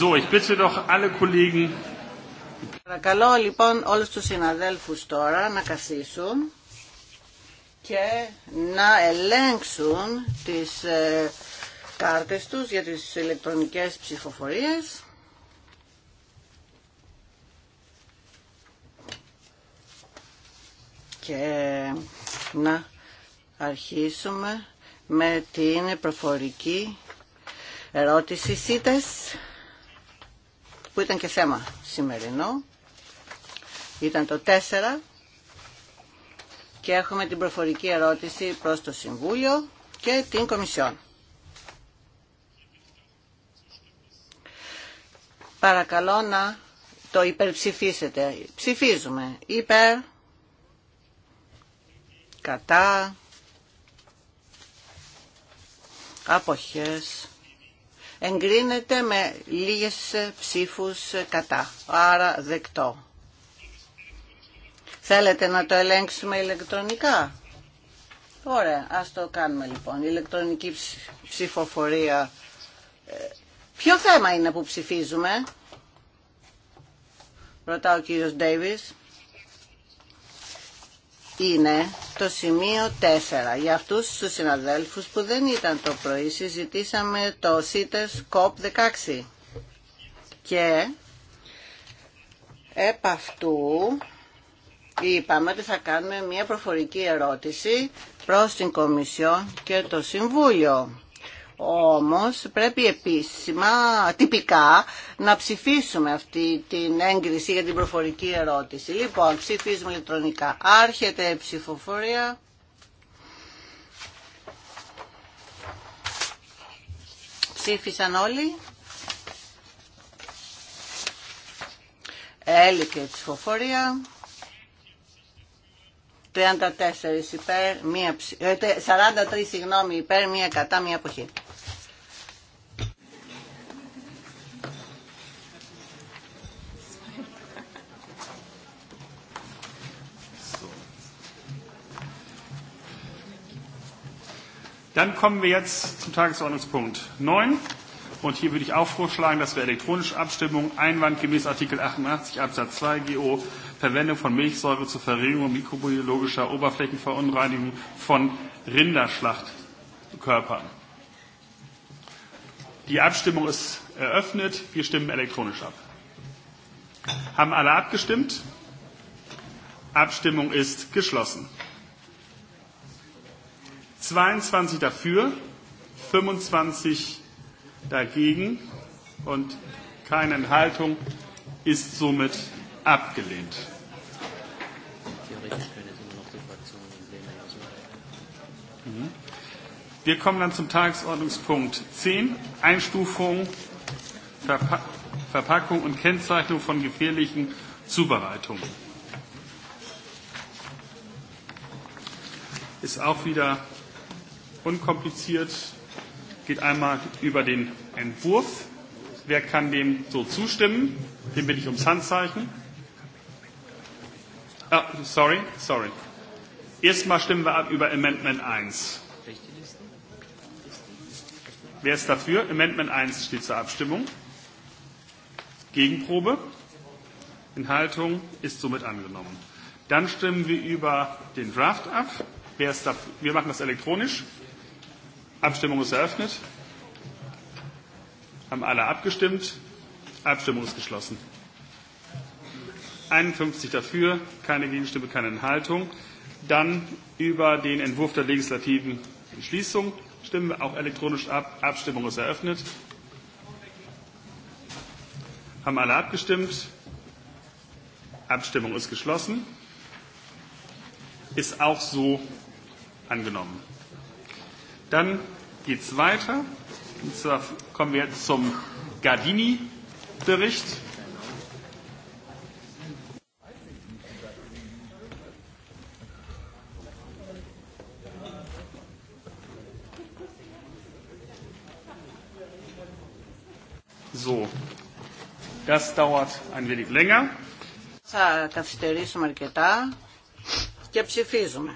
So, ich Παρακαλώ λοιπόν όλους τους συναδέλφους τώρα να καθίσουν και να ελέγξουν τις ε, κάρτες τους για τις ηλεκτρονικές ψηφοφορίες. Και να αρχίσουμε με την προφορική ερώτηση ΣΥΤΕΣ που ήταν και θέμα σημερινό. Ήταν το 4 και έχουμε την προφορική ερώτηση προς το Συμβούλιο και την Κομισιόν. Παρακαλώ να το υπερψηφίσετε. Ψηφίζουμε υπέρ, κατά, αποχές, εγκρίνεται με λίγες ψήφους κατά, άρα δεκτό. Θέλετε να το ελέγξουμε ηλεκτρονικά. Ωραία, ας το κάνουμε λοιπόν. Ηλεκτρονική ψηφοφορία. Ε, ποιο θέμα είναι που ψηφίζουμε, Ρωτάω ο κύριος Ντέιβις είναι το σημείο 4. Για αυτούς τους συναδέλφους που δεν ήταν το πρωί συζητήσαμε το CITES COP16 και επ' αυτού είπαμε ότι θα κάνουμε μια προφορική ερώτηση προς την Κομισιόν και το Συμβούλιο όμως πρέπει επίσημα, τυπικά, να ψηφίσουμε αυτή την έγκριση για την προφορική ερώτηση. Λοιπόν, ψηφίζουμε ηλεκτρονικά. Άρχεται η ψηφοφορία. Ψήφισαν όλοι. Έλικε η ψηφοφορία. 34 υπέρ, μία, 43 ε, συγγνώμη, υπέρ, μία κατά, μία αποχή. Dann kommen wir jetzt zum Tagesordnungspunkt 9. Und hier würde ich auch vorschlagen, dass wir elektronische Abstimmung Einwand gemäß Artikel 88 Absatz 2 GO Verwendung von Milchsäure zur Verringerung mikrobiologischer Oberflächenverunreinigung von Rinderschlachtkörpern. Die Abstimmung ist eröffnet. Wir stimmen elektronisch ab. Haben alle abgestimmt? Abstimmung ist geschlossen. 22 dafür, 25 dagegen und keine Enthaltung ist somit abgelehnt. Wir kommen dann zum Tagesordnungspunkt 10, Einstufung, Verpackung und Kennzeichnung von gefährlichen Zubereitungen. Ist auch wieder unkompliziert, geht einmal über den Entwurf. Wer kann dem so zustimmen? Dem bitte ich ums Handzeichen. Ah, sorry, sorry. Erstmal stimmen wir ab über Amendment 1. Wer ist dafür? Amendment 1 steht zur Abstimmung. Gegenprobe. Enthaltung ist somit angenommen. Dann stimmen wir über den Draft ab. Wer ist dafür? Wir machen das elektronisch. Abstimmung ist eröffnet. Haben alle abgestimmt. Abstimmung ist geschlossen. 51 dafür, keine Gegenstimme, keine Enthaltung. Dann über den Entwurf der legislativen Entschließung stimmen wir auch elektronisch ab. Abstimmung ist eröffnet. Haben alle abgestimmt. Abstimmung ist geschlossen. Ist auch so angenommen. Dann geht es weiter. Und zwar kommen wir jetzt zum Gardini-Bericht. So, das dauert ein wenig länger. Θα καθυστερήσουμε αρκετά και ψηφίζουμε.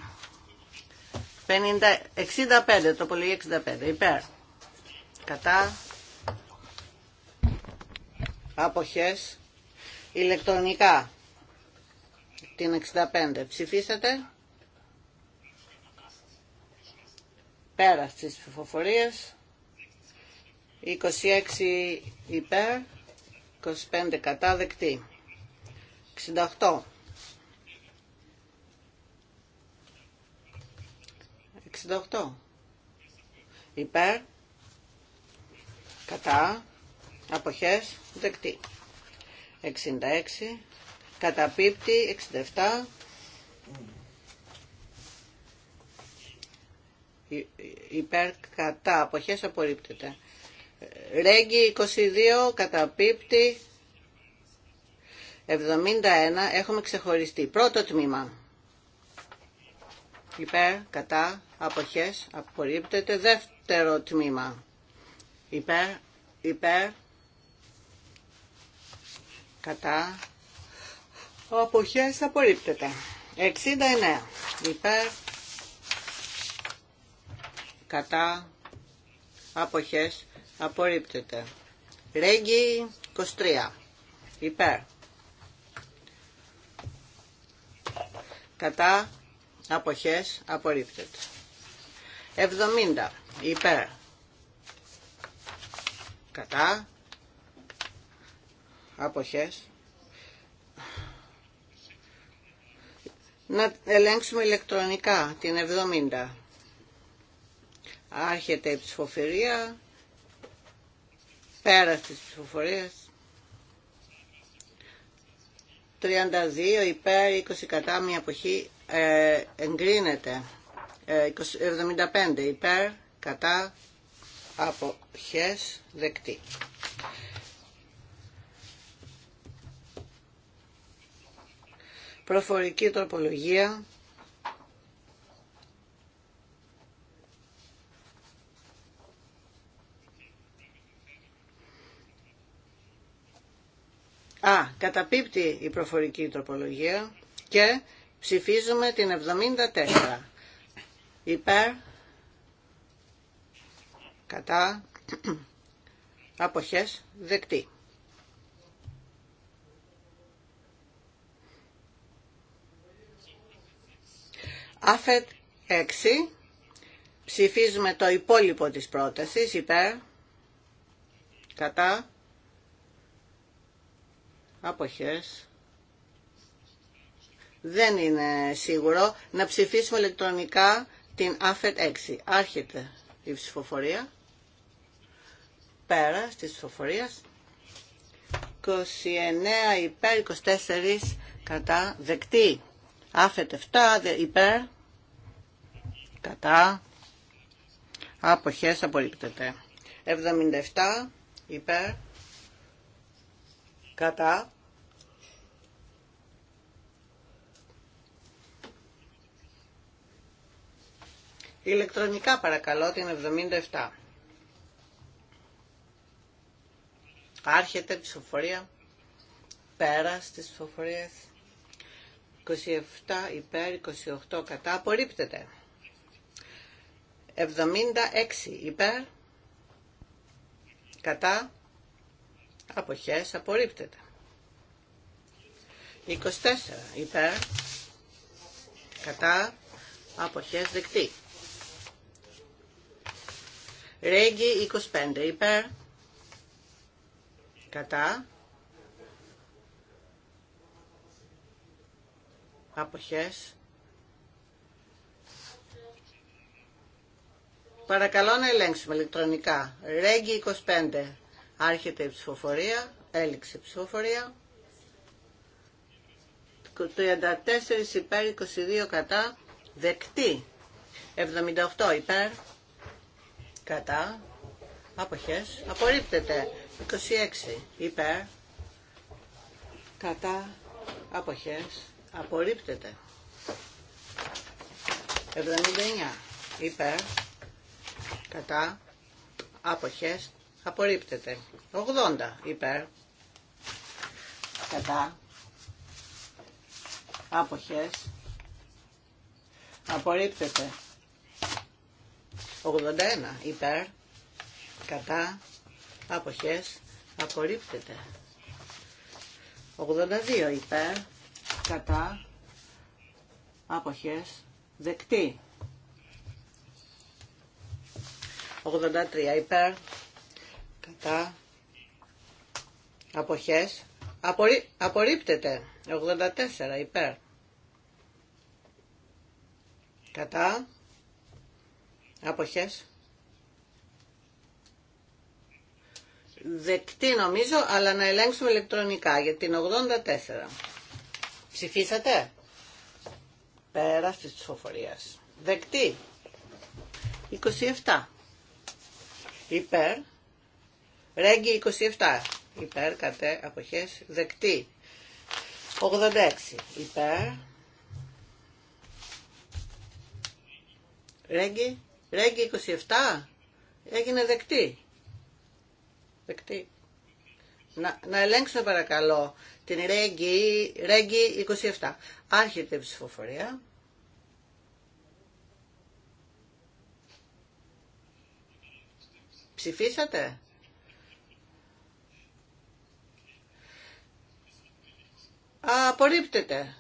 65 το πολύ 65, υπέρ. Κατά. Αποχές. Ηλεκτρονικά. Την 65. Ψηφίσατε. Πέρα στις ψηφοφορίες. 26 υπέρ. 25 κατά δεκτή. 68 68. Υπέρ, κατά, αποχές, δεκτή. 66, καταπίπτει, 67. Υπέρ, κατά, αποχές, απορρίπτεται. Ρέγγι 22, καταπίπτει, 71, έχουμε ξεχωριστεί. Πρώτο τμήμα υπέρ, κατά, αποχές, απορρίπτεται. Δεύτερο τμήμα, υπέρ, υπέρ, κατά, αποχές, απορρίπτεται. 69, υπέρ, κατά, αποχές, απορρίπτεται. Ρέγγι 23, υπέρ. Κατά αποχές απορρίπτεται. 70 υπέρ κατά αποχές να ελέγξουμε ηλεκτρονικά την 70 άρχεται η ψηφοφορία πέρα της ψηφοφορίας 32 υπέρ 20 κατά μια αποχή ε, εγκρίνεται 75 ε, υπέρ κατά χες, δεκτή. Προφορική τροπολογία Α, καταπίπτει η προφορική τροπολογία και Ψηφίζουμε την 74. Υπέρ. Κατά. Αποχές. Δεκτή. Άφετ 6. Ψηφίζουμε το υπόλοιπο της πρότασης. Υπέρ. Κατά. Αποχές δεν είναι σίγουρο, να ψηφίσουμε ηλεκτρονικά την ΑΦΕΤ 6. Άρχεται η ψηφοφορία. Πέρα της ψηφοφορίας. 29 υπέρ, 24 κατά, δεκτή. Άφετ 7 υπέρ, κατά, αποχές απορρίπτεται. 77 υπέρ, κατά, Ηλεκτρονικά παρακαλώ την 77. Άρχεται ψηφοφορία. Πέρα στις ψηφοφορίες. 27 υπέρ, 28 κατά. Απορρίπτεται. 76 υπέρ. Κατά. Αποχές. Απορρίπτεται. 24 υπέρ. Κατά. Αποχές δεκτή. Ρέγγι 25 υπέρ. Κατά. Αποχές. Παρακαλώ να ελέγξουμε ηλεκτρονικά. Ρέγγι 25. Άρχεται η ψηφοφορία. Έληξε η ψηφοφορία. 34 υπέρ, 22 κατά. Δεκτή. 78 υπέρ κατά, αποχές, απορρίπτεται. 26 υπέρ, κατά, αποχές, απορρίπτεται. 79 υπέρ, κατά, άποχες, απορρίπτεται. 80 υπέρ, κατά, άποχες, απορρίπτεται. 81 υπέρ, κατά, αποχές, απορρίπτεται. 82 υπέρ, κατά, αποχές, δεκτή. 83 υπέρ, κατά, αποχές, απορρί, απορρίπτεται. 84 υπέρ, κατά, Αποχές. Δεκτή νομίζω, αλλά να ελέγξουμε ηλεκτρονικά για την 84. Ψηφίσατε. Πέρα τη ψηφοφορία. Δεκτή. 27. Υπέρ. Ρέγγι 27. Υπέρ, κατέ, αποχές, δεκτή. 86. Υπέρ. Ρέγγι Ρέγγι 27 έγινε δεκτή. Δεκτή. Να, να ελέγξουμε παρακαλώ την Ρέγγι, Ρέγγι 27. Άρχεται η ψηφοφορία. Ψηφίσατε. Απορρίπτεται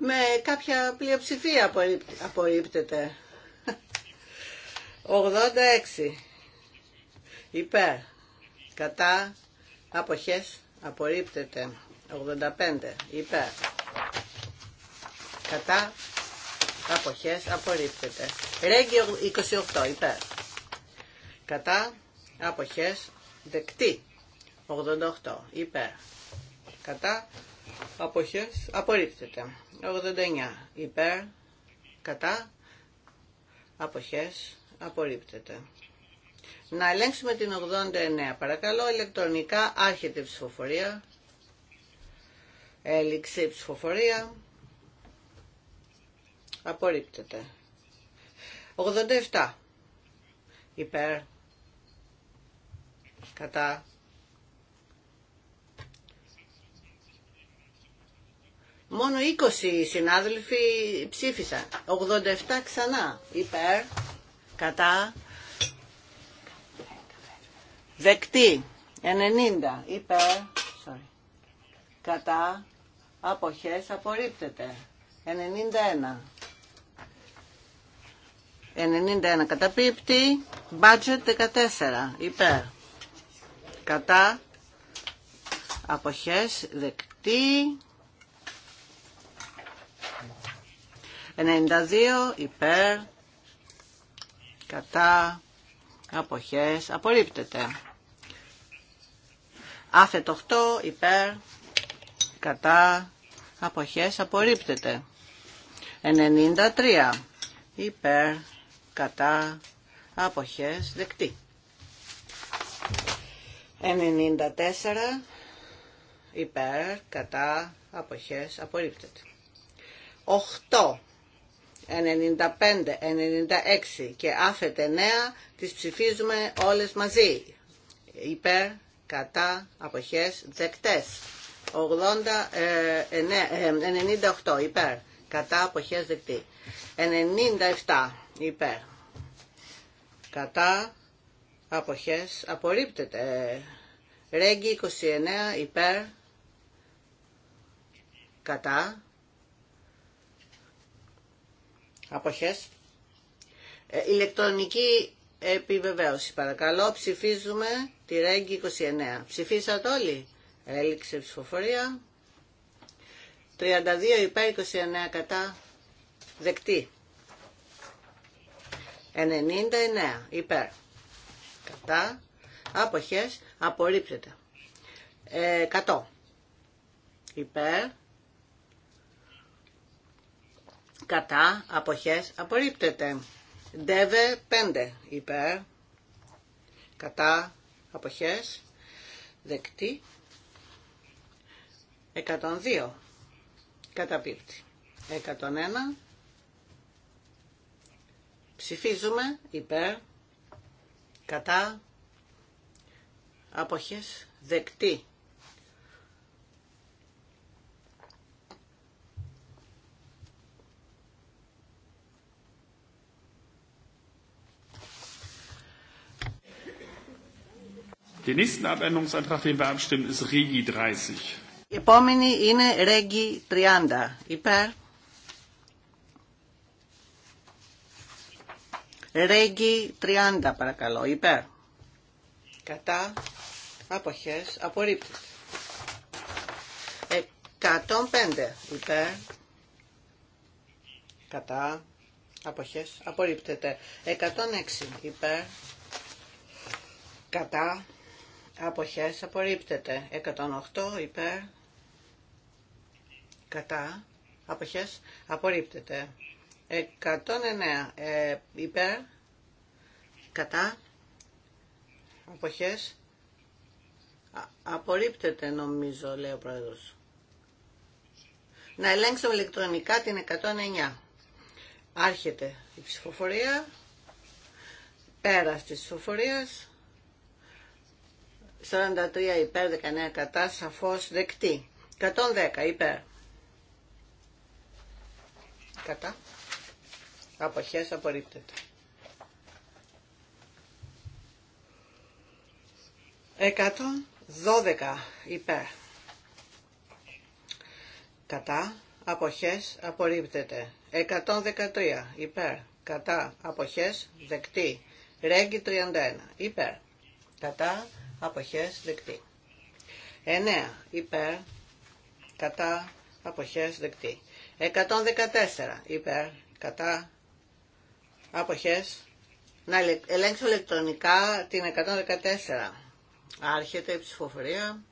με κάποια πλειοψηφία απορρίπτεται. 86 υπέρ κατά αποχές απορρίπτεται. 85 υπέρ κατά αποχές απορρίπτεται. Ρέγγι 28 υπέρ κατά αποχές δεκτή. 88 υπέρ κατά αποχές απορρίπτεται. 89 υπέρ, κατά, αποχές απορρίπτεται. Να ελέγξουμε την 89. Παρακαλώ, ηλεκτρονικά άρχεται η ψηφοφορία. Έληξε ψηφοφορία. Απορρίπτεται. 87. Υπέρ. Κατά. Μόνο 20 συνάδελφοι ψήφισαν. 87 ξανά. Υπέρ, κατά, δεκτή. 90 υπέρ, sorry, κατά, αποχές, απορρίπτεται. 91. 91 πίπτη, budget 14, υπέρ. Κατά, αποχές, δεκτή. 92 υπέρ κατά αποχές απορρίπτεται. Άθετο 8 υπέρ κατά αποχές απορρίπτεται. 93 υπέρ κατά αποχές δεκτή. 94 υπέρ κατά αποχές απορρίπτεται. 8 95, 96 και άφετε 9 τις ψηφίζουμε όλες μαζί. Υπέρ, κατά, αποχές, δεκτές. 80, 98 ε, ε, υπέρ, κατά, αποχές, δεκτή. 97 υπέρ, κατά, αποχές, απορρίπτεται. Ρέγγι 29 υπέρ, κατά, Αποχές. Ε, ηλεκτρονική επιβεβαίωση παρακαλώ. Ψηφίζουμε τη ΡΕΓΚΙ 29. Ψηφίσατε όλοι. Έληξε ψηφοφορία. 32 υπέρ 29 κατά. Δεκτή. 99 υπέρ. Κατά. Αποχές. Απορρίπτεται. 100 ε, υπέρ κατά, αποχές, απορρίπτεται. ΔΕΒΕ 5 υπέρ, κατά, αποχές, δεκτή. 102 καταπίπτει. 101 ψηφίζουμε υπέρ, κατά, αποχές, δεκτή. 30. Η επόμενη είναι ΡΕΓΙ 30. Υπέρ. Ρέγγι 30 παρακαλώ. Υπέρ. Κατά. Αποχές. Απορρίπτεται. 105 υπέρ. Κατά. Αποχές. Απορρίπτεται. 106 υπέρ. Κατά Αποχές απορρίπτεται. 108 υπέρ. Κατά. Αποχές απορρίπτεται. 109 ε, υπέρ. Κατά. Αποχές. απορρίπτεται νομίζω λέει ο πρόεδρος. Να ελέγξουμε ηλεκτρονικά την 109. Άρχεται η ψηφοφορία. πέρα της ψηφοφορίας. 43 υπέρ 19 κατά σαφώ δεκτή 110 υπέρ κατά αποχές απορρίπτεται 112 υπέρ κατά απόχέ απορρίπτεται 113 υπέρ κατά απόχέ δεκτή Ρέγγι 31 υπέρ κατά αποχές δεκτή. 9 υπέρ κατά αποχές δεκτή. 114 υπέρ κατά αποχές να ελέγξω ηλεκτρονικά την 114. Άρχεται η ψηφοφορία.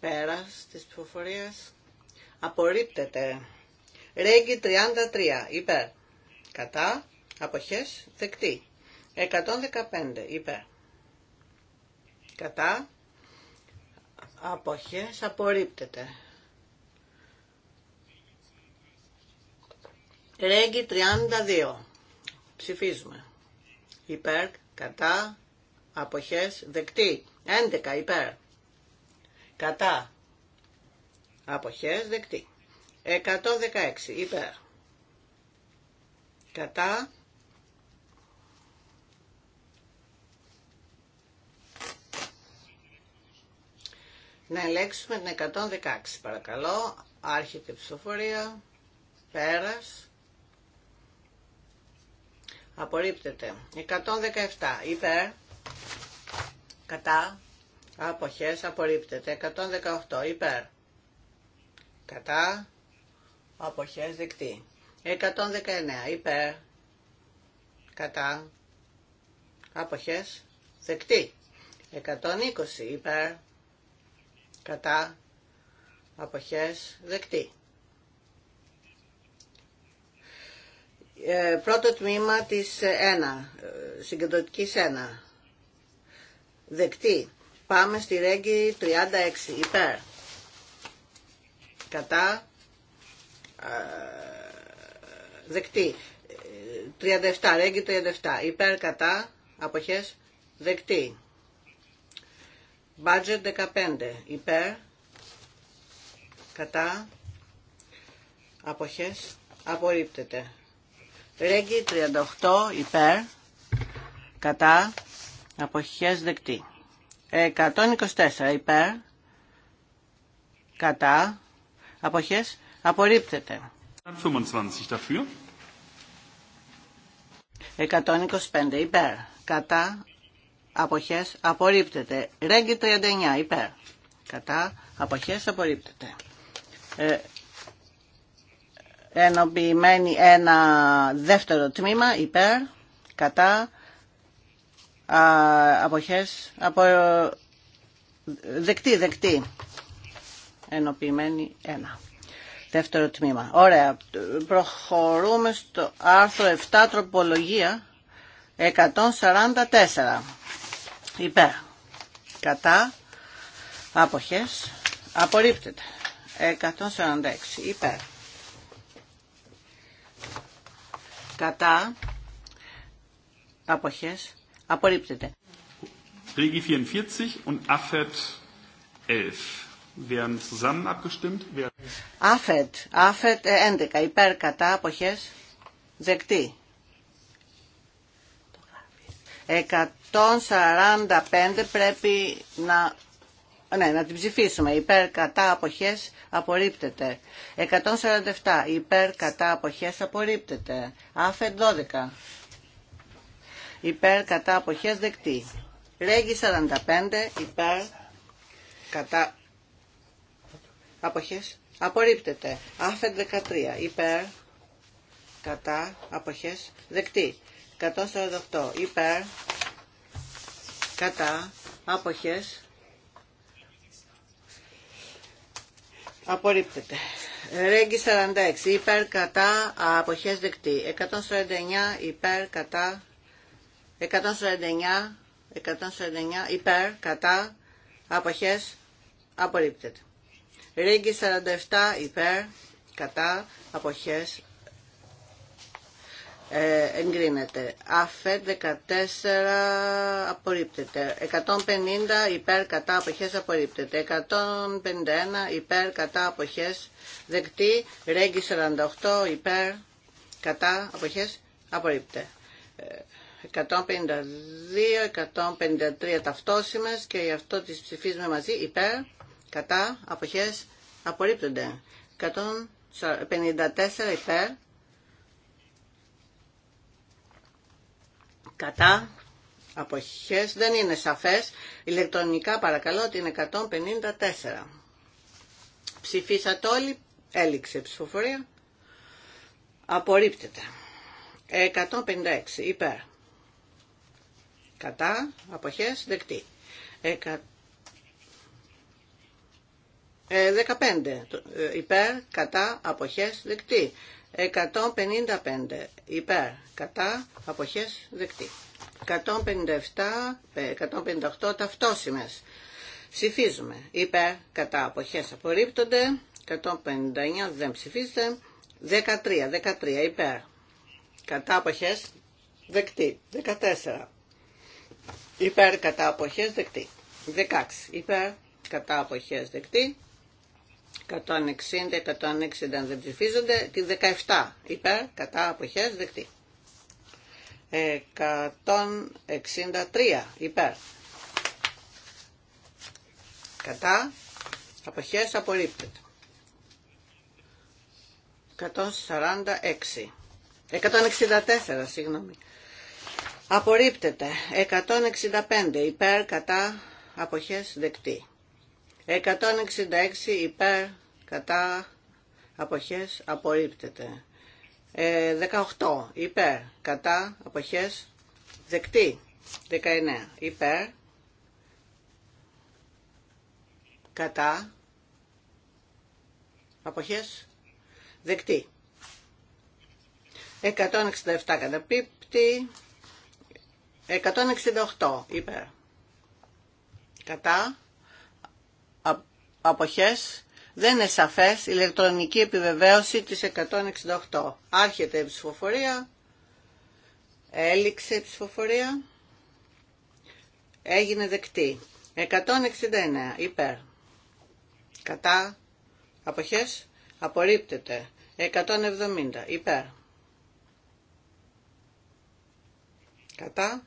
Πέρας της ψηφοφορίας. Απορρίπτεται. Ρέγγι 33. Υπέρ. Κατά. Αποχές. Δεκτή. 115. Υπέρ κατά αποχές απορρίπτεται. Ρέγγι 32. Ψηφίζουμε. Υπέρ, κατά, αποχές, δεκτή. 11 υπέρ. Κατά. Αποχές, δεκτή. 116 υπέρ. Κατά. Να ελέγξουμε την 116 παρακαλώ. Άρχεται η ψηφοφορία. Πέρας. Απορρίπτεται. 117 υπέρ. Κατά. Αποχές απορρίπτεται. 118 υπέρ. Κατά. Αποχές δεκτή. 119 υπέρ. Κατά. Αποχές δεκτή. 120 υπέρ κατά αποχές δεκτή. Ε, πρώτο τμήμα της 1, ε, συγκεντρωτικής 1. Δεκτή. Πάμε στη ρέγγι 36, υπέρ. Κατά. δεκτή. 37, ε, ρέγγι 37, υπέρ, κατά, αποχές, δεκτή. Budget 15. Υπέρ. Κατά. Αποχές. Απορρίπτεται. Ρέγγι 38. Υπέρ. Κατά. Αποχές δεκτή. 124. Υπέρ. Κατά. Αποχές. Απορρίπτεται. 25 dafür. 125 υπέρ. Κατά αποχές απορρίπτεται. Ρέγγι 39 υπέρ. Κατά αποχές απορρίπτεται. Ε, ενοποιημένη ένα δεύτερο τμήμα υπέρ. Κατά α, αποχές απο, δεκτή δεκτή. Ενοποιημένη ένα. Δεύτερο τμήμα. Ωραία. Προχωρούμε στο άρθρο 7 τροπολογία 144 υπέρ κατά άποχες απορρίπτεται 146 υπέρ κατά άποχες απορρίπτεται Regi 44 und Affet 11 werden zusammen abgestimmt. Affet, Affet 11 eh, υπέρ κατά άποχες δεκτή. 145 πρέπει να... Ναι, να την ψηφίσουμε. Υπέρ κατά αποχές απορρίπτεται. 147. Υπέρ κατά αποχές απορρίπτεται. Άφε 12. Υπέρ κατά αποχές δεκτή. Ρέγγι 45. Υπέρ κατά αποχές απορρίπτεται. Άφε 13. Υπέρ κατά αποχές δεκτή. 148 υπέρ κατά άποχες απορρίπτεται. Ρέγγι 46 υπέρ κατά αποχές δεκτή. 149 υπέρ κατά 149 149 υπέρ κατά αποχές απορρίπτεται. Ρέγγι 47 υπέρ κατά αποχές ε, εγκρίνεται. ΑΦΕ 14 απορρίπτεται. 150 υπέρ κατά αποχές απορρίπτεται. 151 υπέρ κατά αποχές δεκτή. Ρέγγι 48 υπέρ κατά αποχές απορρίπτεται. 152, 153 ταυτόσιμες και γι' αυτό τις ψηφίζουμε μαζί υπέρ, κατά, αποχές, απορρίπτονται. 154 υπέρ, κατά αποχές δεν είναι σαφές. Ηλεκτρονικά παρακαλώ την 154. Ψηφίσατε όλοι, έληξε ψηφοφορία. Απορρίπτεται. 156 υπέρ. Κατά αποχές δεκτή. 15 ε, ε, υπέρ κατά αποχές δεκτή. 155 υπέρ, κατά, αποχές, δεκτή. 157, 158 ε, ταυτόσημες. Ψηφίζουμε. Υπέρ, κατά, αποχές απορρίπτονται. 159 δεν ψηφίζεται. 13, 13 υπέρ. Κατά αποχές δεκτή. 14. Υπέρ κατά αποχές δεκτή. 16. Υπέρ κατά αποχές δεκτή. 160, 160 δεν ψηφίζονται, τη 17 υπέρ, κατά αποχές δεκτή. 163 υπέρ. Κατά αποχές απορρίπτεται. 146. 164, συγγνώμη. Απορρίπτεται. 165 υπέρ κατά αποχές δεκτή. 166 υπέρ κατά αποχές απορρίπτεται. 18 ε, υπέρ κατά αποχές δεκτή. 19 υπέρ κατά αποχές δεκτή. 167 καταπίπτει. 168 υπέρ. Κατά αποχές δεν είναι σαφές ηλεκτρονική επιβεβαίωση της 168. Άρχεται η ψηφοφορία. Έληξε η ψηφοφορία. Έγινε δεκτή. 169 υπέρ. Κατά. Αποχές. Απορρίπτεται. 170 υπέρ. Κατά.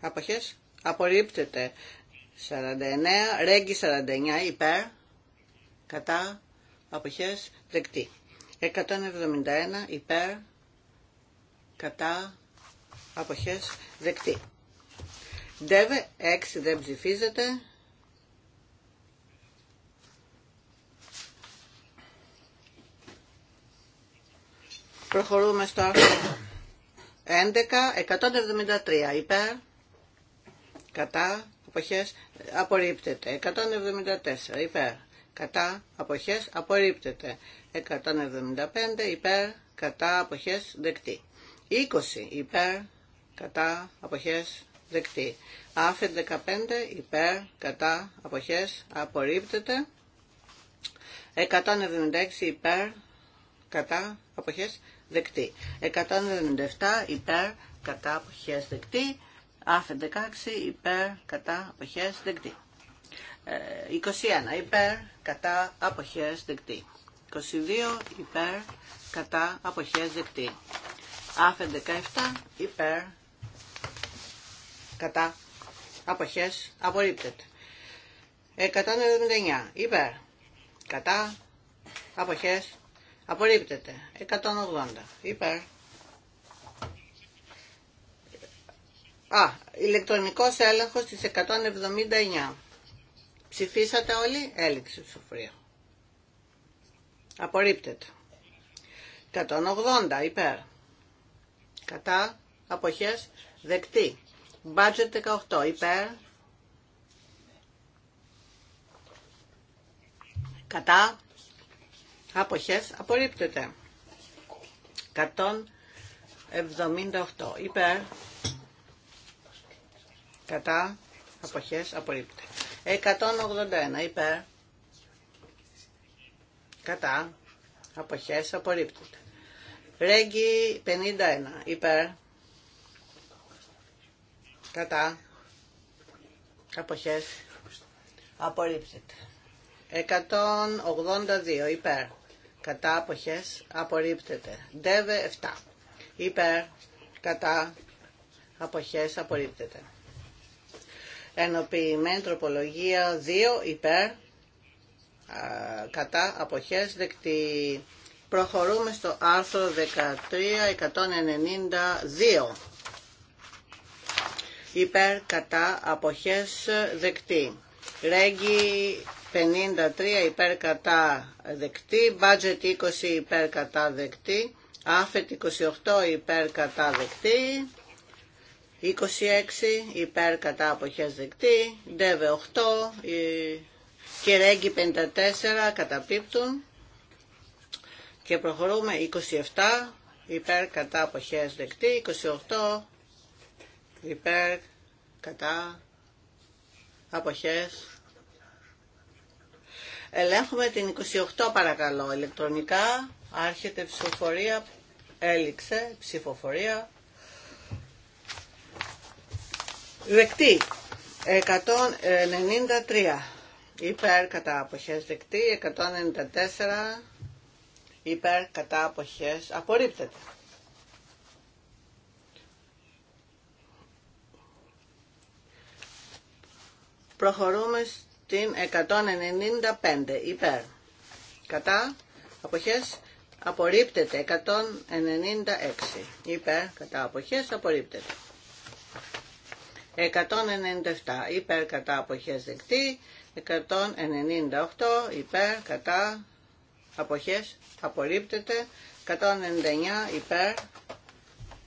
Αποχές. Απορρίπτεται. 49. Ρέγγι 49 υπέρ κατά, αποχές, δεκτή. 171 υπέρ, κατά, αποχές, δεκτή. Δεύε 6 δεν ψηφίζεται. Προχωρούμε στο άρθρο 11, 173 υπέρ, κατά, αποχές, απορρίπτεται. 174 υπέρ, κατά αποχές απορρίπτεται. 175 υπέρ κατά αποχές δεκτή. 20 υπέρ κατά αποχές δεκτή. Αφε 15 υπέρ κατά αποχές απορρίπτεται. 176 υπέρ κατά αποχές δεκτή. 197 υπέρ κατά αποχές δεκτή. άφε 16 υπέρ κατά αποχές δεκτή. 21 ε, υπέρ κατά αποχές δεκτή. 22 υπέρ κατά αποχές δεκτή. Άφεν 17 υπέρ κατά αποχές απορρίπτεται. 179 υπέρ κατά αποχές απορρίπτεται. 180 υπέρ Α, ηλεκτρονικός έλεγχος της 179. Ψηφίσατε όλοι, έληξε η ψηφοφορία. Απορρίπτεται. 180 υπέρ. Κατά αποχές δεκτή. Budget 18 υπέρ. Κατά αποχές απορρίπτεται. 178 υπέρ. Κατά αποχές απορρίπτεται. 181 υπέρ. Κατά. Αποχές απορρίπτεται. Ρέγγι 51 υπέρ. Κατά. Αποχές απορρίπτεται. 182 υπέρ. Κατά αποχές απορρίπτεται. Ντεβε 7 υπέρ. Κατά αποχές απορρίπτεται ενοποιημένη τροπολογία 2 υπέρ κατά αποχές δεκτή. Προχωρούμε στο άρθρο 13.192. Υπέρ κατά αποχές δεκτή. Ρέγγι 53 υπέρ κατά δεκτή. Budget 20 υπέρ κατά δεκτή. Άφετ 28 υπέρ κατά δεκτή. 26 υπέρ κατά αποχές δεκτή, ντεβε 8 και Ρέγγι 54 καταπίπτουν και προχωρούμε 27 υπέρ κατά αποχές δεκτή, 28 υπέρ κατά αποχές. Ελέγχουμε την 28 παρακαλώ ηλεκτρονικά, άρχεται ψηφοφορία, έληξε ψηφοφορία. Δεκτή. 193. Υπέρ κατά αποχές δεκτή. 194. Υπέρ κατά αποχές απορρίπτεται. Προχωρούμε στην 195. Υπέρ. Κατά αποχές απορρίπτεται. 196. Υπέρ κατά αποχές απορρίπτεται. 197 υπέρ κατά αποχές δεκτή, 198 υπέρ κατά αποχές απορρίπτεται, 199 υπέρ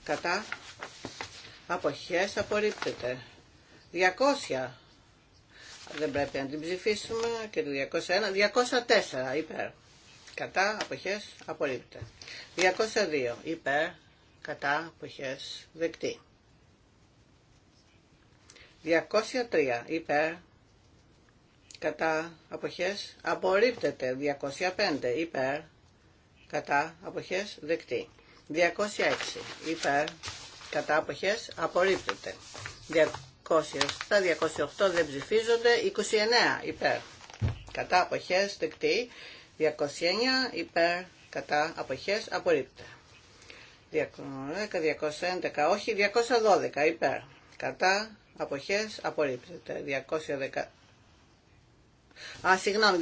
κατά αποχές απορρίπτεται. 200 δεν πρέπει να την ψηφίσουμε και το 201, 204 υπέρ κατά αποχές απορρίπτεται. 202 υπέρ κατά αποχές δεκτή. 203 υπέρ κατά αποχές απορρίπτεται 205 υπέρ κατά αποχές δεκτή 206 υπέρ κατά αποχές απορρίπτεται 207 208 δεν ψηφίζονται 29 υπέρ κατά αποχές δεκτή 209 υπέρ κατά αποχές απορρίπτεται 211, όχι, 212 υπέρ. Κατά αποχές απορρίπτεται. 210... Α, συγγνώμη,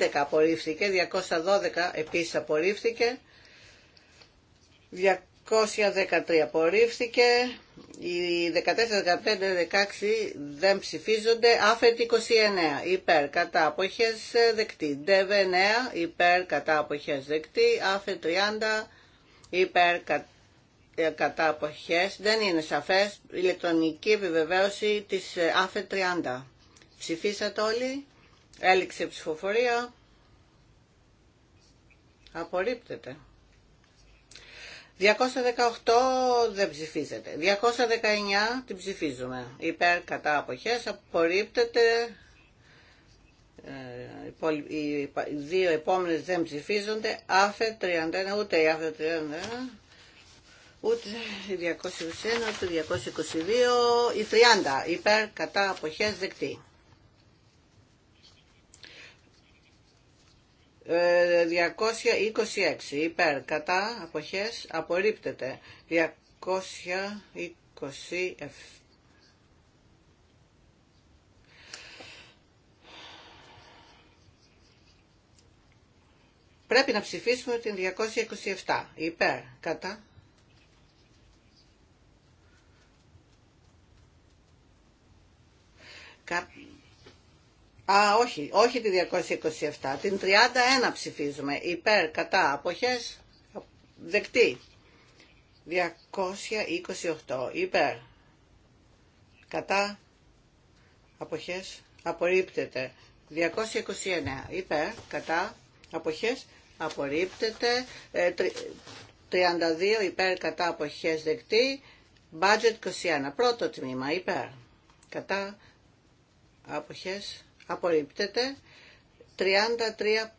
211 απορρίφθηκε, 212 επίσης απορρίφθηκε, 213 απορρίφθηκε, οι 14, 15, 16 δεν ψηφίζονται, άφετη 29 υπέρ κατά αποχές δεκτή, ντεβε 9 υπέρ κατά αποχές δεκτή, άφε 30 υπέρ κατά ε, κατά αποχές δεν είναι σαφές ηλεκτρονική επιβεβαίωση της ε, ΑΦΕ 30. Ψηφίσατε όλοι, έληξε ψηφοφορία, απορρίπτεται. 218 δεν ψηφίζεται. 219 την ψηφίζουμε. Υπέρ κατά αποχές απορρίπτεται. Ε, οι δύο επόμενες δεν ψηφίζονται. Άφε 31, ούτε η άφε 31 ούτε 221, ούτε 222, η 30 υπέρ κατά αποχές δεκτή. 226 ε, υπέρ κατά αποχές απορρίπτεται 227 Πρέπει να ψηφίσουμε την 227 υπέρ κατά Κα... Α, όχι, όχι τη 227, την 31 ψηφίζουμε, υπέρ, κατά, αποχές, δεκτή. 228, υπέρ, κατά, αποχές, απορρίπτεται. 229, υπέρ, κατά, αποχές, απορρίπτεται. 32, ε, υπέρ, κατά, αποχές, δεκτή. Budget 21, πρώτο τμήμα, υπέρ, κατά, άποχες απορρίπτεται 33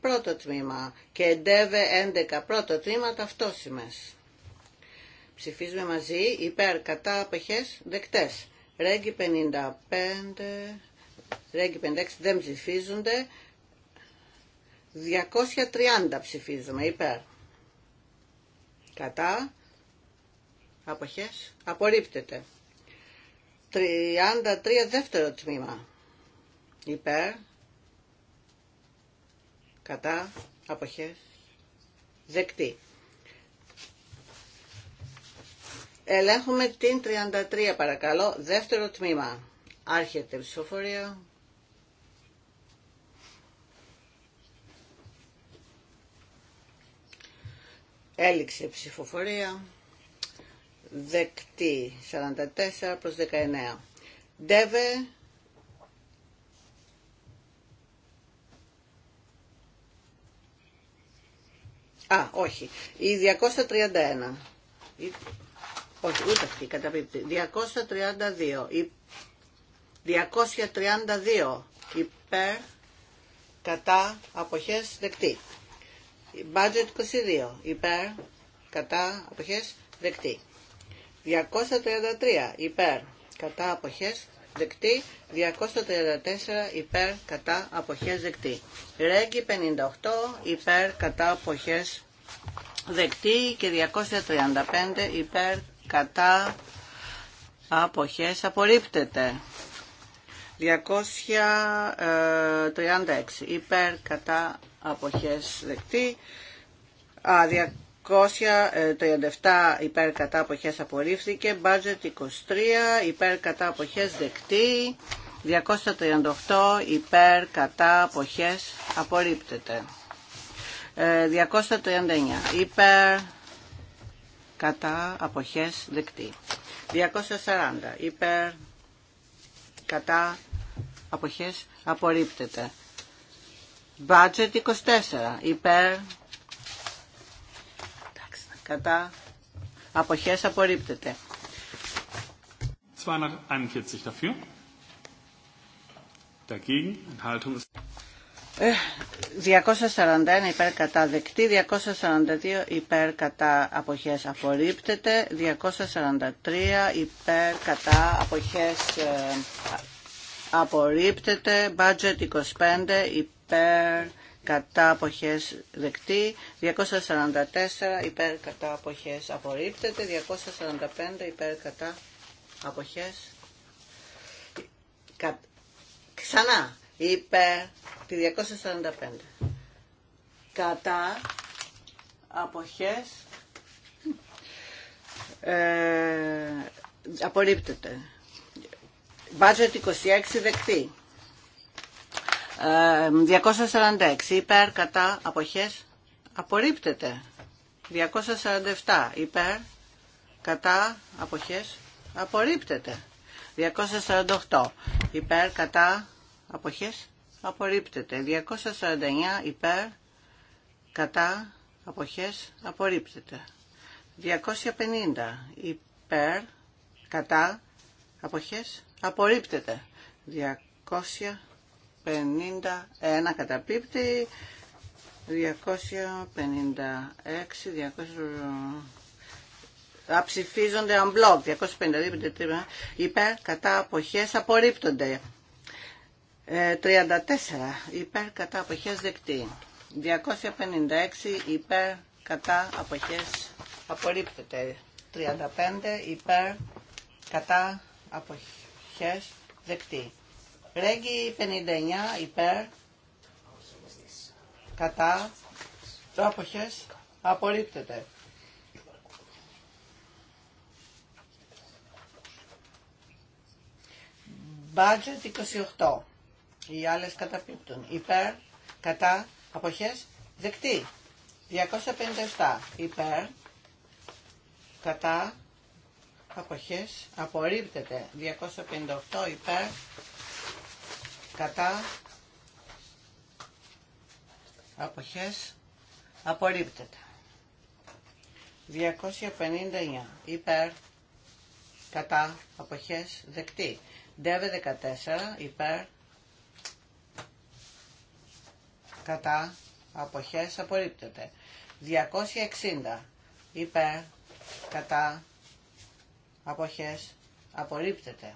πρώτο τμήμα και εντεύε 11 πρώτο τμήμα ταυτόσημες. Ψηφίζουμε μαζί υπέρ κατά αποχές δεκτές. Ρέγγι 55, Ρέγγι 56 δεν ψηφίζονται. 230 ψηφίζουμε υπέρ. Κατά αποχές απορρίπτεται. 33 δεύτερο τμήμα υπέρ, κατά, αποχές, δεκτή. Ελέγχουμε την 33 παρακαλώ, δεύτερο τμήμα. Άρχεται ψηφοφορία. Έληξε ψηφοφορία. Δεκτή 44 προς 19. Ντέβε Α, όχι. Η 231. Η... Όχι, ούτε αυτή καταπίπτη. 232. Η... 232. Υπέρ, κατά, αποχές, δεκτή. Η budget 22. Υπέρ, κατά, αποχές, δεκτή. 233. Υπέρ, κατά, αποχές, δεκτή, 234 υπέρ κατά αποχές δεκτή. Ρέγγι 58 υπέρ κατά αποχές δεκτή και 235 υπέρ κατά αποχές απορρίπτεται. 236 υπέρ κατά αποχές δεκτή. Α, 237 ε, υπέρ κατά αποχές απορρίφθηκε, budget 23 υπέρ κατά αποχές δεκτή, 238 υπέρ κατά αποχές απορρίπτεται. 239 ε, υπέρ κατά αποχές δεκτή. 240 υπέρ κατά αποχές απορρίπτεται. Budget 24 υπέρ κατά αποχές απορρίπτεται. 241 dafür. Dagegen, Enthaltung 241 ε, υπέρ κατά δεκτή, 242 υπέρ κατά αποχές απορρίπτεται, 243 υπέρ κατά αποχές ε, απορρίπτεται, budget 25 υπέρ κατά αποχές δεκτή, 244 υπέρ κατά αποχές απορρίπτεται, 245 υπέρ κατά αποχές ξανά υπέρ τη 245 κατά αποχές ε, απορρίπτεται. Budget 26 δεκτή. 246 υπέρ κατά αποχές απορρίπτεται. 247 υπέρ κατά αποχές απορρίπτεται. 248 υπέρ κατά αποχές απορρίπτεται. 249 υπέρ κατά αποχές απορρίπτεται. 250 υπέρ κατά αποχές απορρίπτεται. 200 251 καταπίπτει, 256, 200... Αψηφίζονται unblock, 252, υπέρ, κατά, αποχές, απορρίπτονται. 34, ε, υπέρ, κατά, αποχές, δεκτή. 256, υπέρ, κατά, αποχές, απορρίπτεται. 35, υπέρ, κατά, αποχές, δεκτή. Ρέγγι 59 υπέρ. Κατά. Άποχες. Απορρίπτεται. Budget 28. Οι άλλες καταπίπτουν. Υπέρ, κατά, αποχές, δεκτή. 257. Υπέρ, κατά, αποχές, απορρίπτεται. 258. Υπέρ, κατά, αποχές, απορρίπτεται. 259 υπέρ, κατά, αποχές, δεκτή. ΔΕΒΕ 14 υπέρ, κατά, αποχές, απορρίπτεται. 260 υπέρ, κατά, αποχές, απορρίπτεται.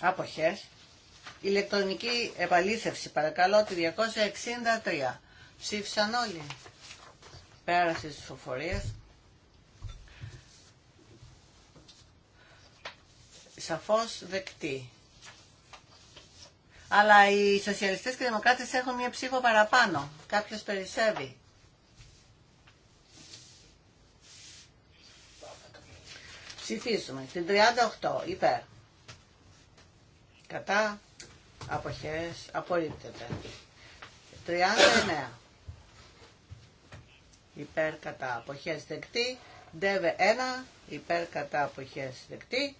αποχές, ηλεκτρονική επαλήθευση παρακαλώ τη 263. Ψήφισαν όλοι. Πέρασε τις φοφορίες. Σαφώς δεκτή. Αλλά οι σοσιαλιστές και οι δημοκράτες έχουν μια ψήφο παραπάνω. Κάποιος περισσεύει. Ψηφίσουμε. Την 38 υπέρ κατά, αποχές, απορρίπτεται. 39. Υπέρ κατά αποχές δεκτή. Δεβε 1. Υπέρ κατά αποχές δεκτή.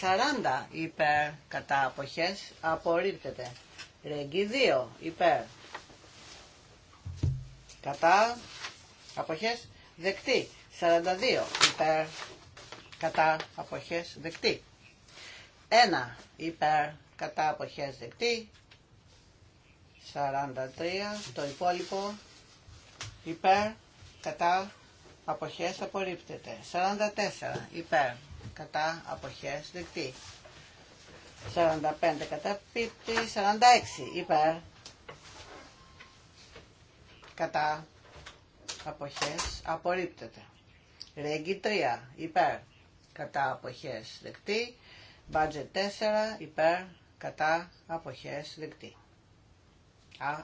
40. Υπέρ κατά αποχές απορρίπτεται. Ρέγγι 2. Υπέρ κατά αποχές δεκτή. 42. Υπέρ κατά αποχές δεκτή. 1 υπέρ κατά αποχές δεκτή. 43 το υπόλοιπο υπέρ κατά αποχές απορρίπτεται. 44 υπέρ κατά αποχές δεκτή. 45 κατά πίπτη, 46 υπέρ κατά αποχές απορρίπτεται. Ρέγγι 3 υπέρ κατά αποχές δεκτή. Budget 4 υπέρ κατά αποχές δεκτή. Α,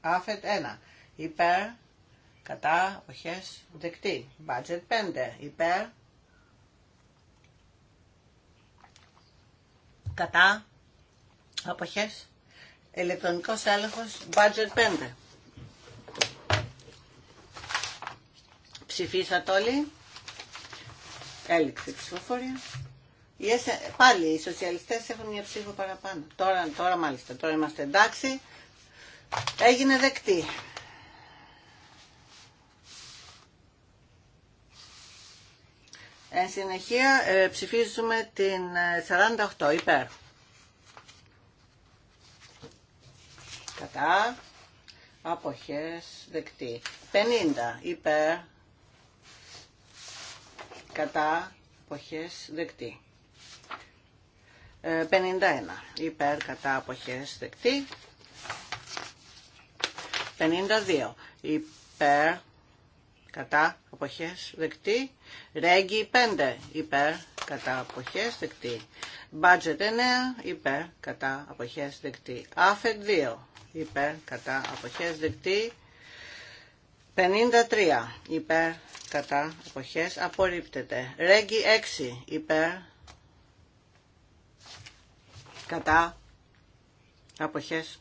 άφετ 1 υπέρ κατά αποχές δεκτή. Budget 5 υπέρ κατά αποχές ηλεκτρονικός έλεγχος budget 5. Ψηφίσατε όλοι. Έληξε η ψηφοφορία. Πάλι οι σοσιαλιστές έχουν μια ψήφο παραπάνω. Τώρα, τώρα μάλιστα, τώρα είμαστε εντάξει. Έγινε δεκτή. Εν συνεχεία ε, ψηφίζουμε την 48 ε, υπέρ. Κατά. Αποχές δεκτή. 50 υπέρ. Κατά. Αποχές δεκτή. 51 ε, υπέρ κατά αποχές δεκτή 52 υπέρ κατά αποχές δεκτή Ρέγγι 5 υπέρ κατά αποχές δεκτή Budget 9 υπέρ κατά αποχές δεκτή Άφετ 2 υπέρ κατά αποχές δεκτή 53 υπέρ κατά αποχές απορρίπτεται Ρέγγι 6 υπέρ κατά αποχές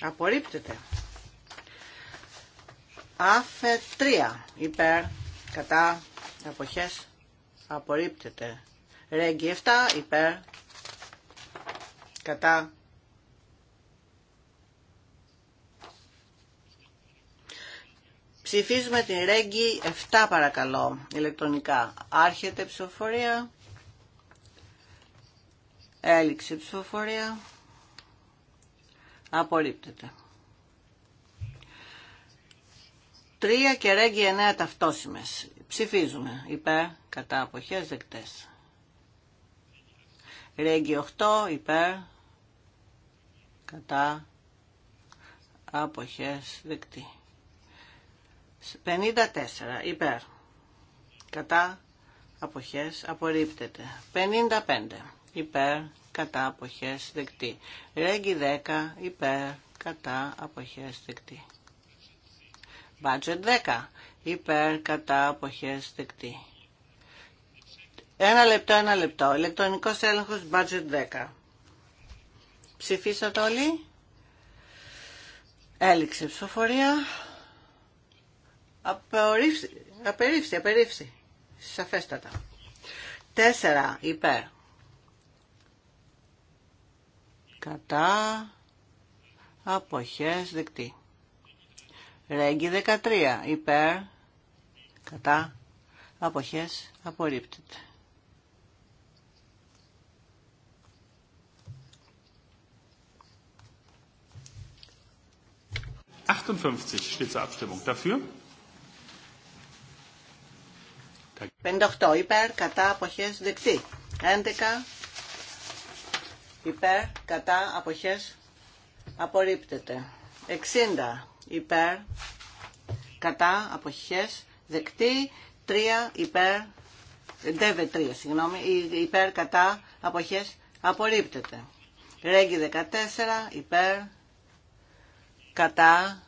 απορρίπτεται άφε 3 υπέρ κατά αποχές απορρίπτεται ρέγγι 7 υπέρ κατά Ψηφίζουμε την Ρέγγι 7 παρακαλώ ηλεκτρονικά. Άρχεται ψηφοφορία έλλειξη ψηφοφορία. Απορρίπτεται. 3 και ρέγγι 9 ταυτόσιμες. Ψηφίζουμε. Υπέρ, κατά αποχές, δεκτές. Ρέγγι 8, υπέρ, κατά αποχές, δεκτή. 54, υπέρ, κατά αποχές, απορρίπτεται. 55 υπέρ, κατά, αποχές, δεκτή. Ρέγγι 10, υπέρ, κατά, αποχές, δεκτή. Budget 10, υπέρ, κατά, αποχές, δεκτή. Ένα λεπτό, ένα λεπτό. Ηλεκτρονικός έλεγχος, budget 10. Ψηφίσατε όλοι. Έληξε ψηφοφορία. απερίφθη, απερίφθη. Σαφέστατα. Τέσσερα υπέρ. κατά αποχές δεκτή. Ρέγγι 13 υπέρ κατά αποχές απορρίπτεται. steht zur Abstimmung. Dafür? 58 υπέρ, κατά αποχές δεκτή. 11 υπέρ, κατά, αποχές, απορρίπτεται. 60 υπέρ, κατά, αποχές, δεκτή, 3 υπέρ, δεύε 3, συγγνώμη, υπέρ, κατά, αποχές, απορρίπτεται. Ρέγγι 14 υπέρ, κατά,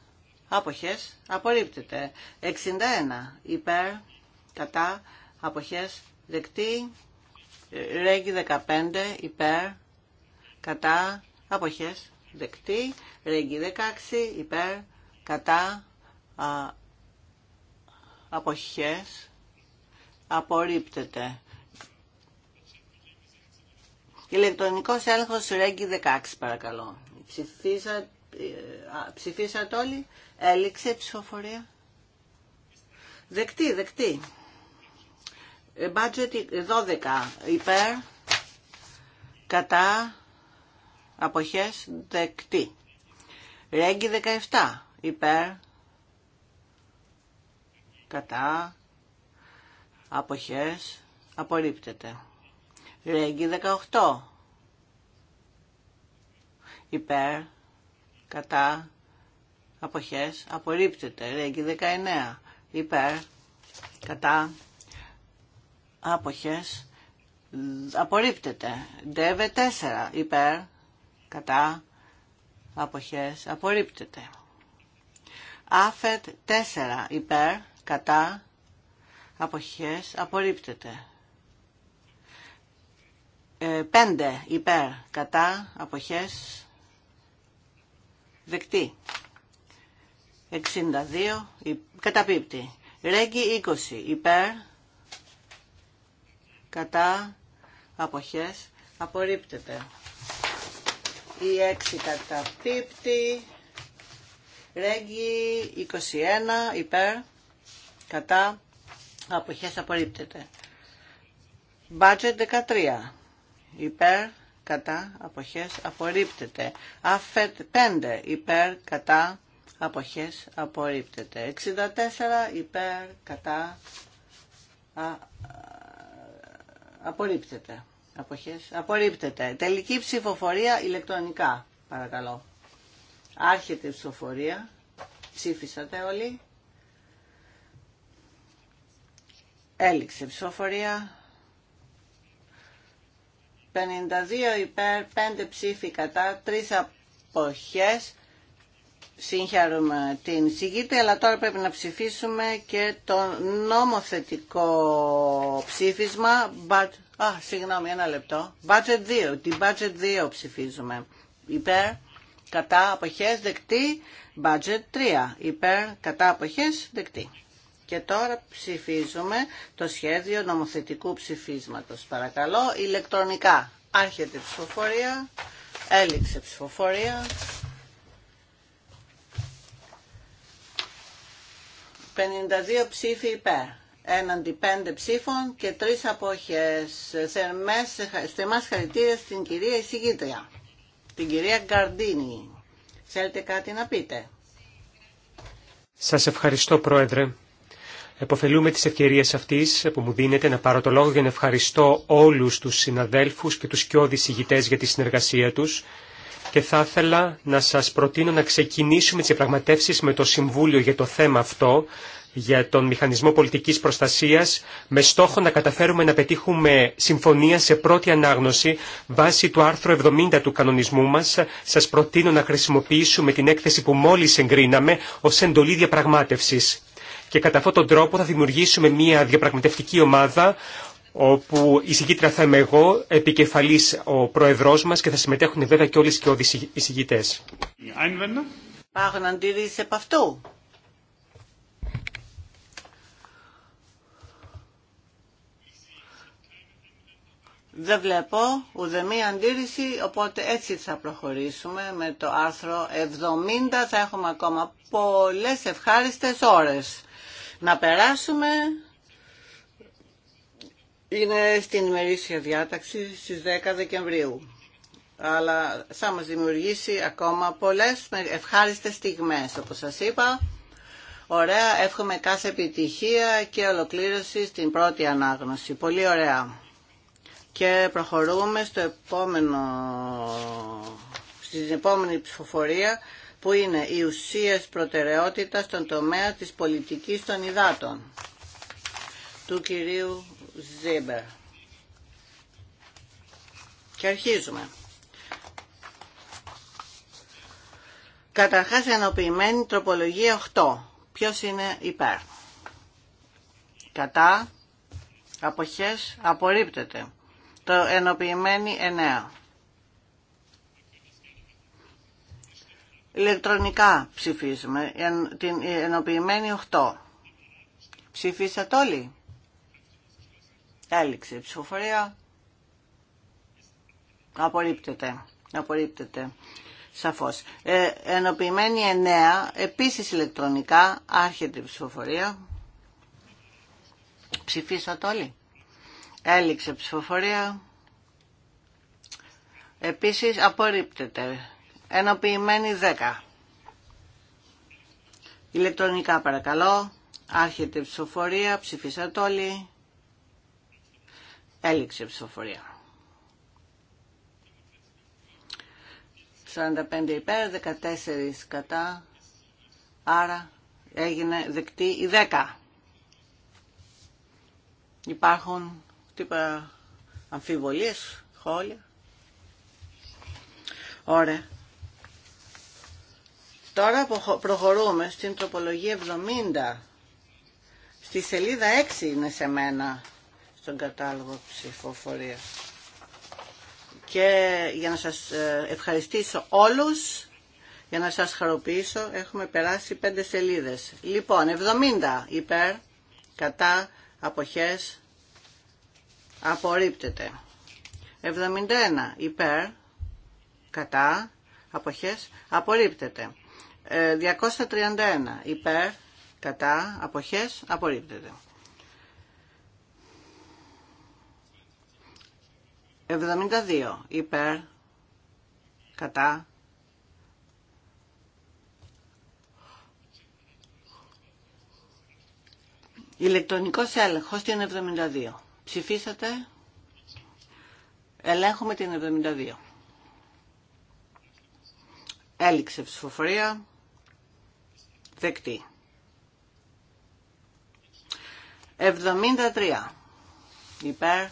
αποχές, απορρίπτεται. 61 υπέρ, κατά, αποχές, δεκτή, Ρέγγι 15 υπέρ, κατά, αποχές, δεκτή. Ρέγγι 16, υπέρ, κατά, α, αποχές, απορρίπτεται. Ηλεκτρονικός έλεγχος Ρέγγι 16, παρακαλώ. Ε, ψηφίσατε όλοι, έληξε η ψηφοφορία. Δεκτή, δεκτή. Ε, budget 12 ε, υπέρ, κατά, αποχές δεκτή. Ρέγγι 17 υπέρ κατά αποχές απορρίπτεται. Ρέγγι 18 υπέρ κατά αποχές απορρίπτεται. Ρέγγι 19 υπέρ κατά αποχές απορρίπτεται. απορύπτετα 4 υπέρ κατά, αποχές, απορρίπτεται. Άφετ 4 υπέρ, κατά, αποχές, απορρίπτεται. 5 ε, υπέρ, κατά, αποχές, δεκτή. 62 κατά καταπίπτει. Ρέγγι 20 υπέρ, κατά, αποχές, απορρίπτεται η 6 καταπίπτη ρέγγι 21 υπέρ, κατά, αποχές απορρίπτεται. Budget 13 υπέρ, κατά, αποχές απορρίπτεται. Αφετ 5 υπέρ, κατά, αποχές απορρίπτεται. 64 υπέρ, κατά, α, απορρίπτεται. Αποχές. Απορρίπτεται. Τελική ψηφοφορία ηλεκτρονικά. Παρακαλώ. Άρχεται η ψηφοφορία. Ψήφισατε όλοι. Έληξε η ψηφοφορία. 52 υπέρ, 5 ψήφοι κατά, 3 αποχές. Συγχαρούμε την συγκίτη, αλλά τώρα πρέπει να ψηφίσουμε και το νομοθετικό ψήφισμα. But Α, συγγνώμη, ένα λεπτό. Budget 2, την budget 2 ψηφίζουμε. Υπέρ, κατά, αποχές, δεκτή. Budget 3, υπέρ, κατά, αποχές, δεκτή. Και τώρα ψηφίζουμε το σχέδιο νομοθετικού ψηφίσματος. Παρακαλώ, ηλεκτρονικά. Άρχεται ψηφοφορία, έληξε ψηφοφορία. 52 ψήφοι υπέρ έναντι πέντε ψήφων και τρεις απόχες. Θερμές χαρητήρια στην κυρία εισηγήτρια, την κυρία Γκαρντίνη. Θέλετε κάτι να πείτε. Σας ευχαριστώ Πρόεδρε. Εποφελούμε τις ευκαιρίες αυτής που μου δίνετε να πάρω το λόγο για να ευχαριστώ όλους τους συναδέλφους και τους κοιόδης ηγητές για τη συνεργασία τους και θα ήθελα να σας προτείνω να ξεκινήσουμε τις με το Συμβούλιο για το θέμα αυτό για τον μηχανισμό πολιτικής προστασίας με στόχο να καταφέρουμε να πετύχουμε συμφωνία σε πρώτη ανάγνωση βάσει του άρθρου 70 του κανονισμού μας. Σας προτείνω να χρησιμοποιήσουμε την έκθεση που μόλις εγκρίναμε ως εντολή διαπραγμάτευσης. Και κατά αυτόν τον τρόπο θα δημιουργήσουμε μια διαπραγματευτική ομάδα όπου η συγκήτρια θα είμαι εγώ, επικεφαλής ο πρόεδρός μας και θα συμμετέχουν βέβαια και όλοι και οι συγκητές. Υπάρχουν αντίρρηση επ' Δεν βλέπω μία αντίρρηση, οπότε έτσι θα προχωρήσουμε με το άρθρο 70. Θα έχουμε ακόμα πολλές ευχάριστες ώρες. Να περάσουμε. Είναι στην ημερήσια διάταξη στις 10 Δεκεμβρίου. Αλλά θα μας δημιουργήσει ακόμα πολλές ευχάριστες στιγμές, όπως σας είπα. Ωραία, εύχομαι κάθε επιτυχία και ολοκλήρωση στην πρώτη ανάγνωση. Πολύ ωραία. Και προχωρούμε στο επόμενο, στην επόμενη ψηφοφορία που είναι οι ουσίες προτεραιότητα στον τομέα της πολιτικής των υδάτων του κυρίου Ζίμπερ. Και αρχίζουμε. Καταρχάς ενοποιημένη τροπολογία 8. Ποιος είναι υπέρ. Κατά. Αποχές. Απορρίπτεται το ενοποιημένη 9. Ηλεκτρονικά ψηφίζουμε, την ενοποιημένη 8. Ψηφίσατε όλοι. Έληξε η ψηφοφορία. Απορρίπτεται. Απορρίπτεται. Σαφώς. Ε, ενοποιημένη 9, επίσης ηλεκτρονικά, άρχεται η ψηφοφορία. Ψηφίσατε όλοι. Έληξε ψηφοφορία. Επίσης απορρίπτεται. Ενοποιημένη 10. Ηλεκτρονικά παρακαλώ. Άρχεται ψηφοφορία. Ψηφίσατε όλοι. Έληξε ψηφοφορία. 45 υπέρ, 14 κατά. Άρα έγινε δεκτή η 10. Υπάρχουν Τίποτα αμφιβολίες, σχόλια. Ωραία. Τώρα προχωρούμε στην τροπολογία 70. Στη σελίδα 6 είναι σε μένα στον κατάλογο ψηφοφορία. Και για να σας ε, ευχαριστήσω όλους, για να σας χαροποιήσω, έχουμε περάσει πέντε σελίδες. Λοιπόν, 70 υπέρ, κατά, αποχές, απορρίπτεται. 71 υπέρ, κατά, αποχές, απορρίπτεται. 231 ε, υπέρ, κατά, αποχές, απορρίπτεται. 72 υπέρ, κατά, ηλεκτρονικός έλεγχος στην 72. Ψηφίσατε. Ελέγχουμε την 72. Έληξε ψηφοφορία. Δεκτή. 73. Υπέρ.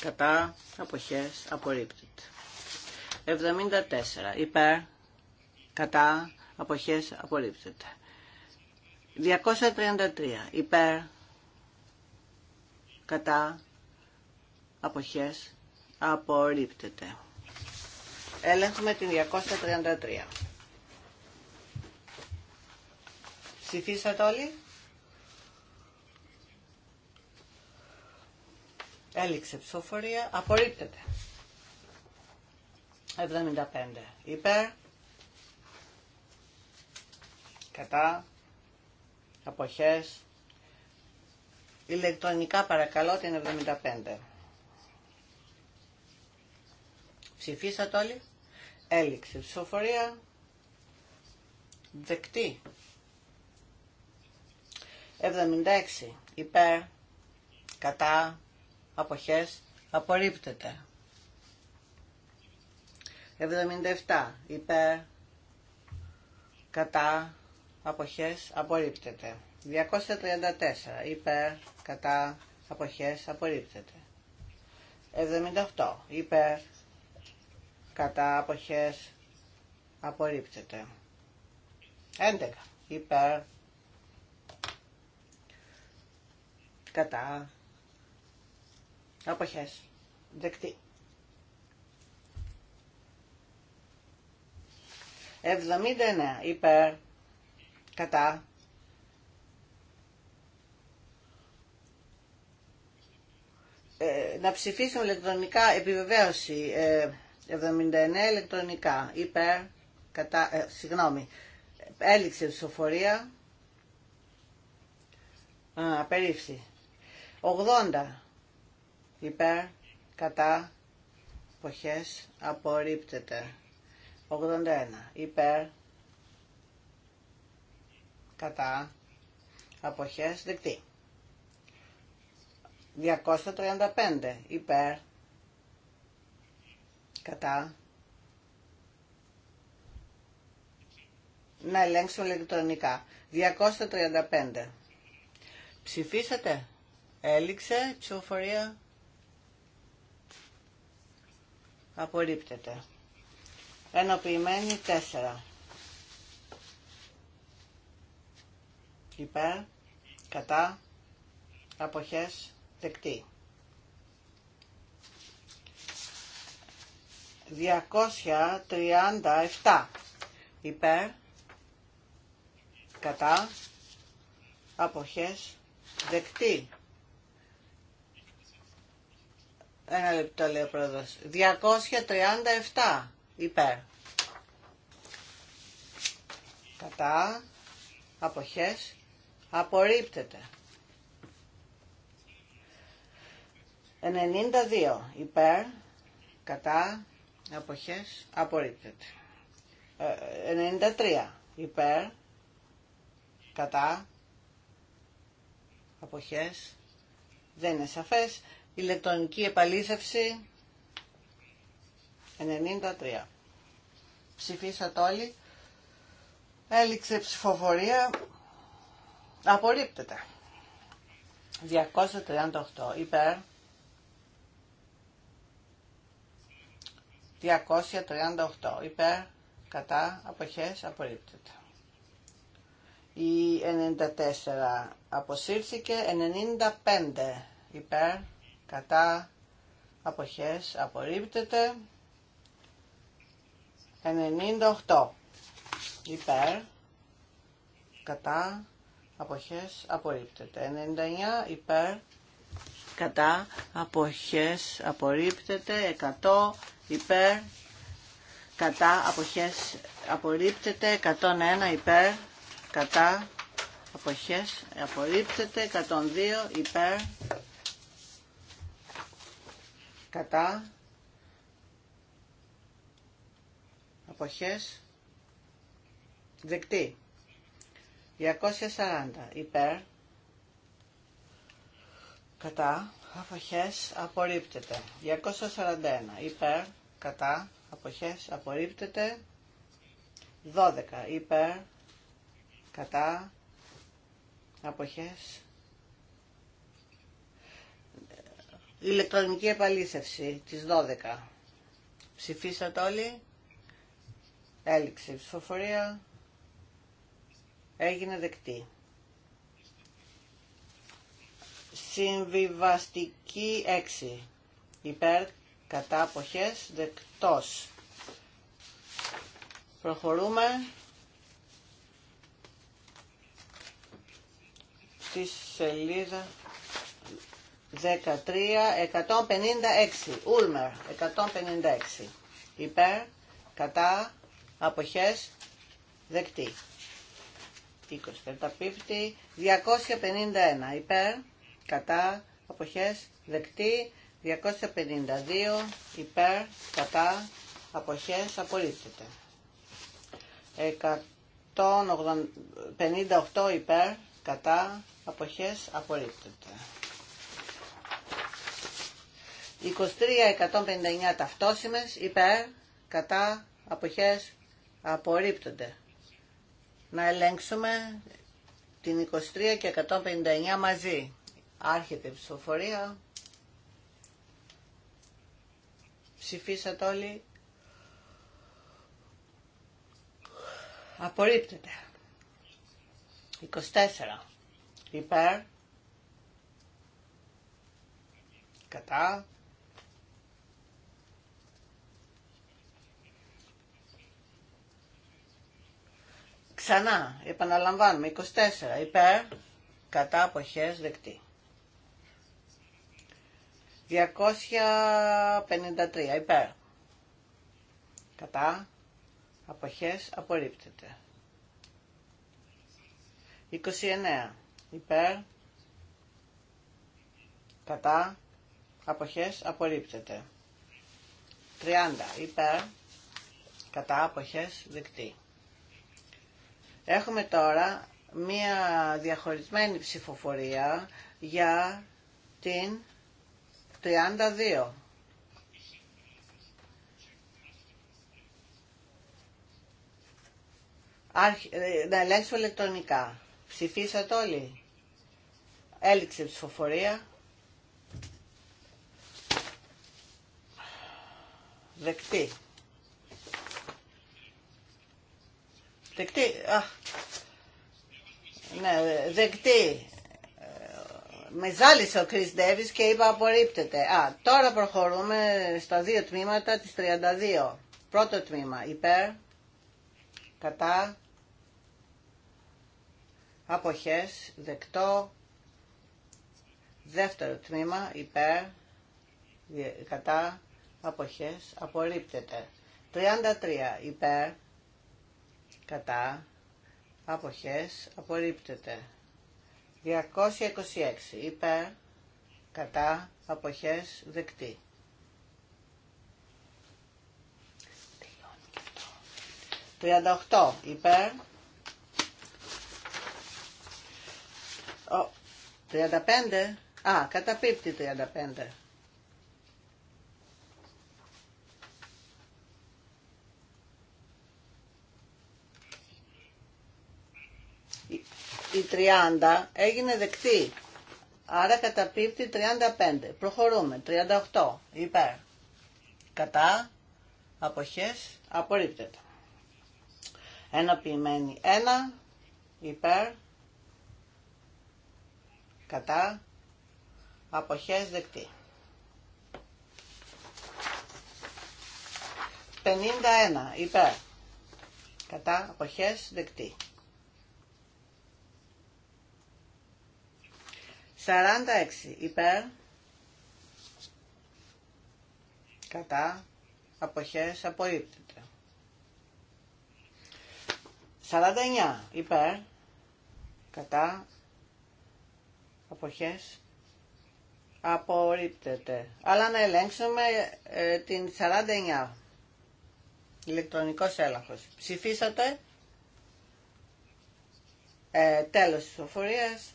Κατά. Αποχές. Απορρίπτεται. 74. Υπέρ. Κατά. Αποχές. Απορρίπτεται. 233. Υπέρ κατά αποχές απορρίπτεται. Έλεγχουμε την 233. Ψηφίσατε όλοι. Έληξε ψηφοφορία. Απορρίπτεται. 75. Υπέρ. Κατά. Αποχές. Ηλεκτρονικά παρακαλώ την 75. Ψηφίσατε όλοι. Έληξη. ψηφοφορία. Δεκτή. 76. Υπέρ. Κατά. Αποχές. Απορρίπτεται. 77. Υπέρ. Κατά. Αποχές. Απορρίπτεται. 234 υπέρ κατά αποχές απορρίπτεται. 78 υπέρ κατά αποχές απορρίπτεται. 11 υπέρ κατά αποχές δεκτή. 79 υπέρ κατά Ε, να ψηφίσουν ηλεκτρονικά επιβεβαίωση 79 ε, ηλεκτρονικά υπέρ, κατά, ε, συγγνώμη, έληξε ψηφοφορία, α, απερίφθη. 80 υπέρ, κατά, εποχές, απορρίπτεται. 81 υπέρ, κατά, αποχές, δεκτή. 235 υπέρ κατά να ελέγξω ηλεκτρονικά 235 ψηφίσατε έληξε ψηφοφορία απορρίπτεται ενοποιημένη 4 υπέρ κατά αποχές Δεκτή. 237 υπέρ, κατά, αποχές, δεκτή. Ένα λεπτό λέει ο πρόεδρος. 237 υπέρ. Κατά, αποχές, απορρίπτεται. 92 υπέρ, κατά, αποχές, απορρίπτεται. 93 ε, υπέρ, κατά, αποχές, δεν είναι σαφές. Ηλεκτρονική επαλήθευση 93. Ψηφίσατε όλοι. Έληξε ψηφοφορία. Απορρίπτεται. 238 υπέρ 238 υπέρ, κατά, αποχές, απορρίπτεται. Η 94 αποσύρθηκε, 95 υπέρ, κατά, αποχές, απορρίπτεται. 98 υπέρ, κατά, αποχές, απορρίπτεται. 99 υπέρ, κατά αποχές απορρίπτεται 100 υπέρ κατά αποχές απορρίπτεται 101 υπέρ κατά αποχές απορρίπτεται 102 υπέρ κατά αποχές δεκτή 240 υπέρ κατά, αποχές, απορρίπτεται. 241 υπέρ, κατά, αποχές, απορρίπτεται. 12 υπέρ, κατά, αποχές, ηλεκτρονική επαλήθευση της 12. Ψηφίσατε όλοι. Έληξε ψηφοφορία. Έγινε δεκτή. Συμβιβαστική 6. Υπέρ κατά αποχές δεκτός. Προχωρούμε στη σελίδα 13, 156, Ούλμερ, 156, υπέρ, κατά, αποχές, δεκτή. 20, 251, υπέρ, κατά, αποχές, δεκτή. 252 υπέρ, κατά, αποχές, απορρίπτεται. 158 υπέρ, κατά, αποχές, απορρίπτεται. 23-159 ταυτόσημες υπέρ, κατά, αποχές, απορρίπτονται. Να ελέγξουμε την 23 και 159 μαζί. Άρχεται η ψηφοφορία. Ψηφίσατε όλοι. Απορρίπτεται. 24. Υπέρ. Κατά. Ξανά, επαναλαμβάνουμε, 24, υπέρ, κατά αποχές δεκτή. 253 υπέρ. Κατά. Αποχές απορρίπτεται. 29 υπέρ. Κατά. Αποχές απορρίπτεται. 30 υπέρ. Κατά αποχές δεκτή. Έχουμε τώρα μία διαχωρισμένη ψηφοφορία για την 32. Ε, να ελέγξω ηλεκτρονικά. Ψηφίσατε όλοι. Έληξε ψηφοφορία. Δεκτή. Δεκτή. Α. Ναι, δεκτή με ζάλισε ο Chris Davis και είπα απορρίπτεται. Α, τώρα προχωρούμε στα δύο τμήματα της 32. Πρώτο τμήμα, υπέρ, κατά, αποχές, δεκτό. Δεύτερο τμήμα, υπέρ, κατά, αποχές, απορρίπτεται. 33, υπέρ, κατά, αποχές, απορρίπτεται. 226 υπέρ κατά αποχές δεκτή. Τελειώνει 38 υπέρ 35 Α, καταπίπτει 35 η 30 έγινε δεκτή. Άρα καταπίπτει 35. Προχωρούμε. 38. Υπέρ. Κατά. Αποχές. Απορρίπτεται. Ένα ποιημένη. Ένα. Υπέρ. Κατά. Αποχές δεκτή. 51. Υπέρ. Κατά. Αποχές δεκτή. 46 υπέρ κατά αποχές απορρίπτεται 49 υπέρ κατά αποχές απορρίπτεται αλλά να ελέγξουμε ε, την 49 ηλεκτρονικός έλαχος. ψηφίσατε ε, τέλος της οφορίας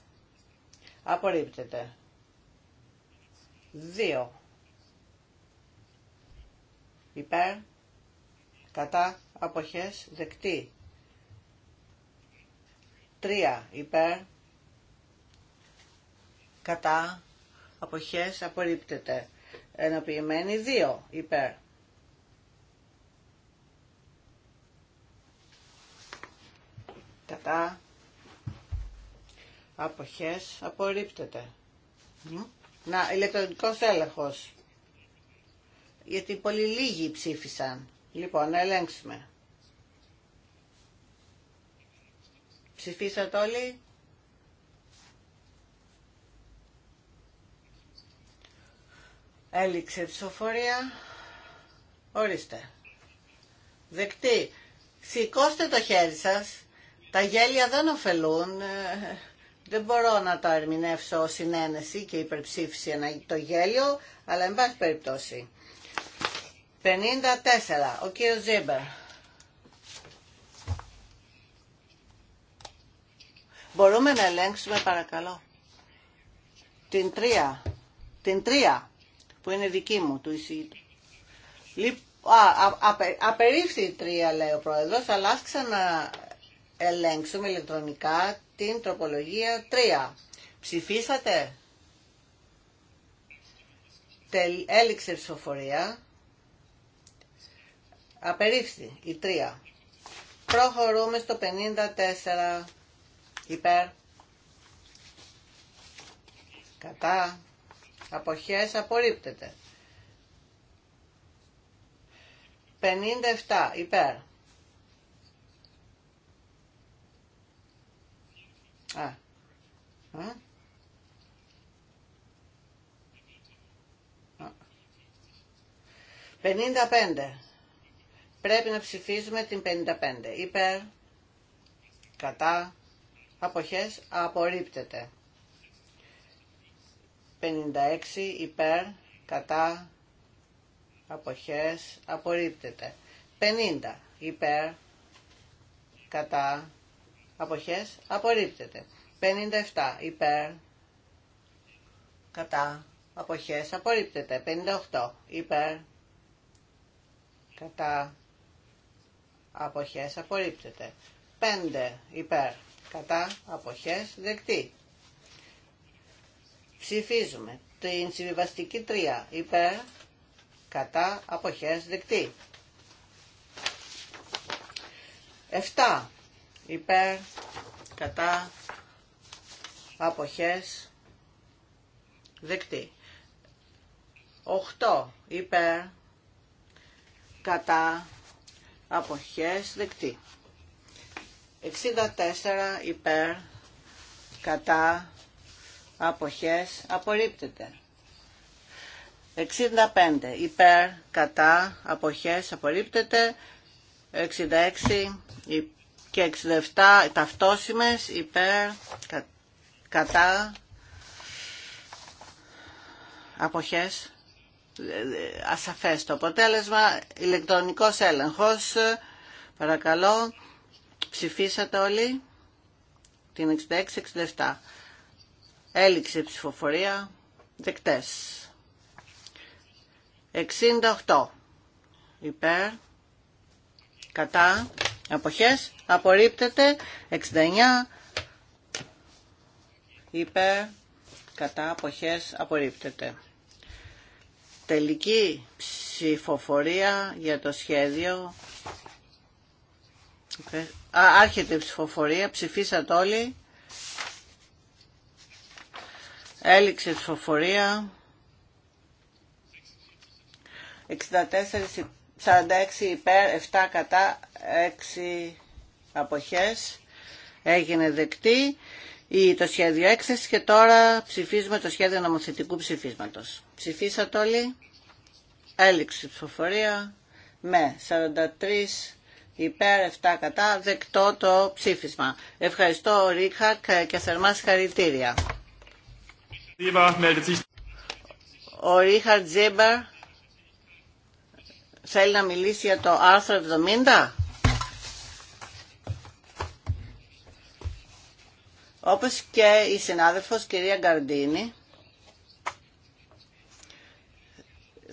Απορρίπτεται. 2. Υπέρ. Κατά. Αποχές. Δεκτή. 3. Υπέρ. Κατά. Αποχές. Απορρίπτεται. Ενοποιημένη. 2. Υπέρ. Κατά αποχές απορρίπτεται. Να, ηλεκτρονικό έλεγχος. Γιατί πολύ λίγοι ψήφισαν. Λοιπόν, να ελέγξουμε. Ψηφίσατε όλοι. Έληξε ψηφοφορία. Ορίστε. Δεκτή. Σηκώστε το χέρι σας. Τα γέλια δεν ωφελούν. Δεν μπορώ να το ερμηνεύσω ως συνένεση και υπερψήφιση το γέλιο, αλλά εν πάση περιπτώσει. 54. Ο κύριος Ζήμπερ. Μπορούμε να ελέγξουμε παρακαλώ. Την τρία. Την τρία που είναι δική μου του εισηγητού. Λοιπόν, α, α, απερίφθη η τρία λέει ο πρόεδρος, αλλά ας ξανα ελέγξουμε ηλεκτρονικά την τροπολογία 3. Ψηφίσατε. Έληξε η ψηφοφορία. Απερίφθη η 3. Προχωρούμε στο 54. Υπέρ. Κατά. Αποχές απορρίπτεται. 57. Υπέρ. 55. Πρέπει να ψηφίζουμε την 55. Υπέρ, κατά, αποχές, απορρίπτεται. 56. Υπέρ, κατά, αποχές, απορρίπτεται. 50. Υπέρ, κατά, αποχές απορρίπτεται. 57 υπέρ κατά αποχές απορρίπτεται. 58 υπέρ κατά αποχές απορρίπτεται. 5 υπέρ κατά αποχές δεκτή. Ψηφίζουμε την συμβιβαστική 3 υπέρ κατά αποχές δεκτή. 7 υπέρ, κατά, αποχές, δεκτή. 8 υπέρ, κατά, αποχές, δεκτή. 64 υπέρ, κατά, αποχές, απορρίπτεται. 65 υπέρ, κατά, αποχές, απορρίπτεται. 66 υπέρ και 67 ταυτόσιμες υπέρ κατά αποχές ασαφές το αποτέλεσμα ηλεκτρονικός έλεγχος παρακαλώ ψηφίσατε όλοι την 66-67 έληξε ψηφοφορία δεκτές 68 υπέρ κατά Αποχές απορρίπτεται 69 Είπε κατά αποχές απορρίπτεται. Τελική ψηφοφορία για το σχέδιο. άρχεται η ψηφοφορία, ψηφίσατε όλοι. Έληξε η ψηφοφορία. 64 46 υπέρ, 7 κατά, 6 αποχές. Έγινε δεκτή το σχέδιο έκθεση και τώρα ψηφίζουμε το σχέδιο νομοθετικού ψηφίσματος. Ψηφίσατε όλοι. Έληξη ψηφοφορία με 43 υπέρ 7 κατά δεκτό το ψήφισμα. Ευχαριστώ Ρίχακ και θερμά συγχαρητήρια. Ο Ρίχαρτ Ζίμπερ. Θέλει να μιλήσει για το άρθρο 70. Όπως και η συνάδελφος κυρία Γκαρντίνη,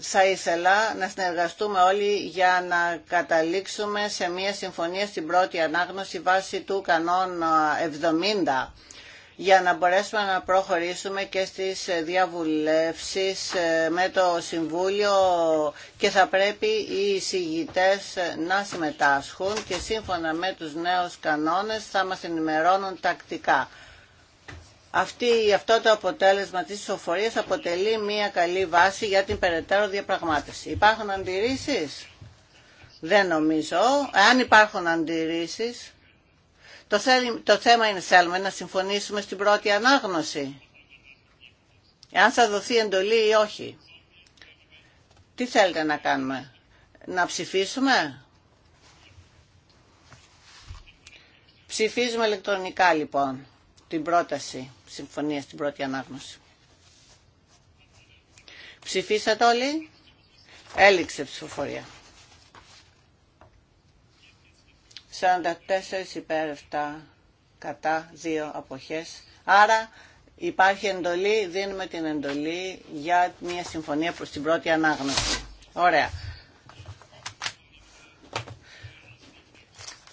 θα ήθελα να συνεργαστούμε όλοι για να καταλήξουμε σε μια συμφωνία στην πρώτη ανάγνωση βάσει του κανόνα 70 για να μπορέσουμε να προχωρήσουμε και στις διαβουλεύσεις ε, με το Συμβούλιο και θα πρέπει οι εισηγητές να συμμετάσχουν και σύμφωνα με τους νέους κανόνες θα μας ενημερώνουν τακτικά. Αυτή, αυτό το αποτέλεσμα της ισοφορίας αποτελεί μια καλή βάση για την περαιτέρω διαπραγμάτευση. Υπάρχουν αντιρρήσεις? Δεν νομίζω. Αν υπάρχουν αντιρρήσεις, το θέμα είναι θέλουμε να συμφωνήσουμε στην πρώτη ανάγνωση. Αν θα δοθεί εντολή ή όχι. Τι θέλετε να κάνουμε. Να ψηφίσουμε. Ψηφίζουμε ηλεκτρονικά λοιπόν την πρόταση συμφωνία στην πρώτη ανάγνωση. Ψηφίσατε όλοι. Έληξε ψηφοφορία. 44 υπέρ 7 κατά 2 αποχές. Άρα υπάρχει εντολή, δίνουμε την εντολή για μια συμφωνία προς την πρώτη ανάγνωση. Ωραία.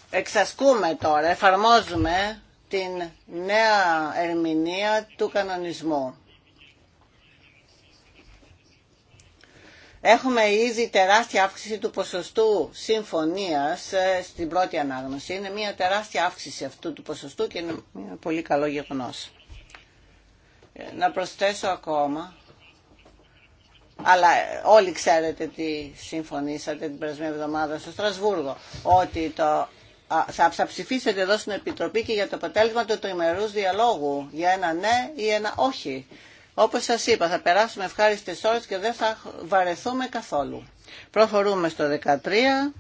Εξασκούμε τώρα, εφαρμόζουμε την νέα ερμηνεία του κανονισμού. Έχουμε ήδη τεράστια αύξηση του ποσοστού συμφωνίας ε, στην πρώτη ανάγνωση. Είναι μια τεράστια αύξηση αυτού του ποσοστού και είναι μια πολύ καλό γεγονός. Ε, να προσθέσω ακόμα, αλλά ε, όλοι ξέρετε τι συμφωνήσατε την περασμένη εβδομάδα στο Στρασβούργο, ότι το θα, ψηφίσετε εδώ στην Επιτροπή και για το αποτέλεσμα του τριμερούς διαλόγου για ένα ναι ή ένα όχι. Όπως σας είπα, θα περάσουμε ευχάριστες ώρες και δεν θα βαρεθούμε καθόλου. Προχωρούμε στο 13,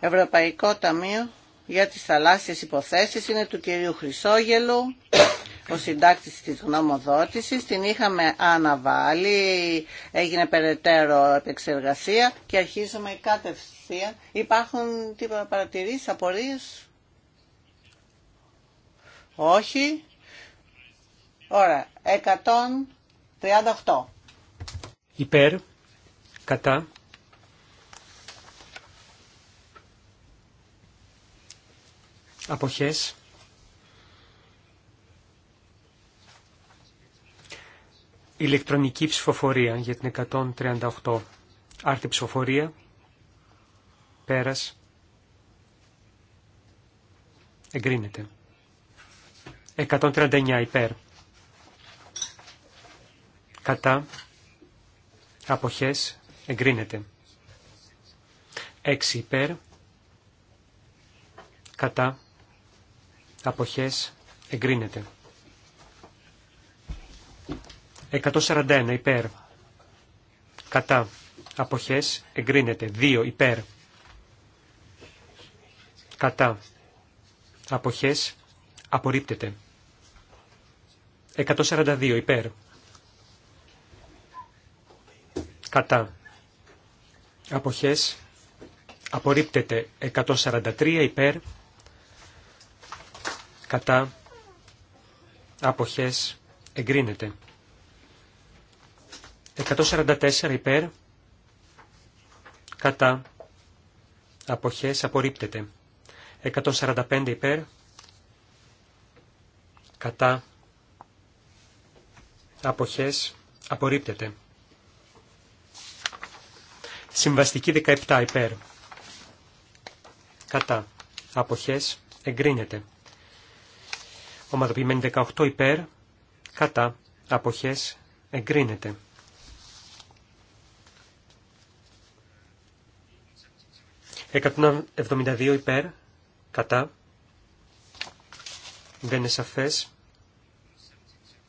Ευρωπαϊκό Ταμείο για τις θαλάσσιες υποθέσεις είναι του κυρίου Χρυσόγελου, ο συντάκτης της γνωμοδότησης. Την είχαμε αναβάλει, έγινε περαιτέρω επεξεργασία και αρχίζουμε κατευθείαν. Υπάρχουν τίποτα παρατηρήσεις, απορίες. Όχι. Ωραία. 138. Υπέρ. Κατά. Αποχές. Ηλεκτρονική ψηφοφορία για την 138. Άρτη ψηφοφορία. Πέρας. Εγκρίνεται. 139 υπέρ κατά, αποχές, εγκρίνεται. 6 υπέρ, κατά, αποχές, εγκρίνεται. 141 υπέρ, κατά, αποχές, εγκρίνεται. 2 υπέρ, κατά, αποχές, απορρίπτεται. 142 υπέρ, κατά αποχές απορρίπτεται 143 υπέρ κατά αποχές εγκρίνεται 144 υπέρ κατά αποχές απορρίπτεται 145 υπέρ κατά αποχές απορρίπτεται Συμβαστική 17 υπέρ. Κατά. Αποχές. Εγκρίνεται. Ομαδοποιημένη 18 υπέρ. Κατά. Αποχές. Εγκρίνεται. 172 υπέρ. Κατά. Δεν είναι σαφές.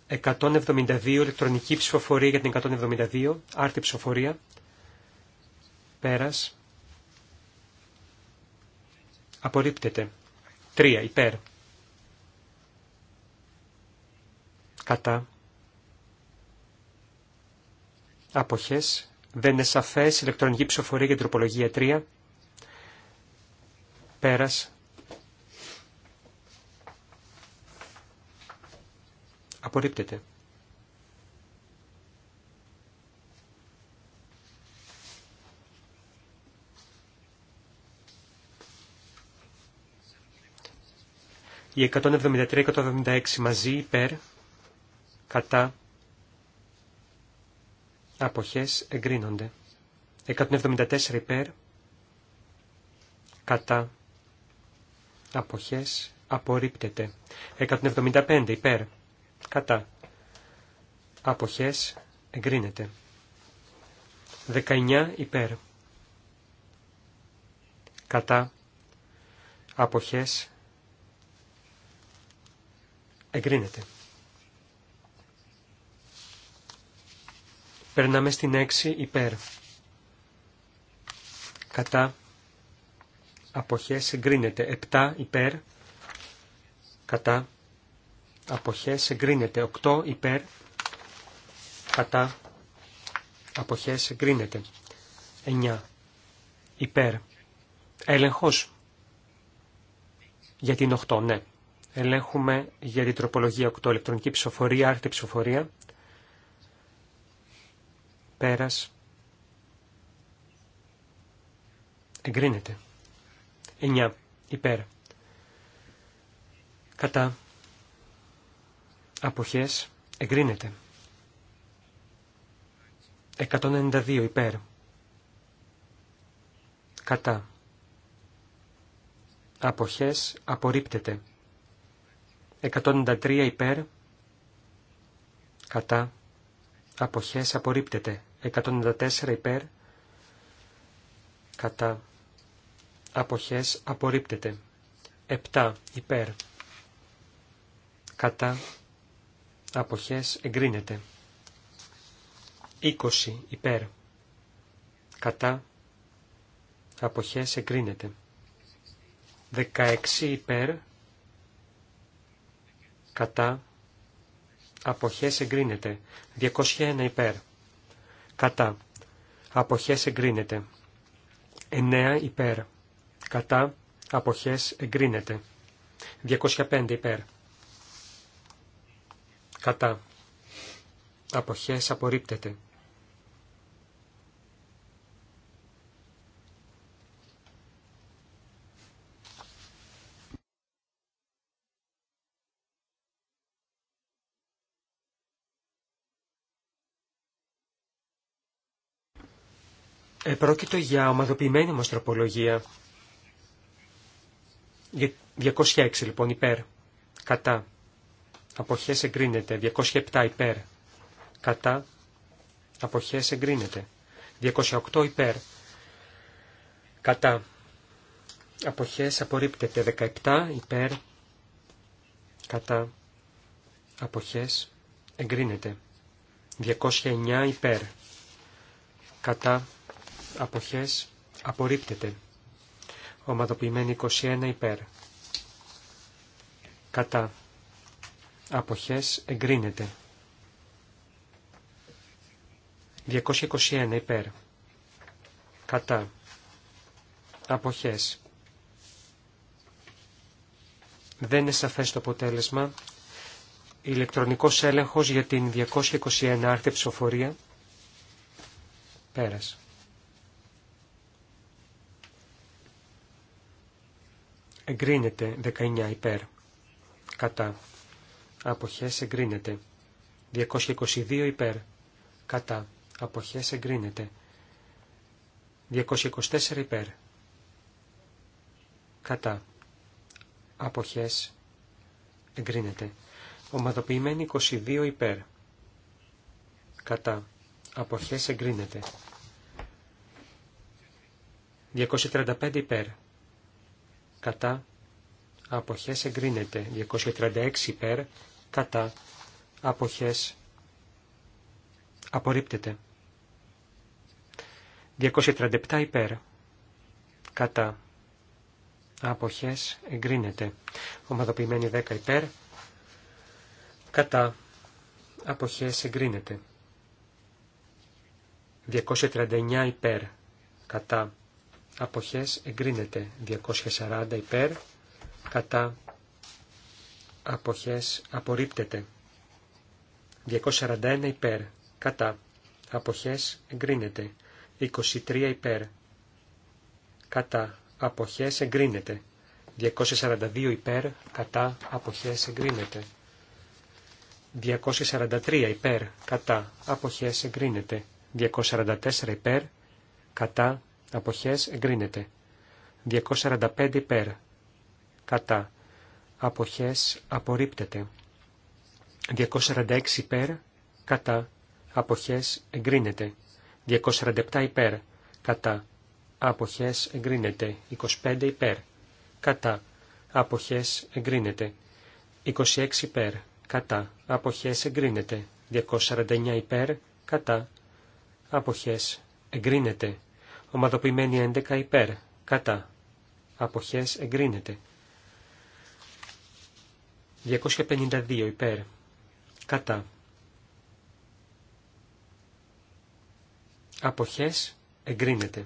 172 ηλεκτρονική ψηφοφορία για την 172. Άρτη ψηφοφορία. Πέρας. Απορρίπτεται. τρία, υπέρ. Κατά. Αποχές. Δεν είναι σαφές. Ηλεκτρονική ψηφοφορία και τροπολογία τρία, Πέρας. Απορρίπτεται. Οι 173-176 μαζί υπέρ, κατά, αποχές εγκρίνονται. 174 υπέρ, κατά, αποχές απορρίπτεται. 175 υπέρ, κατά, αποχές εγκρίνεται. 19 υπέρ, κατά, αποχές Εγκρίνεται. Περνάμε στην 6 υπέρ. Κατά αποχές εγκρίνεται. 7 υπέρ. Κατά αποχές εγκρίνεται. 8 υπέρ. Κατά αποχές εγκρίνεται. 9 υπέρ. Έλεγχος. Για την 8, ναι. Ελέγχουμε για την τροπολογία 8, ηλεκτρονική ψηφοφορία, άρχιτη ψηφοφορία. Πέρας. Εγκρίνεται. 9. Υπέρ. Κατά. Αποχές. Εγκρίνεται. 192. Υπέρ. Κατά. Αποχές. Απορρίπτεται. 193 υπέρ, κατά, αποχές απορρίπτεται. 194 υπέρ, κατά, αποχές απορρίπτεται. 7 υπέρ, κατά, αποχές εγκρίνεται. 20 υπέρ, κατά, αποχές εγκρίνεται. 16 υπέρ, κατά, αποχές εγκρίνεται. 201 υπέρ, κατά, αποχές εγκρίνεται. 9 υπέρ, κατά, αποχές εγκρίνεται. 205 υπέρ, κατά, αποχές απορρίπτεται. Επρόκειτο για ομαδοποιημένη μας τροπολογία. 206 λοιπόν υπέρ. Κατά. Αποχές εγκρίνεται. 207 υπέρ. Κατά. Αποχές εγκρίνεται. 208 υπέρ. Κατά. Αποχές απορρίπτεται. 17 υπέρ. Κατά. Αποχές εγκρίνεται. 209 υπέρ. Κατά αποχές απορρίπτεται. Ομαδοποιημένη 21 υπέρ. Κατά. Αποχές εγκρίνεται. 221 υπέρ. Κατά. Αποχές. Δεν είναι σαφές το αποτέλεσμα. Ηλεκτρονικός έλεγχος για την 221 άρθρη ψηφοφορία. Πέρας. εγκρίνεται 19 υπέρ. Κατά. Αποχές εγκρίνεται. 222 υπέρ. Κατά. Αποχές εγκρίνεται. 224 υπέρ. Κατά. Αποχές εγκρίνεται. Ομαδοποιημένη 22 υπέρ. Κατά. Αποχές εγκρίνεται. 235 υπέρ κατά αποχές εγκρίνεται. 236 υπέρ κατά αποχές απορρίπτεται. 237 υπέρ κατά αποχές εγκρίνεται. Ομαδοποιημένη 10 υπέρ κατά αποχές εγκρίνεται. 239 υπέρ κατά αποχές εγκρίνεται 240 υπέρ κατά αποχές απορρίπτεται 241 υπέρ κατά αποχές εγκρίνεται 23 υπέρ κατά αποχές εγκρίνεται 242 υπέρ κατά αποχές εγκρίνεται 243 υπέρ κατά αποχές εγκρίνεται 244 υπέρ κατά Αποχές εγκρίνεται. 245 υπέρ. Κατά. Αποχές απορρίπτεται. 246 υπέρ. Κατά. Αποχές εγκρίνεται. 247 υπέρ. Κατά. Αποχές εγκρίνεται. 25 υπέρ. Κατά. Αποχές εγκρίνεται. 26 υπέρ. Κατά. Αποχές εγκρίνεται. 249 υπέρ. Κατά. Αποχές εγκρίνεται. Ομαδοποιημένη 11 υπέρ. Κατά. Αποχές εγκρίνεται. 252 υπέρ. Κατά. Αποχές εγκρίνεται.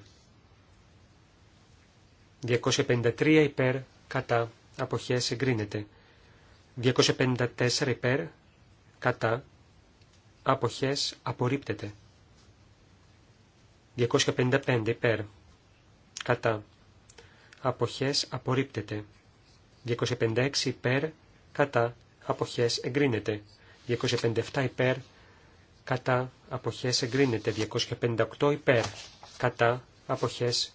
253 υπέρ. Κατά. Αποχές εγκρίνεται. 254 υπέρ. Κατά. Αποχές απορρίπτεται. 255 υπέρ. Κατά. Αποχές απορρίπτεται. 256 υπέρ. Κατά. Αποχές εγκρίνεται. 257 υπέρ. Κατά. Αποχές εγκρίνεται. 258 υπέρ. Κατά. Αποχές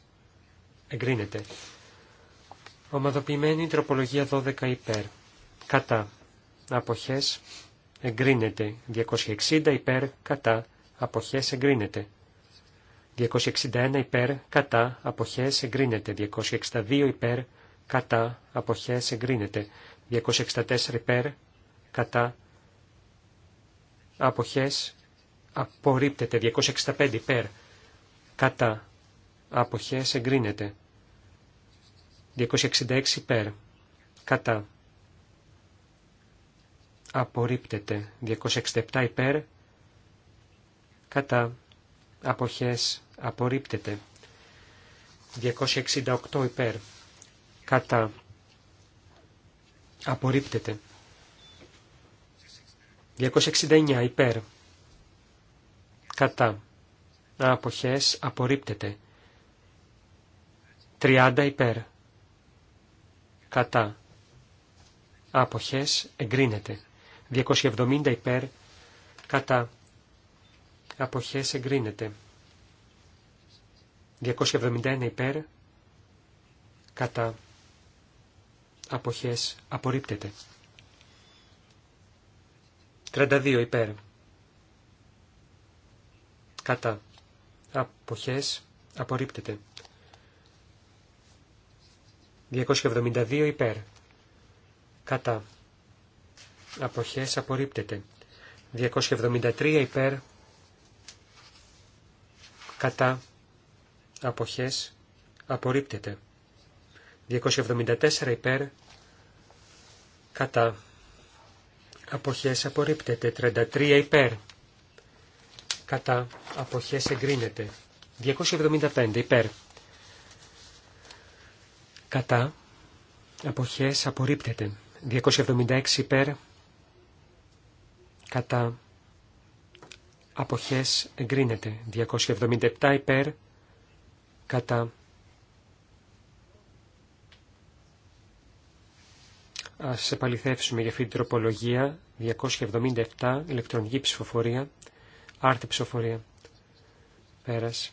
εγκρίνεται. Ομαδοποιημένη τροπολογία 12 υπέρ. Κατά. Αποχές εγκρίνεται. 260 υπέρ. Κατά. Αποχές εγκρίνεται. 261 υπέρ, κατά, αποχές εγκρίνεται. 262 υπέρ, κατά, αποχές εγκρίνεται. 264 υπέρ, κατά, αποχές απορρίπτεται. 265 υπέρ, κατά, αποχές εγκρίνεται. 266 υπέρ, κατά, απορρίπτεται. 267 υπέρ, κατά, αποχές απορρίπτεται. 268 υπέρ κατά απορρίπτεται. 269 υπέρ κατά αποχές απορρίπτεται. 30 υπέρ κατά αποχές εγκρίνεται. 270 υπέρ κατά αποχές εγκρίνεται. 271 υπέρ, κατά αποχές απορρίπτεται. 32 υπέρ, κατά αποχές απορρίπτεται. 272 υπέρ, κατά αποχές απορρίπτεται. 273 υπέρ, κατά αποχές απορρίπτεται. 274 υπέρ κατά αποχές απορρίπτεται. 33 υπέρ κατά αποχές εγκρίνεται. 275 υπέρ κατά αποχές απορρίπτεται. 276 υπέρ κατά αποχές εγκρίνεται. 277 υπέρ κατά Ας επαληθεύσουμε για αυτή την τροπολογία 277 ηλεκτρονική ψηφοφορία, άρτη ψηφοφορία. Πέρας.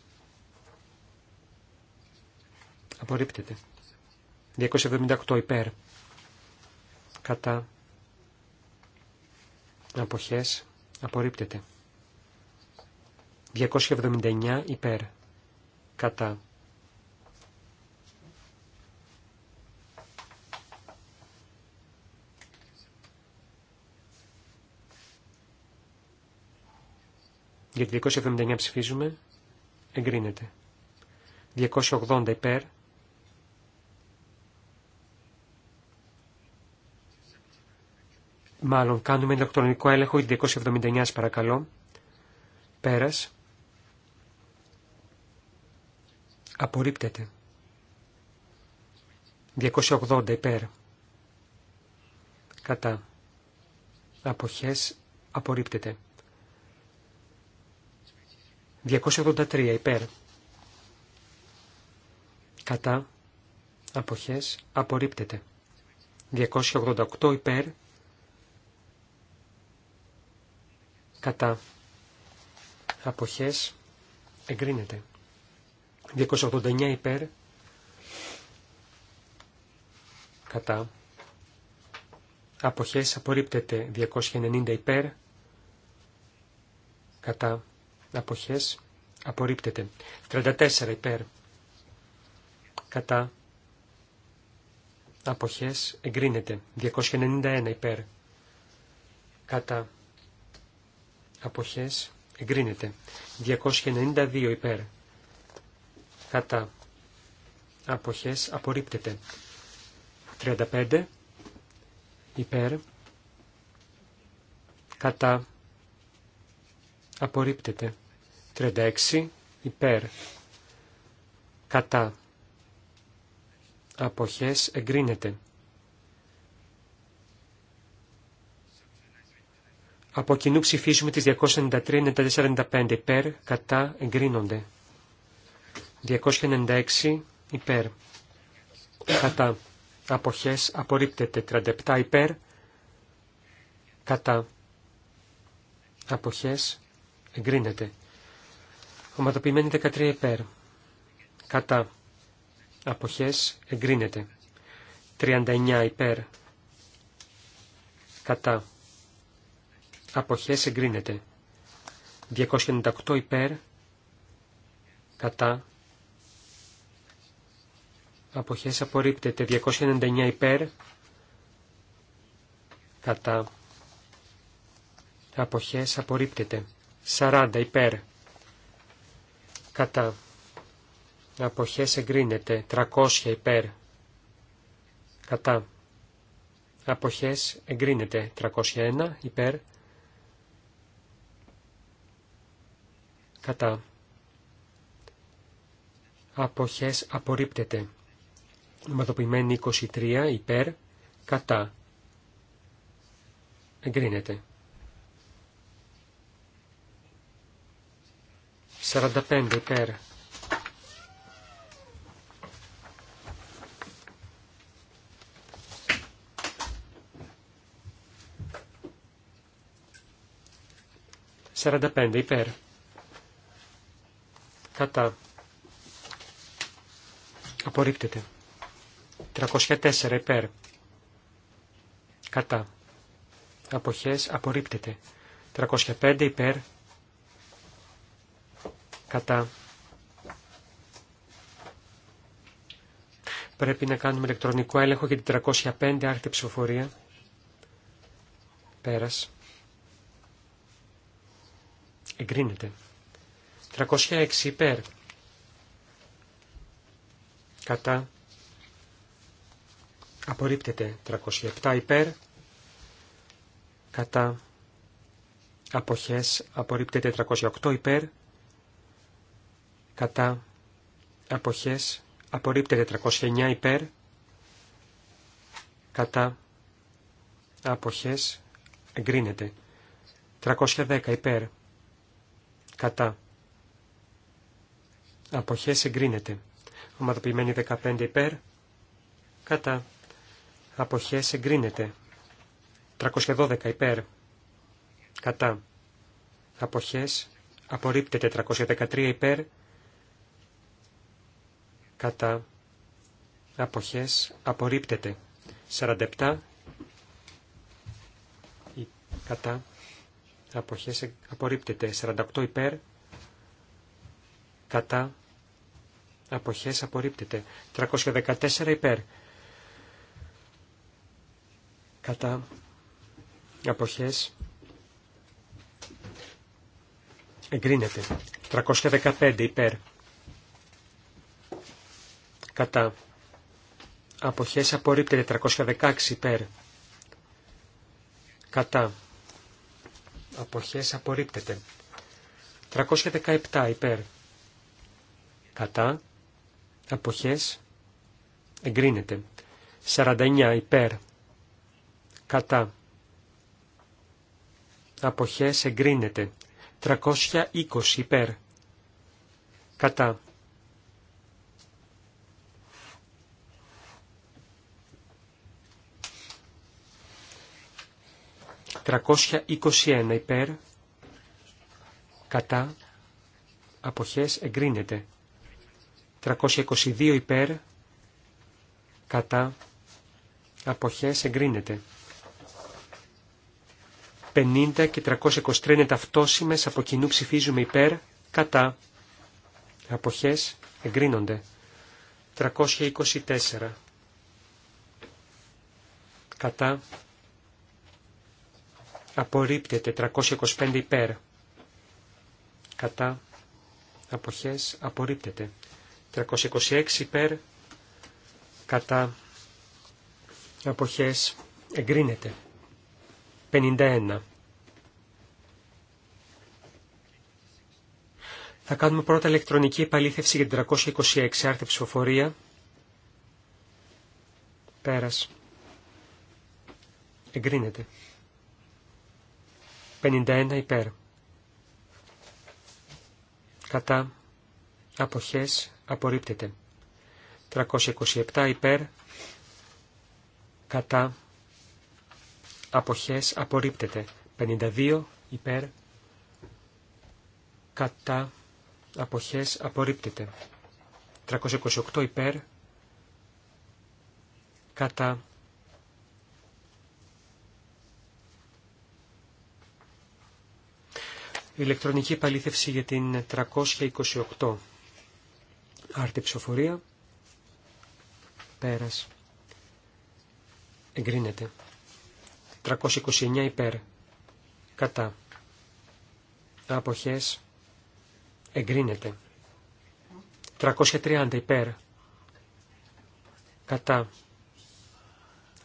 Απορρίπτεται. 278 υπέρ. Κατά. Αποχές. Απορρίπτεται. 279 υπέρ. Κατά. Για 279 ψηφίζουμε. Εγκρίνεται. 280 υπέρ. Μάλλον κάνουμε ηλεκτρονικό έλεγχο για 279 παρακαλώ. Πέρας. Απορρίπτεται. 280 υπέρ. Κατά. Αποχές. Απορρίπτεται. 283 υπέρ. Κατά. Αποχές. Απορρίπτεται. 288 υπέρ. Κατά. Αποχές. Εγκρίνεται. 289 υπέρ. Κατά. Αποχές απορρίπτεται 290 υπέρ. Κατά. Αποχές απορρίπτεται 34 υπέρ. Κατά. Αποχές εγκρίνεται 291 υπέρ. Κατά. Αποχές εγκρίνεται 292 υπέρ κατά αποχές απορρίπτεται. 35 υπέρ κατά απορρίπτεται. 36 υπέρ κατά αποχές εγκρίνεται. Από κοινού ψηφίζουμε τις 293 945 υπέρ κατά εγκρίνονται. 296 υπέρ. Κατά. Αποχές απορρίπτεται 37 υπέρ. Κατά. Αποχές εγκρίνεται. Ομαδοποιημένη 13 υπέρ. Κατά. Αποχές εγκρίνεται. 39 υπέρ. Κατά. Αποχές εγκρίνεται. 298 υπέρ. Κατά αποχές απορρίπτεται 299 υπέρ κατά αποχές απορρίπτεται 40 υπέρ κατά αποχές εγκρίνεται 300 υπέρ κατά αποχές εγκρίνεται 301 υπέρ κατά αποχές απορρίπτεται Ομαδοποιημένη 23 υπέρ κατά. Εγκρίνεται. 45 υπέρ. Σαρανταπέντε υπέρ. Κατά. Απορρίπτεται. 304 υπέρ. Κατά. Αποχές απορρίπτεται. 305 υπέρ. Κατά. Πρέπει να κάνουμε ηλεκτρονικό έλεγχο για την 305 άρχιτε ψηφοφορία. Πέρας. Εγκρίνεται. 306 υπέρ. Κατά. Απορρίπτεται 307 υπέρ. Κατά αποχές απορρίπτεται 308 υπέρ. Κατά αποχές απορρίπτεται 309 υπέρ. Κατά αποχές εγκρίνεται 310 υπέρ. Κατά αποχές εγκρίνεται. Ομαδοποιημένη 15 υπέρ. Κατά αποχές εγκρίνεται. 312 υπέρ, κατά, αποχές απορρίπτεται. 313 υπέρ, κατά, αποχές απορρίπτεται. 47 κατά, αποχές απορρίπτεται. 48 υπέρ, κατά, αποχές απορρίπτεται. 314 υπέρ, κατά αποχές εγκρίνεται 315 υπέρ κατά αποχές απορρίπτεται 316 υπέρ κατά αποχές απορρίπτεται 317 υπέρ κατά αποχές εγκρίνεται 49 υπέρ κατά αποχές εγκρίνεται 320 υπέρ κατά 321 υπέρ, κατά, αποχές εγκρίνεται. 322 υπέρ, κατά, αποχές εγκρίνεται. 50 και 323 είναι ταυτόσιμες, από κοινού ψηφίζουμε υπέρ, κατά, αποχές, εγκρίνονται. 324, κατά, απορρίπτεται, 325 υπέρ, κατά, αποχές, απορρίπτεται. 326 υπέρ, κατά, αποχές, εγκρίνεται. 51. Θα κάνουμε πρώτα ηλεκτρονική επαλήθευση για την 326 άρθρη ψηφοφορία. Πέρας. Εγκρίνεται. 51 υπέρ. Κατά. Αποχές. Απορρίπτεται. 327 υπέρ. Κατά αποχές απορρίπτεται. 52 υπέρ κατά αποχές απορρίπτεται. 328 υπέρ κατά ηλεκτρονική επαλήθευση για την 328 άρτη ψηφοφορία πέρας εγκρίνεται. 329 υπέρ. Κατά. Αποχές. Εγκρίνεται. 330 υπέρ. Κατά.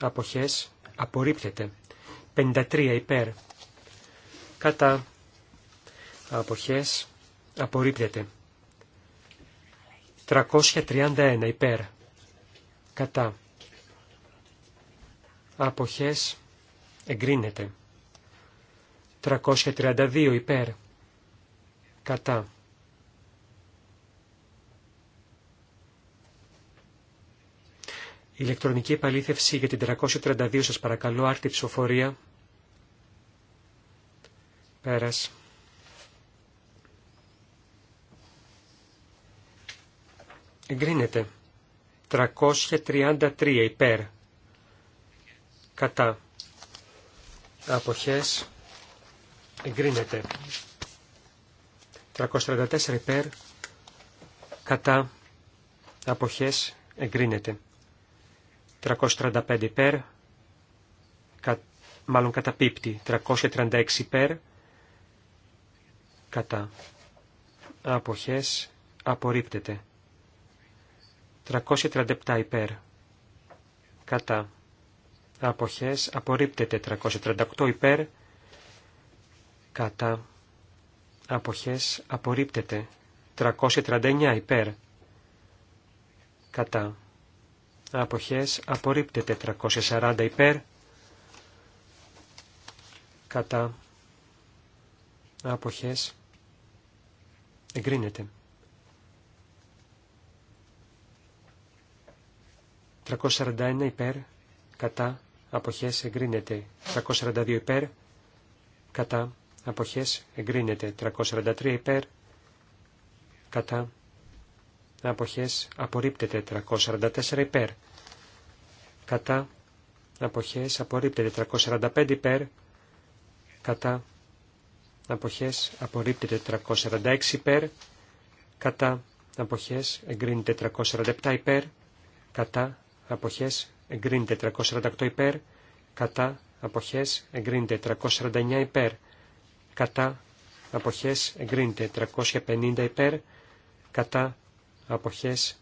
Αποχές. Απορρίπτεται. 53 υπέρ. Κατά. Αποχές. Απορρίπτεται. 331 υπέρ. Κατά. Αποχές εγκρίνεται. 332 υπέρ, κατά. Ηλεκτρονική επαλήθευση για την 332 σας παρακαλώ, άρτη ψηφοφορία. Πέρας. Εγκρίνεται. 333 υπέρ. Κατά αποχές εγκρίνεται. 334 υπέρ κατά αποχές εγκρίνεται. 335 υπέρ κα, μάλλον πίπτη. 336 υπέρ κατά αποχές απορρίπτεται. 337 υπέρ κατά αποχές απορρίπτεται 338 υπέρ κατά αποχές απορρίπτεται 339 υπέρ κατά αποχές απορρίπτεται 340 υπέρ κατά αποχές εγκρίνεται 341 υπέρ κατά αποχές εγκρίνεται 342 υπέρ, κατά αποχές εγκρίνεται 343 υπέρ, κατά αποχές απορρίπτεται 344 υπέρ, κατά αποχές απορρίπτεται 345 υπέρ, κατά αποχές απορρίπτεται 346 υπέρ, κατά αποχές εγκρίνεται 347 υπέρ, κατά αποχές εγκρίνεται 348 υπέρ, κατά αποχές εγκρίνεται 349 υπέρ, κατά αποχές εγκρίνεται 350 υπέρ, κατά αποχές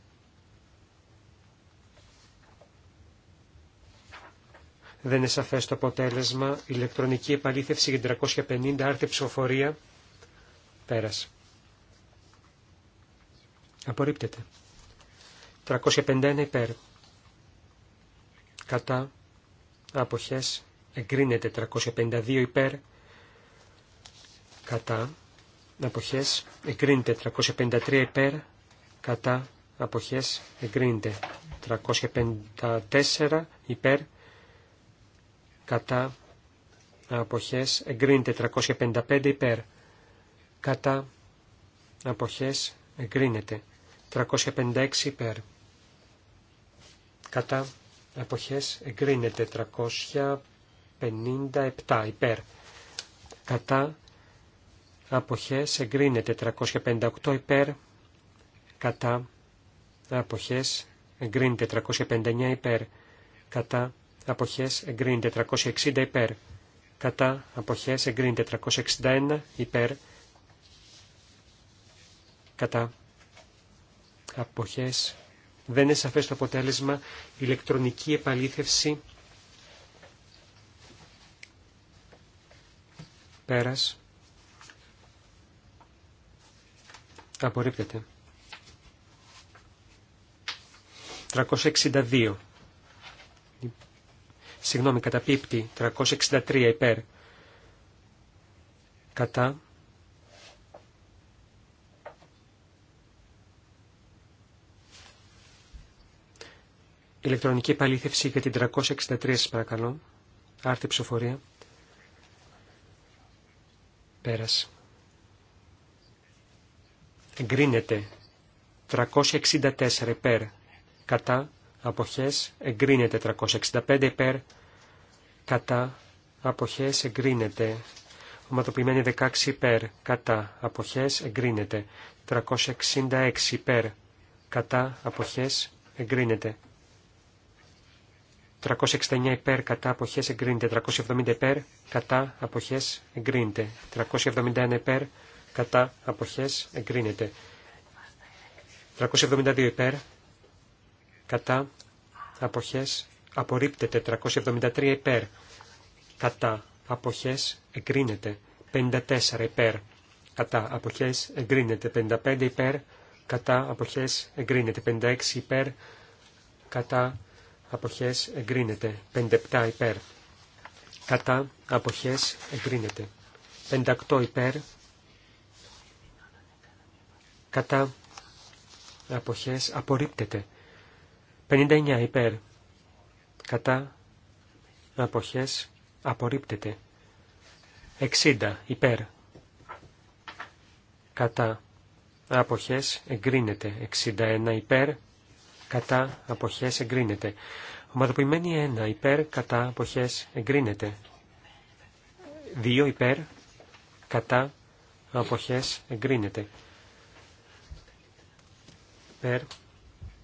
Δεν είναι σαφές το αποτέλεσμα. Ηλεκτρονική επαλήθευση για 350 άρθρη ψηφοφορία. Πέρας. Απορρίπτεται. 351 υπέρ κατά αποχές εγκρίνεται 352 υπέρ κατά αποχές εγκρίνεται 353 υπέρ κατά αποχές εγκρίνεται 354 υπέρ κατά αποχές εγκρίνεται 355 υπέρ κατά αποχές εγκρίνεται 356 υπέρ κατά εποχές εγκρίνεται 357 υπέρ. Κατά αποχές εγκρίνεται 358 υπέρ. Κατά αποχές εγκρίνεται 359 υπέρ. Κατά αποχές εγκρίνεται 360 υπέρ. Κατά αποχές εγκρίνεται 361 υπέρ. Κατά αποχές δεν είναι σαφές το αποτέλεσμα. Ηλεκτρονική επαλήθευση. Πέρας. Απορρίπτεται. 362. Συγγνώμη, καταπίπτει. 363 υπέρ. Κατά. Ηλεκτρονική επαλήθευση για την 363 παρακαλώ. Άρτη ψηφοφορία. Πέρασε. Εγκρίνεται. 364 υπέρ. Κατά. Αποχές. Εγκρίνεται. 365 υπέρ. Κατά. Αποχές. Εγκρίνεται. Οματοποιημένη 16 υπέρ. Κατά. Αποχές. Εγκρίνεται. 366 υπέρ. Κατά. Αποχές. Εγκρίνεται. 369 υπέρ κατά αποχές εγκρίνεται. 370 υπέρ κατά αποχές εγκρίνεται. 371 υπέρ κατά αποχές εγκρίνεται. 372 υπέρ κατά αποχές απορρίπτεται. 373 υπέρ κατά αποχές εγκρίνεται. 54 υπέρ κατά αποχές εγκρίνεται. 55 υπέρ κατά αποχές εγκρίνεται. 56 υπέρ κατά αποχές εγκρίνεται. 57 υπέρ. Κατά αποχές εγκρίνεται. 58 υπέρ. Κατά αποχές απορρίπτεται. 59 υπέρ. Κατά αποχές απορρίπτεται. 60 υπέρ. Κατά αποχές εγκρίνεται. 61 υπέρ κατά αποχές εγκρίνεται. Ομαδοποιημένη 1 υπέρ κατά αποχές εγκρίνεται. 2 υπέρ κατά αποχές εγκρίνεται. Υπέρ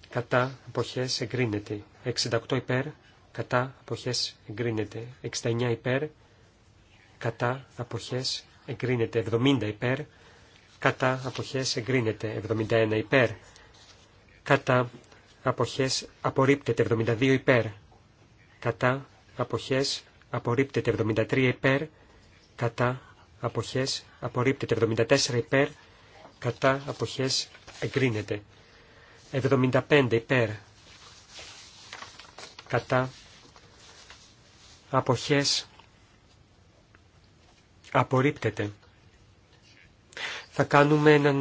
κατά αποχές εγκρίνεται. 68 υπέρ κατά αποχές εγκρίνεται. 69 υπέρ κατά αποχές εγκρίνεται. 70 υπέρ κατά αποχές εγκρίνεται. 71 υπέρ κατά αποχές απορρίπτεται 72 υπέρ. Κατά αποχές απορρίπτεται 73 υπέρ. Κατά αποχές απορρίπτεται 74 υπέρ. Κατά αποχές εγκρίνεται. 75 υπέρ. Κατά αποχές απορρίπτεται. Θα κάνουμε έναν,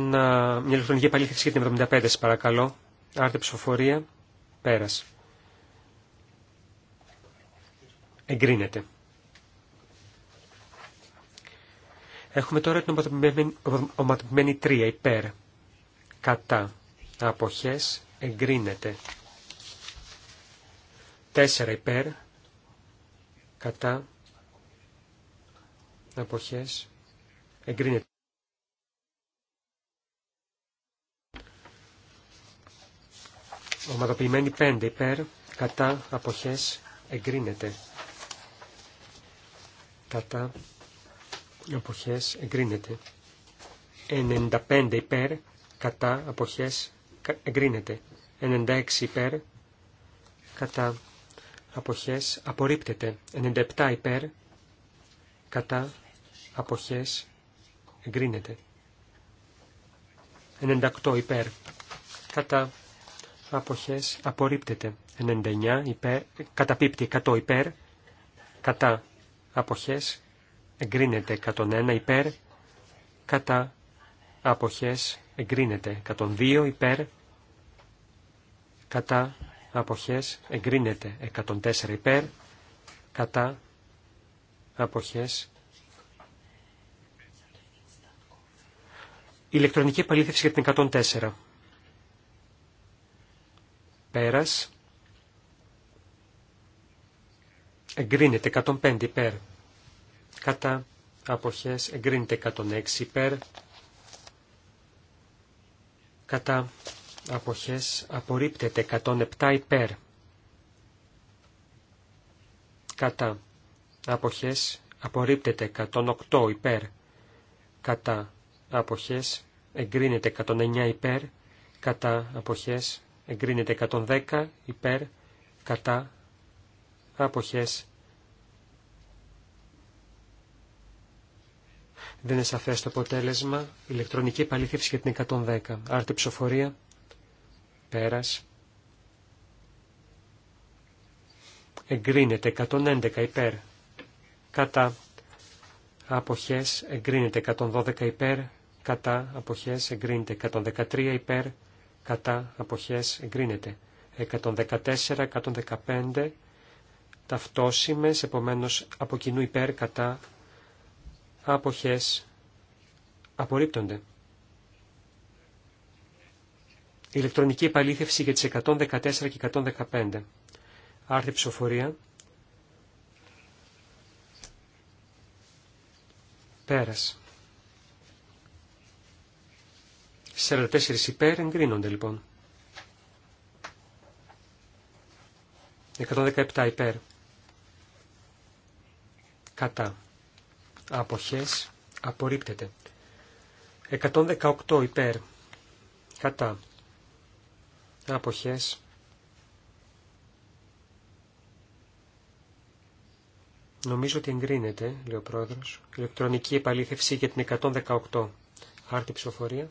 μια ηλεκτρονική επαλήθευση για την 75, σας παρακαλώ. Άρτε ψηφοφορία. Πέρας. Εγκρίνεται. Έχουμε τώρα την ομαδοποιημένη 3 υπέρ. Κατά. Αποχές. Εγκρίνεται. Τέσσερα υπέρ. Κατά. Αποχές. Εγκρίνεται. ομαδοποιημένοι 5 υπέρ, κατά, αποχές, εγκρίνεται. Κατά, αποχές, εγκρίνεται. 95 υπέρ, κατά, αποχές, εγκρίνεται. 96 υπέρ, κατά, αποχές, απορρίπτεται. 97 υπέρ, κατά, αποχές, εγκρίνεται. 98 υπέρ, κατά, αποχές απορρίπτεται. 99 υπέρ, καταπίπτει 100 υπέρ, κατά αποχές εγκρίνεται 101 υπέρ, κατά αποχές εγκρίνεται 102 υπέρ, κατά αποχές εγκρίνεται 104 υπέρ, κατά αποχές ηλεκτρονική επαλήθευση για την 104. Πέρας. Εγκρίνεται 105 υπέρ. Κατά αποχές εγκρίνεται 106 υπέρ. Κατά αποχές απορρίπτεται 107 υπέρ. Κατά αποχές απορρίπτεται 108 υπέρ. Κατά αποχές εγκρίνεται 109 υπέρ. Κατά αποχές εγκρίνεται 110 υπέρ κατά αποχές Δεν είναι σαφές το αποτέλεσμα. Ηλεκτρονική επαλήθευση για την 110. Άρτη ψηφοφορία. Πέρας. Εγκρίνεται 111 υπέρ. Κατά. Αποχές εγκρίνεται 112 υπέρ. Κατά. Αποχές εγκρίνεται 113 υπέρ κατά αποχές εγκρίνεται. 114, 115 ταυτόσιμες, επομένως από κοινού υπέρ κατά αποχές απορρίπτονται. Ηλεκτρονική επαλήθευση για τις 114 και 115. Άρθρη ψηφοφορία. Πέρας. 44 υπέρ εγκρίνονται λοιπόν. 117 υπέρ. Κατά. Αποχές. Απορρίπτεται. 118 υπέρ. Κατά. Αποχές. Νομίζω ότι εγκρίνεται, λέει ο πρόεδρος, ηλεκτρονική επαλήθευση για την 118. Άρτη ψηφοφορία.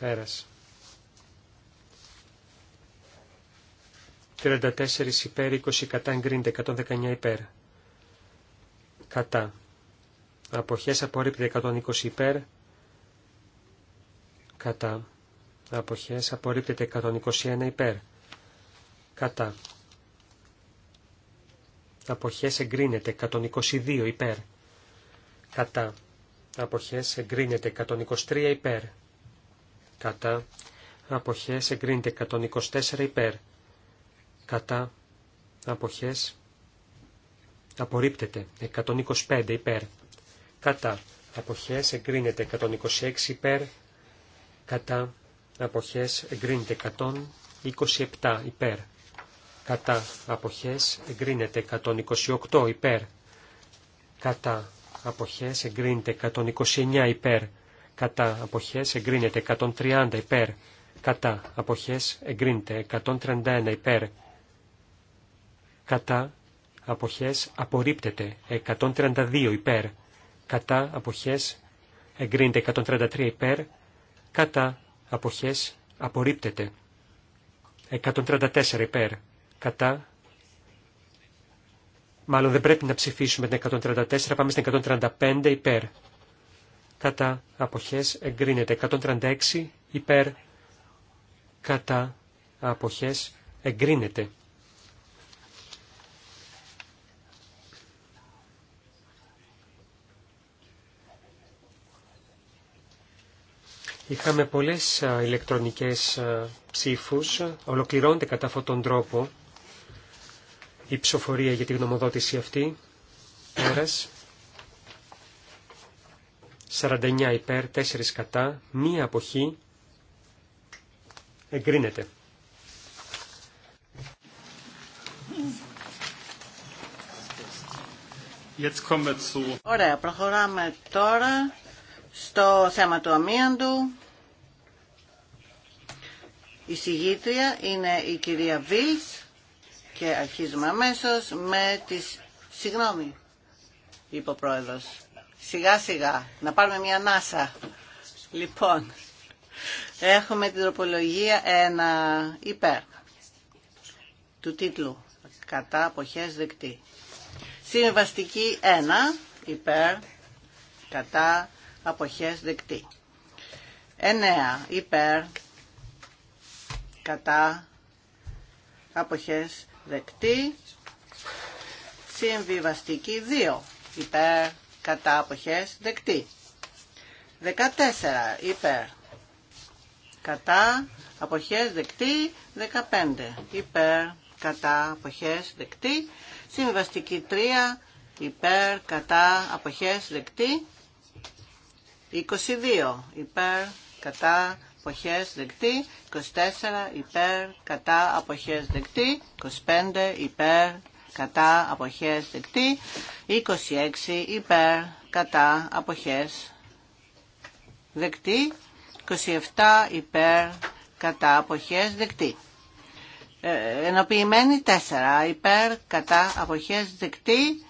Πέρας. 34 υπέρ, 20 κατά εγκρίνεται, 119 υπέρ. Κατά. Αποχές απορρίπτεται 120 υπέρ. Κατά. Αποχές απορρίπτεται 121 υπέρ. Κατά. Αποχές εγκρίνεται 122 υπέρ. Κατά. Αποχές εγκρίνεται 123 υπέρ κατά αποχές εγκρίνεται 124 υπέρ κατά αποχές απορρίπτεται 125 υπέρ κατά αποχές εγκρίνεται 126 υπέρ κατά αποχές εγκρίνεται 127 υπέρ κατά αποχές εγκρίνεται 128 υπέρ κατά αποχές εγκρίνεται 129 υπέρ κατά αποχές εγκρίνεται 130 υπέρ, κατά αποχές εγκρίνεται 131 υπέρ, κατά αποχές απορρίπτεται 132 υπέρ, κατά αποχές εγκρίνεται 133 υπέρ, κατά αποχές απορρίπτεται 134 υπέρ, κατά Μάλλον δεν πρέπει να ψηφίσουμε την 134, πάμε στην 135 υπέρ κατά αποχές εγκρίνεται. 136 υπέρ κατά αποχές εγκρίνεται. Είχαμε πολλές ηλεκτρονικές ψήφους, ολοκληρώνεται κατά αυτόν τον τρόπο η ψηφοφορία για τη γνωμοδότηση αυτή. Πέρας. 49 υπέρ, 4 κατά, μία αποχή. Εγκρίνεται. Ωραία, προχωράμε τώρα στο θέμα του αμίαντου. Η συγγήτρια είναι η κυρία Βίλς και αρχίζουμε αμέσως με τις... Συγγνώμη, είπε ο πρόεδρος. Σιγά σιγά, να πάρουμε μια ανάσα. Λοιπόν, έχουμε την τροπολογία 1 υπέρ του τίτλου κατά αποχές δεκτή. Συμβαστική 1 υπέρ κατά αποχές δεκτή. 9 υπέρ κατά αποχές δεκτή. Συμβιβαστική 2 υπέρ κατά αποχές δεκτή. 14 υπέρ κατά αποχές δεκτή. 15 υπέρ κατά αποχές δεκτή. Συμβαστική 3 υπέρ κατά αποχές δεκτή. 22 υπέρ κατά αποχές δεκτή, 24 υπέρ κατά αποχές δεκτή, 25 υπέρ κατά αποχές δεκτή, 26 υπέρ κατά αποχές δεκτή, 27 υπέρ κατά αποχές δεκτή. Ε, ενοποιημένη 4 υπέρ κατά αποχές δεκτή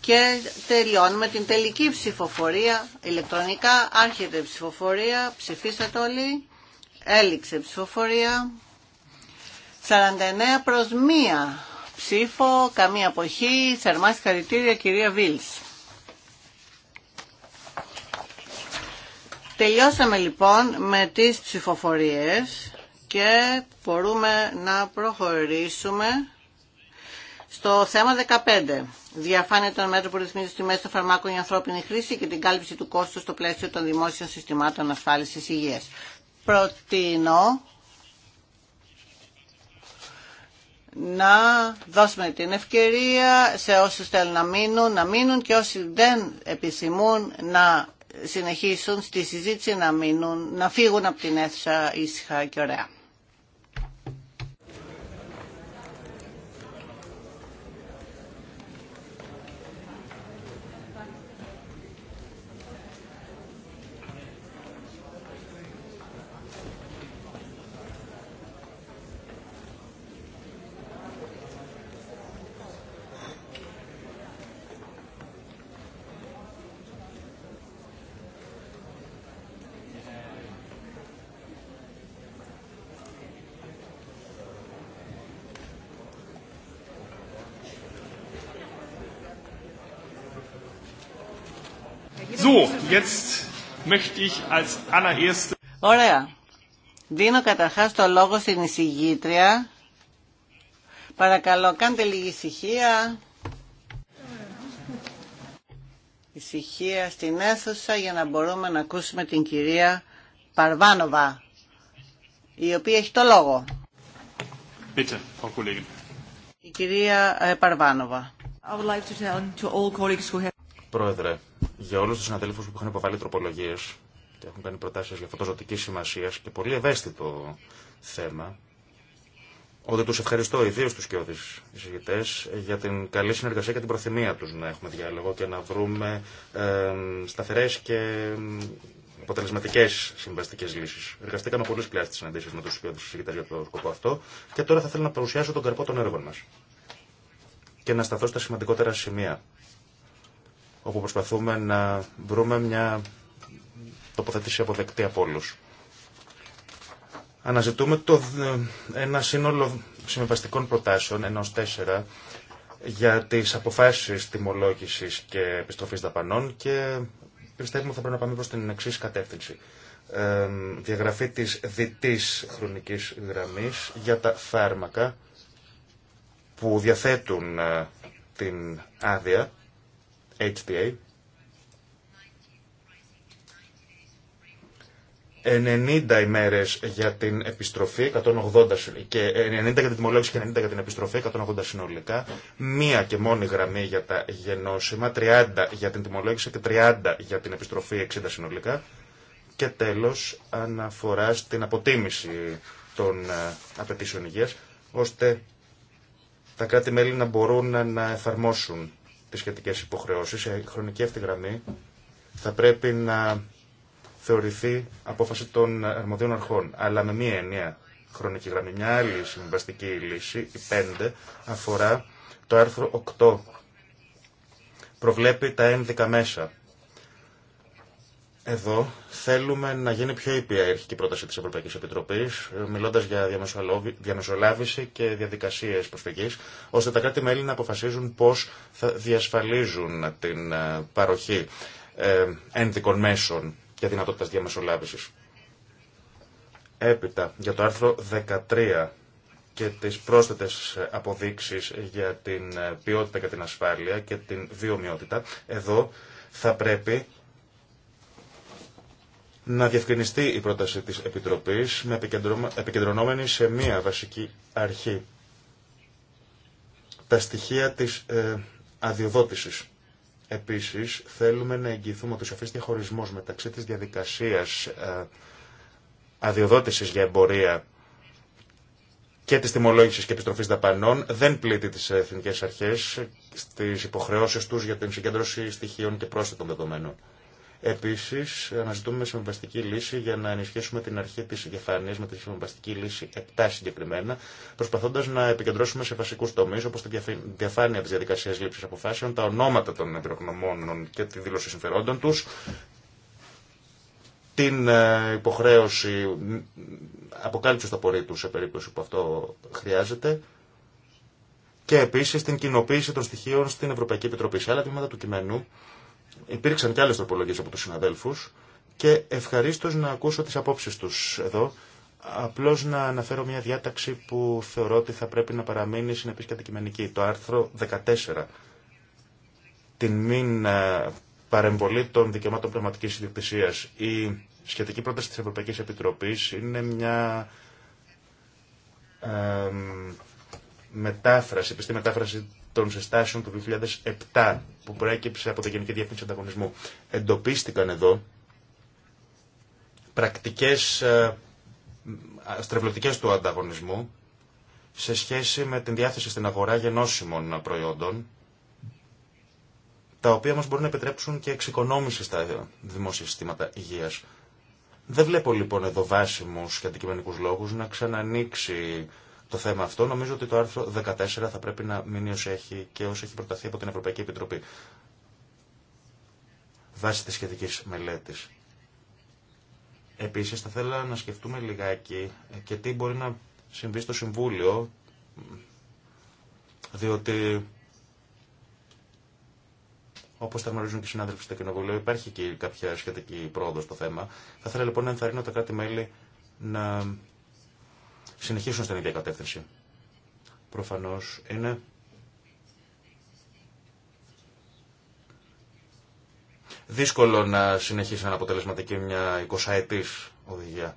και τελειώνουμε την τελική ψηφοφορία ηλεκτρονικά άρχεται ψηφοφορία ψηφίσατε όλοι έληξε ψηφοφορία 49 προς ψήφο, καμία αποχή. Θερμά συγχαρητήρια κυρία Βίλς. Τελειώσαμε λοιπόν με τις ψηφοφορίες και μπορούμε να προχωρήσουμε στο θέμα 15. Διαφάνεια των μέτρων που ρυθμίζει στη μέση των φαρμάκων για ανθρώπινη χρήση και την κάλυψη του κόστου στο πλαίσιο των δημόσιων συστημάτων ασφάλισης υγείας. Προτείνω να δώσουμε την ευκαιρία σε όσους θέλουν να μείνουν, να μείνουν και όσοι δεν επισημούν να συνεχίσουν στη συζήτηση να μείνουν, να φύγουν από την αίθουσα ήσυχα και ωραία. Ωραία. Δίνω καταρχάς το λόγο στην εισηγήτρια. Παρακαλώ, κάντε λίγη ησυχία. Ησυχία στην αίθουσα για να μπορούμε να ακούσουμε την κυρία Παρβάνοβα, η οποία έχει το λόγο. Bitte, Frau Η κυρία Παρβάνοβα. Πρόεδρε, για όλου του συναδέλφου που έχουν υποβάλει τροπολογίε και έχουν κάνει προτάσει για φωτοζωτική σημασία και πολύ ευαίσθητο θέμα, ότι του ευχαριστώ ιδίω του κοιόδη συζητητέ για την καλή συνεργασία και την προθυμία του να έχουμε διάλογο και να βρούμε ε, σταθερέ και αποτελεσματικέ συμβαστικέ λύσει. Εργαστήκαμε πολλέ πλειά στι συναντήσει με του κοιόδη συζητητέ για τον σκοπό αυτό και τώρα θα θέλω να παρουσιάσω τον καρπό των έργων μα και να σταθώ στα σημαντικότερα σημεία όπου προσπαθούμε να βρούμε μια τοποθέτηση αποδεκτή από όλου. Αναζητούμε το, ε, ένα σύνολο συμβαστικών προτάσεων, ενό τέσσερα, για τις αποφάσει τιμολόγηση και επιστροφή δαπανών και πιστεύουμε ότι θα πρέπει να πάμε προς την εξή κατεύθυνση. Ε, διαγραφή της διτής χρονική γραμμή για τα φάρμακα που διαθέτουν ε, την άδεια HTA, 90 ημέρες για την επιστροφή, 180 και 90 για την τιμολόγηση και 90 για την επιστροφή, 180 συνολικά, μία και μόνη γραμμή για τα γενώσιμα, 30 για την τιμολόγηση και 30 για την επιστροφή, 60 συνολικά. Και τέλος, αναφορά στην αποτίμηση των ε, απαιτήσεων υγεία, ώστε τα κράτη-μέλη να μπορούν να εφαρμόσουν τις σχετικές υποχρεώσεις, ε, η χρονική αυτή γραμμή θα πρέπει να θεωρηθεί απόφαση των αρμοδίων αρχών, αλλά με μία ενιαία χρονική γραμμή. Μια άλλη συμβαστική λύση, η 5, αφορά το άρθρο 8. Προβλέπει τα ένδικα μέσα εδώ θέλουμε να γίνει πιο ήπια η αρχική πρόταση της Ευρωπαϊκής Επιτροπής, ε, μιλώντας για διαμεσολάβηση και διαδικασίες προσφυγής, ώστε τα κράτη-μέλη να αποφασίζουν πώς θα διασφαλίζουν την ε, παροχή ε, ένδικων μέσων και δυνατότητας διαμεσολάβησης. Έπειτα, για το άρθρο 13 και τις πρόσθετες αποδείξεις για την ποιότητα και την ασφάλεια και την βιομοιότητα, εδώ θα πρέπει να διευκρινιστεί η πρόταση της Επιτροπής με επικεντρωνόμενη σε μία βασική αρχή. Τα στοιχεία της ε, αδειοδότησης. Επίσης, θέλουμε να εγγυηθούμε ότι ο σαφής διαχωρισμός μεταξύ της διαδικασίας ε, αδειοδότησης για εμπορία και της τιμολόγησης και επιστροφή δαπανών δεν πλήττει τις εθνικές αρχές στις υποχρεώσεις τους για την συγκέντρωση στοιχείων και πρόσθετων δεδομένων. Επίσης, αναζητούμε συμβαστική λύση για να ενισχύσουμε την αρχή της διαφάνειας με τη συμβαστική λύση 7 συγκεκριμένα, προσπαθώντας να επικεντρώσουμε σε βασικούς τομείς όπως τη διαφάνεια της διαδικασίας λήψης αποφάσεων, τα ονόματα των εμπειρογνωμόνων και τη δήλωση συμφερόντων τους, την ε, υποχρέωση αποκάλυψης του απορρίτου σε περίπτωση που αυτό χρειάζεται και επίσης την κοινοποίηση των στοιχείων στην Ευρωπαϊκή Επιτροπή. Σε άλλα τμήματα του κειμένου Υπήρξαν και άλλε τροπολογίε από του συναδέλφου και ευχαρίστως να ακούσω τις απόψει τους εδώ. Απλώς να αναφέρω μια διάταξη που θεωρώ ότι θα πρέπει να παραμείνει συνεπής και αντικειμενική. Το άρθρο 14. Την μην ε, παρεμβολή των δικαιωμάτων πνευματικη ιδιοκτησια Η σχετική πρόταση τη ευρωπαικη επιτροπη είναι μια ε, μετάφραση, πιστή μετάφραση των συστάσεων του 2007 που προέκυψε από την Γενική Διεύθυνση Ανταγωνισμού. Εντοπίστηκαν εδώ πρακτικές ε, στρεβλωτικές του ανταγωνισμού σε σχέση με την διάθεση στην αγορά γενώσιμων προϊόντων τα οποία μας μπορούν να επιτρέψουν και εξοικονόμηση στα δημόσια συστήματα υγείας. Δεν βλέπω λοιπόν εδώ βάσιμους και αντικειμενικούς λόγους να ξανανοίξει το θέμα αυτό. Νομίζω ότι το άρθρο 14 θα πρέπει να μείνει όσο έχει και όσο έχει προταθεί από την Ευρωπαϊκή Επιτροπή βάσει τη σχετική μελέτη. Επίσης θα ήθελα να σκεφτούμε λιγάκι και τι μπορεί να συμβεί στο Συμβούλιο, διότι όπω τα γνωρίζουν και οι συνάδελφοι στο Κοινοβουλίο, υπάρχει και κάποια σχετική πρόοδο στο θέμα. Θα ήθελα λοιπόν να ενθαρρύνω τα κράτη-μέλη να συνεχίσουν στην ίδια κατεύθυνση. Προφανώς είναι δύσκολο να συνεχίσει να αποτελεσματική μια 20 οδηγία.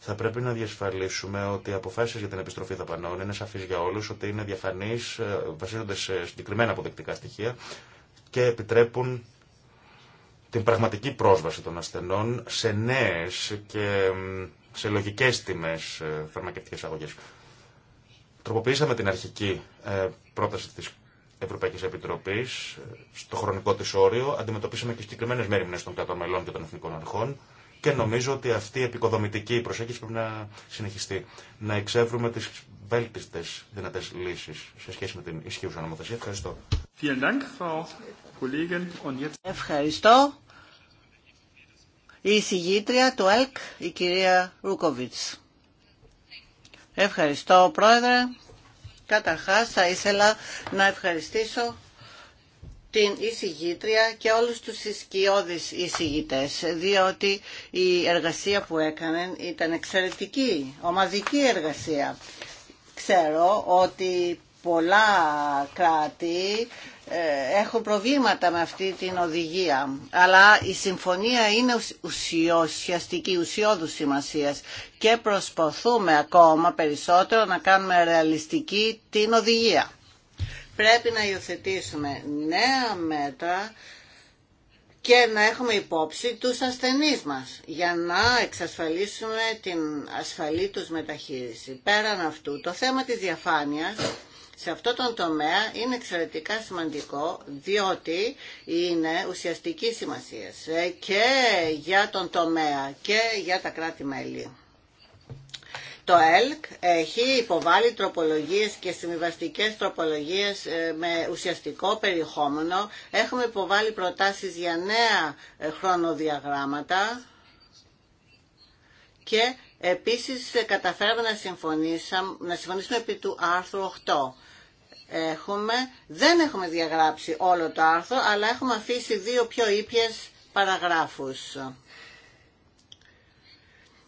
Θα πρέπει να διασφαλίσουμε ότι οι αποφάσει για την επιστροφή δαπανών είναι σαφεί για όλου, ότι είναι διαφανεί, ε, βασίζονται σε συγκεκριμένα αποδεκτικά στοιχεία και επιτρέπουν την πραγματική πρόσβαση των ασθενών σε νέε και σε λογικές τιμές ε, φαρμακευτικές αγωγές. Τροποποιήσαμε την αρχική ε, πρόταση της Ευρωπαϊκής Επιτροπής ε, στο χρονικό της όριο, αντιμετωπίσαμε και συγκεκριμένε μέρημνες των κρατών μελών και των εθνικών αρχών και νομίζω ότι αυτή η επικοδομητική προσέγγιση πρέπει να συνεχιστεί. Να εξεύρουμε τις βέλτιστες δυνατές λύσεις σε σχέση με την ισχύουσα νομοθεσία. Ευχαριστώ. Ευχαριστώ η συγγήτρια του ΕΛΚ, η κυρία Ρούκοβιτς. Ευχαριστώ πρόεδρε. Καταρχάς θα ήθελα να ευχαριστήσω την εισηγήτρια και όλους τους ισχυώδεις εισηγητές, διότι η εργασία που έκαναν ήταν εξαιρετική, ομαδική εργασία. Ξέρω ότι πολλά κράτη ε, έχω προβλήματα με αυτή την οδηγία. Αλλά η συμφωνία είναι ουσιαστική, ουσιώδου σημασία και προσπαθούμε ακόμα περισσότερο να κάνουμε ρεαλιστική την οδηγία. Πρέπει να υιοθετήσουμε νέα μέτρα και να έχουμε υπόψη τους ασθενείς μας για να εξασφαλίσουμε την ασφαλή τους μεταχείριση. Πέραν αυτού, το θέμα της διαφάνειας σε αυτό τον τομέα είναι εξαιρετικά σημαντικό διότι είναι ουσιαστική σημασία και για τον τομέα και για τα κράτη-μέλη. Το ΕΛΚ έχει υποβάλει τροπολογίες και συμβιβαστικέ τροπολογίες ε, με ουσιαστικό περιεχόμενο. Έχουμε υποβάλει προτάσεις για νέα ε, χρονοδιαγράμματα και επίσης ε, καταφέραμε να, να συμφωνήσουμε επί του άρθρου 8 έχουμε, δεν έχουμε διαγράψει όλο το άρθρο, αλλά έχουμε αφήσει δύο πιο ήπιες παραγράφους.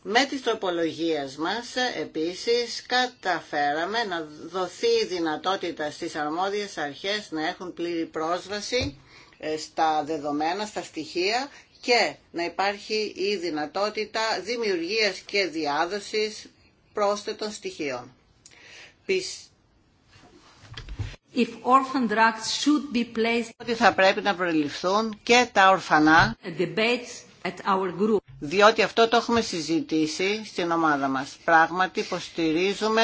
Με τις τροπολογίες μας, επίσης, καταφέραμε να δοθεί η δυνατότητα στις αρμόδιες αρχές να έχουν πλήρη πρόσβαση ε, στα δεδομένα, στα στοιχεία και να υπάρχει η δυνατότητα δημιουργίας και διάδοσης πρόσθετων στοιχείων. If orphan ότι θα πρέπει να προληφθούν και τα ορφανά at our group. διότι αυτό το έχουμε συζητήσει στην ομάδα μας. Πράγματι υποστηρίζουμε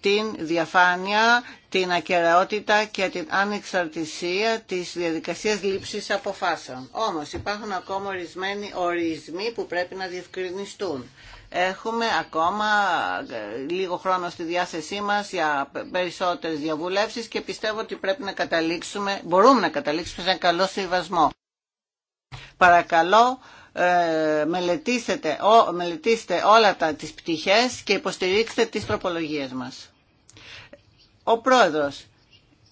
την διαφάνεια, την ακεραιότητα και την ανεξαρτησία της διαδικασίας λήψης αποφάσεων. Όμως υπάρχουν ακόμα ορισμένοι ορισμοί που πρέπει να διευκρινιστούν. Έχουμε ακόμα ε, λίγο χρόνο στη διάθεσή μας για περισσότερες διαβουλεύσεις και πιστεύω ότι πρέπει να καταλήξουμε, μπορούμε να καταλήξουμε σε ένα καλό συμβασμό. Παρακαλώ, ε, μελετήστε, ο, μελετήστε όλα τα, τις πτυχές και υποστηρίξτε τις τροπολογίες μας. Ο πρόεδρος,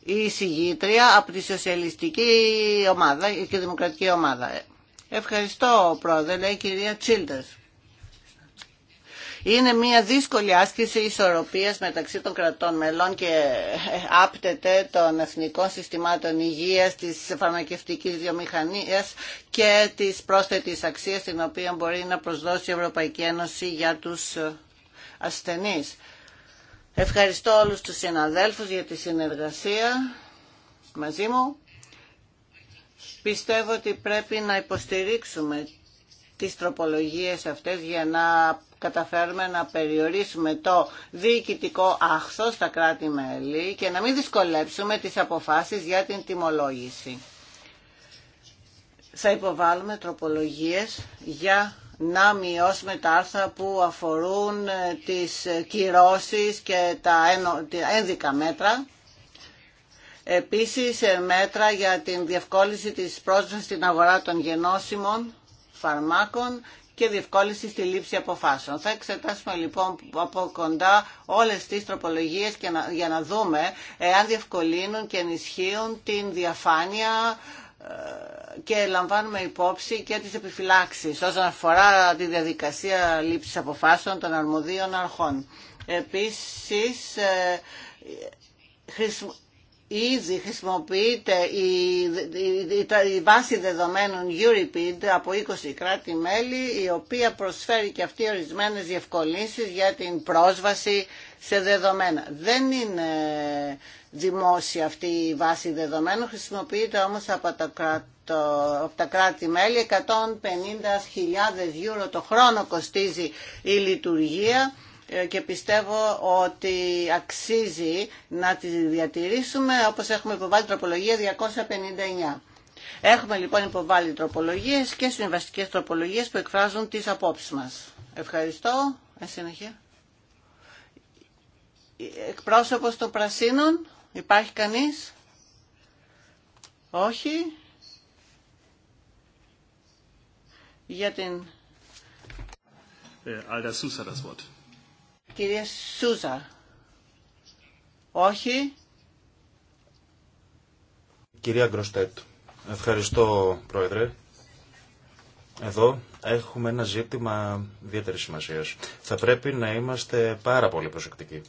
η συγγήτρια από τη σοσιαλιστική ομάδα και δημοκρατική ομάδα. Ευχαριστώ πρόεδρε, η κυρία Τσίλτερς. Είναι μια δύσκολη άσκηση ισορροπίας μεταξύ των κρατών μελών και άπτεται των εθνικών συστημάτων υγείας, της φαρμακευτικής βιομηχανία και της πρόσθετης αξίας την οποία μπορεί να προσδώσει η Ευρωπαϊκή Ένωση για τους ασθενείς. Ευχαριστώ όλους τους συναδέλφους για τη συνεργασία μαζί μου. Πιστεύω ότι πρέπει να υποστηρίξουμε τις τροπολογίες αυτές για να καταφέρουμε να περιορίσουμε το διοικητικό άχθο στα κράτη-μέλη και να μην δυσκολέψουμε τις αποφάσεις για την τιμολόγηση. Θα υποβάλουμε τροπολογίες για να μειώσουμε τα άρθρα που αφορούν ε, τις κυρώσεις και τα ένδικα μέτρα. Επίσης ε, μέτρα για την διευκόλυνση της πρόσβασης στην αγορά των γενώσιμων φαρμάκων και διευκόλυνση στη λήψη αποφάσεων. Θα εξετάσουμε λοιπόν από κοντά όλες τις τροπολογίες για να δούμε εάν διευκολύνουν και ενισχύουν την διαφάνεια ε, και λαμβάνουμε υπόψη και τις επιφυλάξεις όσον αφορά τη διαδικασία λήψης αποφάσεων των αρμοδίων αρχών. Επίσης, ε, ήδη χρησιμοποιείται η, η, η, η βάση δεδομένων Euripid από 20 κράτη-μέλη η οποία προσφέρει και αυτή ορισμένες διευκολύνσεις για την πρόσβαση σε δεδομένα. Δεν είναι δημόσια αυτή η βάση δεδομένων, χρησιμοποιείται όμως από τα, από τα κράτη-μέλη. 150.000 ευρώ το χρόνο κοστίζει η λειτουργία και πιστεύω ότι αξίζει να τη διατηρήσουμε όπως έχουμε υποβάλει τροπολογία 259. Έχουμε λοιπόν υποβάλει τροπολογίες και συμβαστικές τροπολογίες που εκφράζουν τις απόψεις μας. Ευχαριστώ. Εν συνεχεία. Εκπρόσωπος των Πρασίνων, υπάρχει κανείς? Όχι. Για την... Αλτα Σούσα, το Κυρία Σούζα. Όχι. Κυρία Γκροστέτ. Ευχαριστώ, Πρόεδρε. Εδώ έχουμε ένα ζήτημα ιδιαίτερη σημασία. Θα πρέπει να είμαστε πάρα πολύ προσεκτικοί,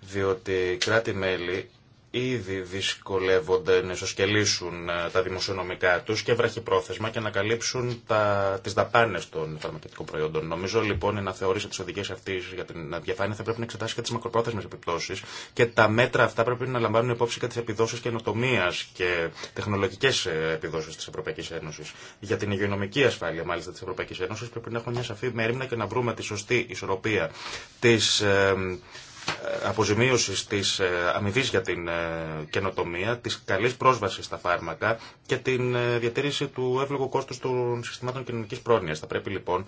διότι κράτη-μέλη ήδη δυσκολεύονται να ισοσκελίσουν ε, τα δημοσιονομικά τους και πρόθεσμα και να καλύψουν τα, τις δαπάνες των φαρμακευτικών προϊόντων. Νομίζω λοιπόν να θεωρήσει τις οδηγίες αυτής για την διαφάνεια θα πρέπει να εξετάσει και τις μακροπρόθεσμες επιπτώσεις και τα μέτρα αυτά πρέπει να λαμβάνουν υπόψη και τις επιδόσεις καινοτομία και τεχνολογικές ε, επιδόσεις της Ευρωπαϊκής Ένωσης. Για την υγειονομική ασφάλεια μάλιστα της Ευρωπαϊκής Ένωσης πρέπει να έχουμε μια σαφή μερίμνα και να βρούμε τη σωστή ισορροπία της ε, αποζημίωσης της ε, αμοιβή για την ε, καινοτομία, της καλής πρόσβασης στα φάρμακα και την ε, διατήρηση του εύλογου κόστου των συστημάτων κοινωνική πρόνοιας. Θα πρέπει λοιπόν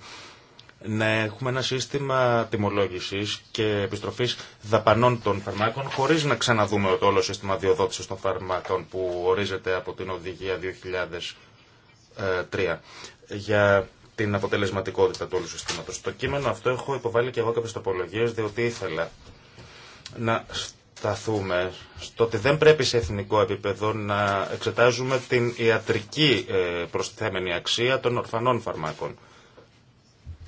να έχουμε ένα σύστημα τιμολόγησης και επιστροφής δαπανών των φαρμάκων χωρίς να ξαναδούμε το όλο σύστημα διοδότησης των φαρμάκων που ορίζεται από την Οδηγία 2003 για την αποτελεσματικότητα του όλου συστήματος. Το κείμενο αυτό έχω υποβάλει και εγώ κάποιε τοπολογίε διότι ήθελα να σταθούμε στο ότι δεν πρέπει σε εθνικό επίπεδο να εξετάζουμε την ιατρική ε, προστιθέμενη αξία των ορφανών φαρμάκων.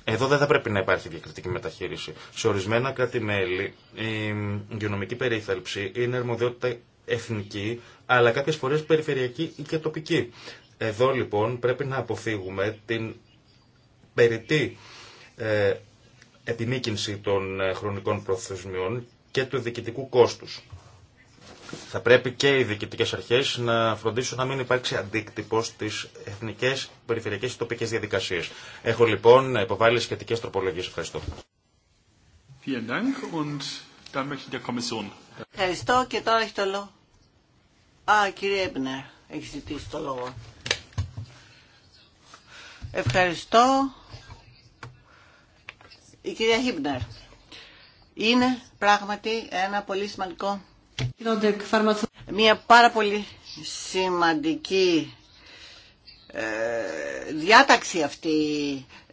Εδώ δεν θα πρέπει να υπάρχει διακριτική μεταχείριση. Σε ορισμένα κράτη-μέλη η υγειονομική περίθαλψη είναι αρμοδιότητα εθνική, αλλά κάποιες φορές περιφερειακή ή και τοπική. Εδώ λοιπόν πρέπει να αποφύγουμε την περιττή ε, των ε, χρονικών προθεσμιών και του διοικητικού κόστου. Θα πρέπει και οι διοικητικές αρχές να φροντίσουν να μην υπάρξει αντίκτυπο στι εθνικές, περιφερειακές και τοπικές διαδικασίες. Έχω λοιπόν υποβάλει σχετικέ τροπολογίε. Ευχαριστώ. Ευχαριστώ και τώρα έχει το λόγο. Α, κύριε Έμπνερ, έχει ζητήσει το λόγο. Ευχαριστώ. Η κυρία Χίμπνερ είναι πράγματι ένα πολύ σημαντικό, μια πάρα πολύ σημαντική ε, διάταξη αυτή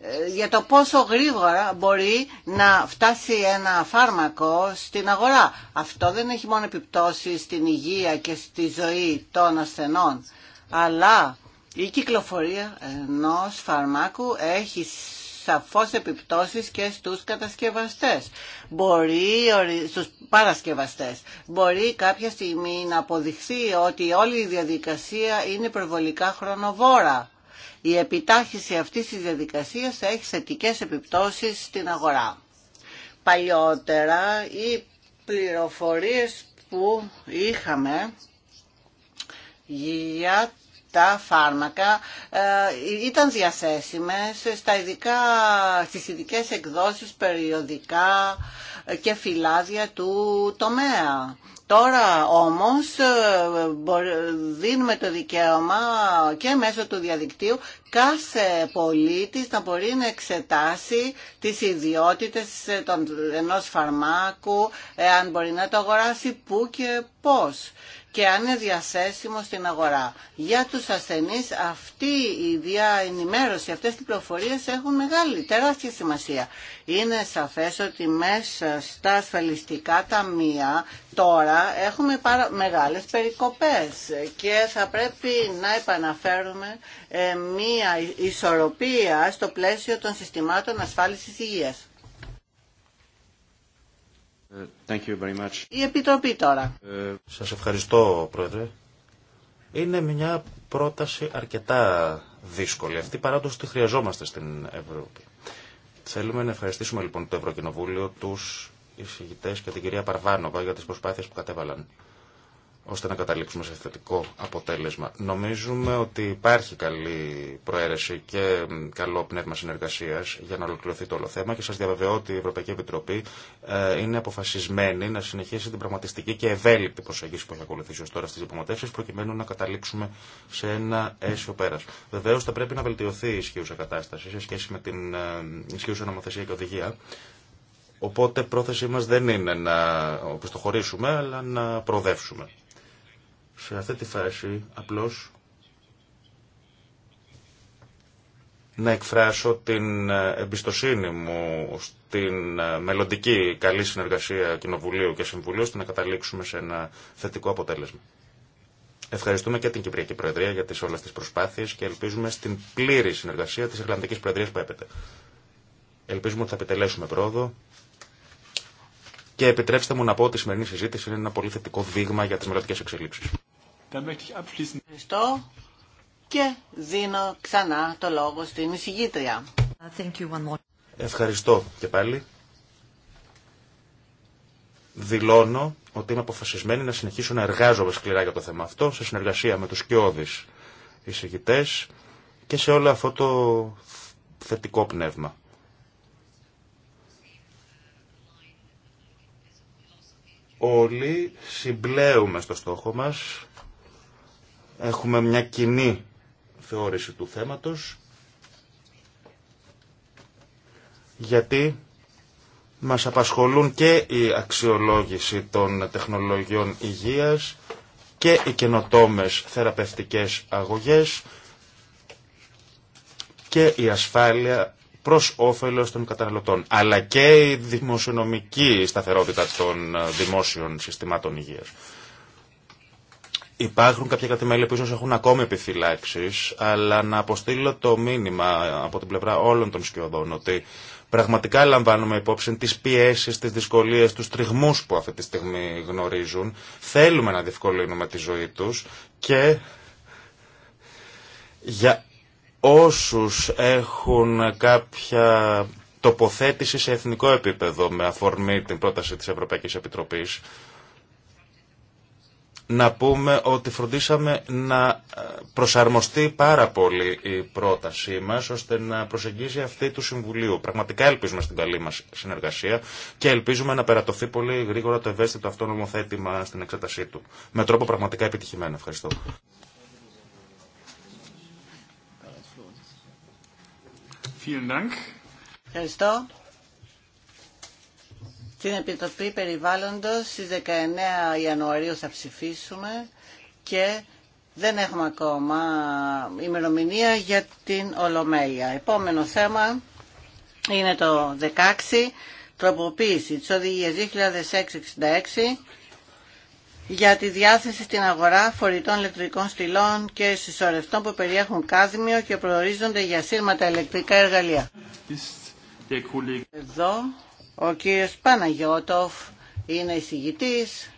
ε, για το πόσο γρήγορα μπορεί να φτάσει ένα φάρμακο στην αγορά. Αυτό δεν έχει μόνο επιπτώσει στην υγεία και στη ζωή των ασθενών, αλλά η κυκλοφορία ενός φαρμάκου έχει σαφώς επιπτώσεις και στους κατασκευαστές. Μπορεί, στους παρασκευαστές, μπορεί κάποια στιγμή να αποδειχθεί ότι όλη η διαδικασία είναι προβολικά χρονοβόρα. Η επιτάχυση αυτής της διαδικασίας θα έχει θετικές επιπτώσεις στην αγορά. Παλιότερα οι πληροφορίες που είχαμε για τα φάρμακα ε, ήταν διαθέσιμες στα ειδικά, στις ειδικές εκδόσεις περιοδικά και φυλάδια του τομέα. Τώρα όμως ε, δίνουμε το δικαίωμα και μέσω του διαδικτύου κάθε πολίτης να μπορεί να εξετάσει τις ιδιότητες των, ενός φαρμάκου, αν μπορεί να το αγοράσει, πού και πώς και αν είναι διαθέσιμο στην αγορά. Για τους ασθενείς αυτή η διαενημέρωση, αυτές οι πληροφορίες έχουν μεγάλη, τεράστια σημασία. Είναι σαφές ότι μέσα στα ασφαλιστικά ταμεία τώρα έχουμε πάρα μεγάλες περικοπές και θα πρέπει να επαναφέρουμε ε, μία ισορροπία στο πλαίσιο των συστημάτων ασφάλισης υγείας. Η Επιτροπή τώρα. Ε, Σας ευχαριστώ, Πρόεδρε. Είναι μια πρόταση αρκετά δύσκολη. Αυτή παράδοση τη χρειαζόμαστε στην Ευρώπη. Θέλουμε να ευχαριστήσουμε λοιπόν το Ευρωκοινοβούλιο, τους εισηγητές και την κυρία Παρβάνοβα για τις προσπάθειες που κατέβαλαν ώστε να καταλήξουμε σε θετικό αποτέλεσμα. Νομίζουμε ότι υπάρχει καλή προαίρεση και καλό πνεύμα συνεργασία για να ολοκληρωθεί το όλο θέμα και σα διαβεβαιώ ότι η Ευρωπαϊκή Επιτροπή ε, είναι αποφασισμένη να συνεχίσει την πραγματιστική και ευέλικτη προσέγγιση που έχει ακολουθήσει ω τώρα στι διαπραγματεύσει προκειμένου να καταλήξουμε σε ένα αίσιο πέρα. Βεβαίω θα πρέπει να βελτιωθεί η ισχύουσα κατάσταση σε σχέση με την ε, ισχύουσα νομοθεσία και οδηγία. Οπότε πρόθεσή μας δεν είναι να οπισθοχωρήσουμε, αλλά να προοδεύσουμε σε αυτή τη φάση απλώς να εκφράσω την ε, εμπιστοσύνη μου στην ε, μελλοντική καλή συνεργασία Κοινοβουλίου και Συμβουλίου ώστε να καταλήξουμε σε ένα θετικό αποτέλεσμα. Ευχαριστούμε και την Κυπριακή Προεδρία για τις όλες τις προσπάθειες και ελπίζουμε στην πλήρη συνεργασία της Ιρλανδικής Προεδρίας που έπεται. Ελπίζουμε ότι θα επιτελέσουμε πρόοδο και επιτρέψτε μου να πω ότι η σημερινή συζήτηση είναι ένα πολύ θετικό δείγμα για τις μελλοντικές εξελίξεις. Ευχαριστώ και δίνω ξανά το λόγο στην εισηγήτρια. Ευχαριστώ και πάλι. Δηλώνω ότι είμαι αποφασισμένη να συνεχίσω να εργάζομαι σκληρά για το θέμα αυτό, σε συνεργασία με τους κοιόδης εισηγητέ και σε όλο αυτό το θετικό πνεύμα. Όλοι συμπλέουμε στο στόχο μας Έχουμε μια κοινή θεώρηση του θέματος γιατί μας απασχολούν και η αξιολόγηση των τεχνολογιών υγείας και οι καινοτόμες θεραπευτικές αγωγές και η ασφάλεια προς όφελος των καταναλωτών, αλλά και η δημοσιονομική σταθερότητα των δημόσιων συστημάτων υγείας. Υπάρχουν κάποια κρατημέλη που ίσως έχουν ακόμη επιφυλάξεις, αλλά να αποστείλω το μήνυμα από την πλευρά όλων των σκιωδών ότι πραγματικά λαμβάνουμε υπόψη τις πιέσεις, τις δυσκολίες, τους τριγμούς που αυτή τη στιγμή γνωρίζουν. Θέλουμε να διευκολύνουμε τη ζωή τους και για όσους έχουν κάποια τοποθέτηση σε εθνικό επίπεδο με αφορμή την πρόταση της Ευρωπαϊκής Επιτροπής, να πούμε ότι φροντίσαμε να ε, προσαρμοστεί πάρα πολύ η πρότασή μας ώστε να προσεγγίζει αυτή του Συμβουλίου. Πραγματικά ελπίζουμε στην καλή μας συνεργασία και ελπίζουμε να περατωθεί πολύ γρήγορα το ευαίσθητο αυτό νομοθέτημα στην εξέτασή του. Με τρόπο πραγματικά επιτυχημένο. Ευχαριστώ. Ευχαριστώ. Την Επιτροπή Περιβάλλοντος στις 19 Ιανουαρίου θα ψηφίσουμε και δεν έχουμε ακόμα ημερομηνία για την Ολομέλεια. Επόμενο θέμα είναι το 16, τροποποίηση της οδηγίας 2006-66 για τη διάθεση στην αγορά φορητών ηλεκτρικών στυλών και συσσωρευτών που περιέχουν κάδμιο και προορίζονται για σύρματα ηλεκτρικά εργαλεία. Εδώ ο κύριος Παναγιώτοφ είναι εισηγητής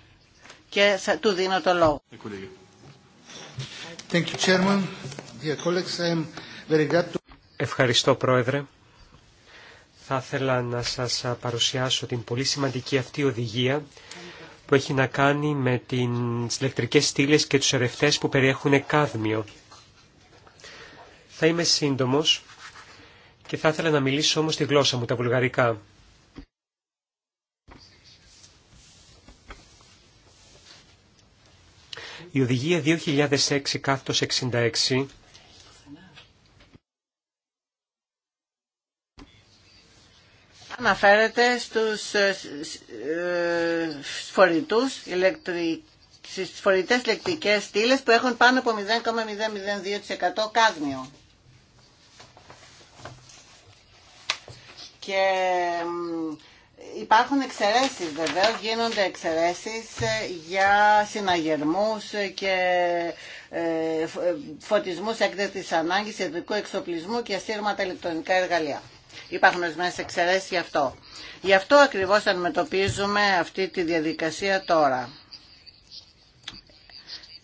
και θα του δίνω το λόγο. Ευχαριστώ Πρόεδρε. Θα ήθελα να σας παρουσιάσω την πολύ σημαντική αυτή οδηγία που έχει να κάνει με τις ηλεκτρικές στήλες και τους ερευτές που περιέχουν κάδμιο. Θα είμαι σύντομος και θα ήθελα να μιλήσω όμως τη γλώσσα μου, τα βουλγαρικά. Η οδηγία 2006 66 αναφέρεται στους ε, ε, φορητούς ηλεκτρικούς στις φορητές ηλεκτρικές στήλες που έχουν πάνω από 0,002% κάδμιο. Και υπάρχουν εξαιρέσεις βεβαίως, γίνονται εξαιρέσεις ε, για συναγερμούς και ε, ε, φωτισμούς έκδετης ανάγκης, ειδικού εξοπλισμού και ασύρματα ηλεκτρονικά εργαλεία. Υπάρχουν ορισμένε εξαιρέσει γι' αυτό. Γι' αυτό ακριβώς αντιμετωπίζουμε αυτή τη διαδικασία τώρα.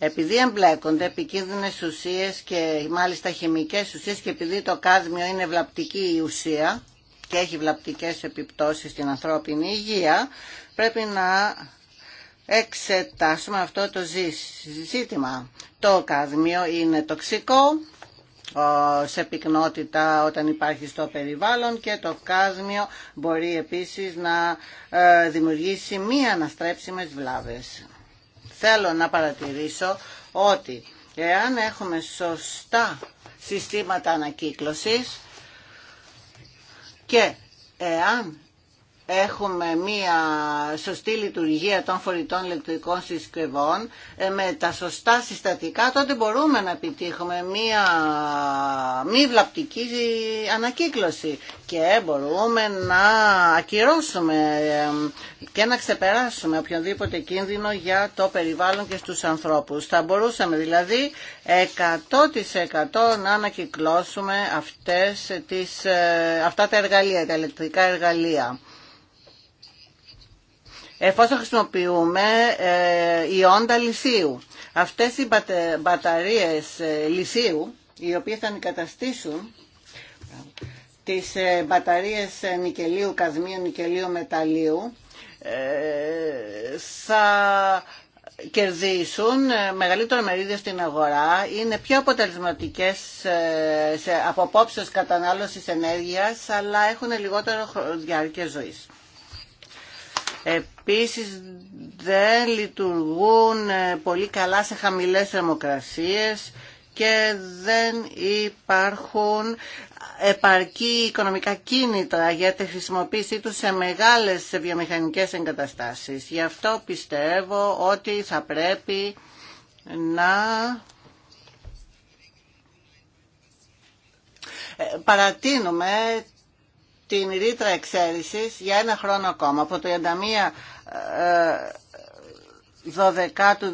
Επειδή εμπλέκονται επικίνδυνε ουσίε και μάλιστα χημικέ ουσίε και επειδή το κάδμιο είναι βλαπτική ουσία, και έχει βλαπτικές επιπτώσεις στην ανθρώπινη υγεία, πρέπει να εξετάσουμε αυτό το ζήτημα. Το καδμίο είναι τοξικό σε πυκνότητα όταν υπάρχει στο περιβάλλον και το κάδμιο μπορεί επίσης να ε, δημιουργήσει μη αναστρέψιμες βλάβες. Θέλω να παρατηρήσω ότι εάν έχουμε σωστά συστήματα ανακύκλωσης και εάν έχουμε μία σωστή λειτουργία των φορητών ηλεκτρικών συσκευών ε, με τα σωστά συστατικά, τότε μπορούμε να επιτύχουμε μία μη βλαπτική ανακύκλωση και μπορούμε να ακυρώσουμε και να ξεπεράσουμε οποιονδήποτε κίνδυνο για το περιβάλλον και στους ανθρώπους. Θα μπορούσαμε δηλαδή 100% να ανακυκλώσουμε αυτές τις, ε, αυτά τα εργαλεία, τα ηλεκτρικά εργαλεία εφόσον χρησιμοποιούμε ε, ιόντα λυσίου. Αυτές οι μπαταρίες ε, λυσίου, οι οποίες θα αντικαταστήσουν τις ε, μπαταρίες νικελίου, καδμίου, νικελίου, μεταλλίου, θα κερδίσουν μεγαλύτερο μερίδιο στην αγορά, είναι πιο αποτελεσματικές σε αποπόψεις κατανάλωσης ενέργειας, αλλά έχουν λιγότερο διάρκεια ζωής. Επίσης δεν λειτουργούν ε, πολύ καλά σε χαμηλές θερμοκρασίες και δεν υπάρχουν επαρκή οικονομικά κίνητρα για τη χρησιμοποίησή τους σε μεγάλες βιομηχανικές εγκαταστάσεις. Γι' αυτό πιστεύω ότι θα πρέπει να ε, παρατείνουμε την ρήτρα εξαίρεσης για ένα χρόνο ακόμα, από 31 12 ε, ε, του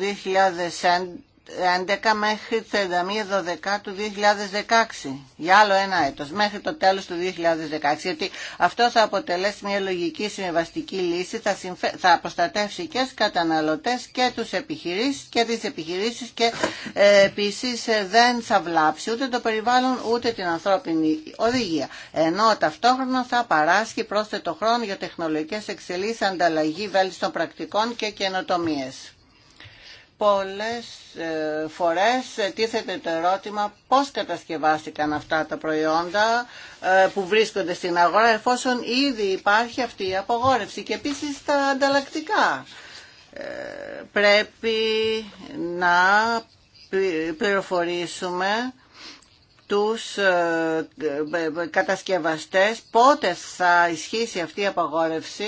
11 μέχρι 31 12 του 2016 για άλλο ένα έτος μέχρι το τέλος του 2016 γιατί αυτό θα αποτελέσει μια λογική συμβαστική λύση θα, συμφε... θα προστατεύσει και τους καταναλωτές και τους επιχειρήσεις και τις επιχειρήσεις και ε, επίσης ε, δεν θα βλάψει ούτε το περιβάλλον ούτε την ανθρώπινη οδηγία ενώ ταυτόχρονα θα παράσχει πρόσθετο χρόνο για τεχνολογικές εξελίσεις ανταλλαγή βέλτιστων πρακτικών και καινοτομίες πολλές ε, φορές τίθεται το ερώτημα πώς κατασκευάστηκαν αυτά τα προϊόντα ε, που βρίσκονται στην αγορά εφόσον ήδη υπάρχει αυτή η απογόρευση και επίσης τα ανταλλακτικά. Ε, πρέπει να πληροφορήσουμε τους ε, ε, ε, κατασκευαστές πότε θα ισχύσει αυτή η απαγόρευση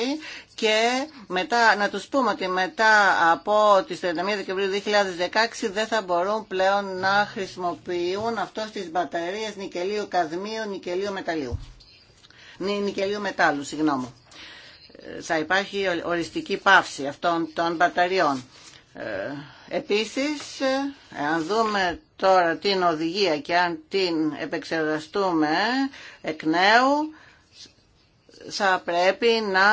και μετά, να τους πούμε ότι μετά από τις 31 Δεκεμβρίου 2016 δεν θα μπορούν πλέον να χρησιμοποιούν αυτό στις μπαταρίες νικελίου καδμίου, νικελίου μεταλλίου. Νικελίου μετάλλου, συγγνώμη. Θα υπάρχει οριστική πάυση αυτών των μπαταριών. Επίσης, αν δούμε τώρα την οδηγία και αν την επεξεργαστούμε εκ νέου, θα πρέπει να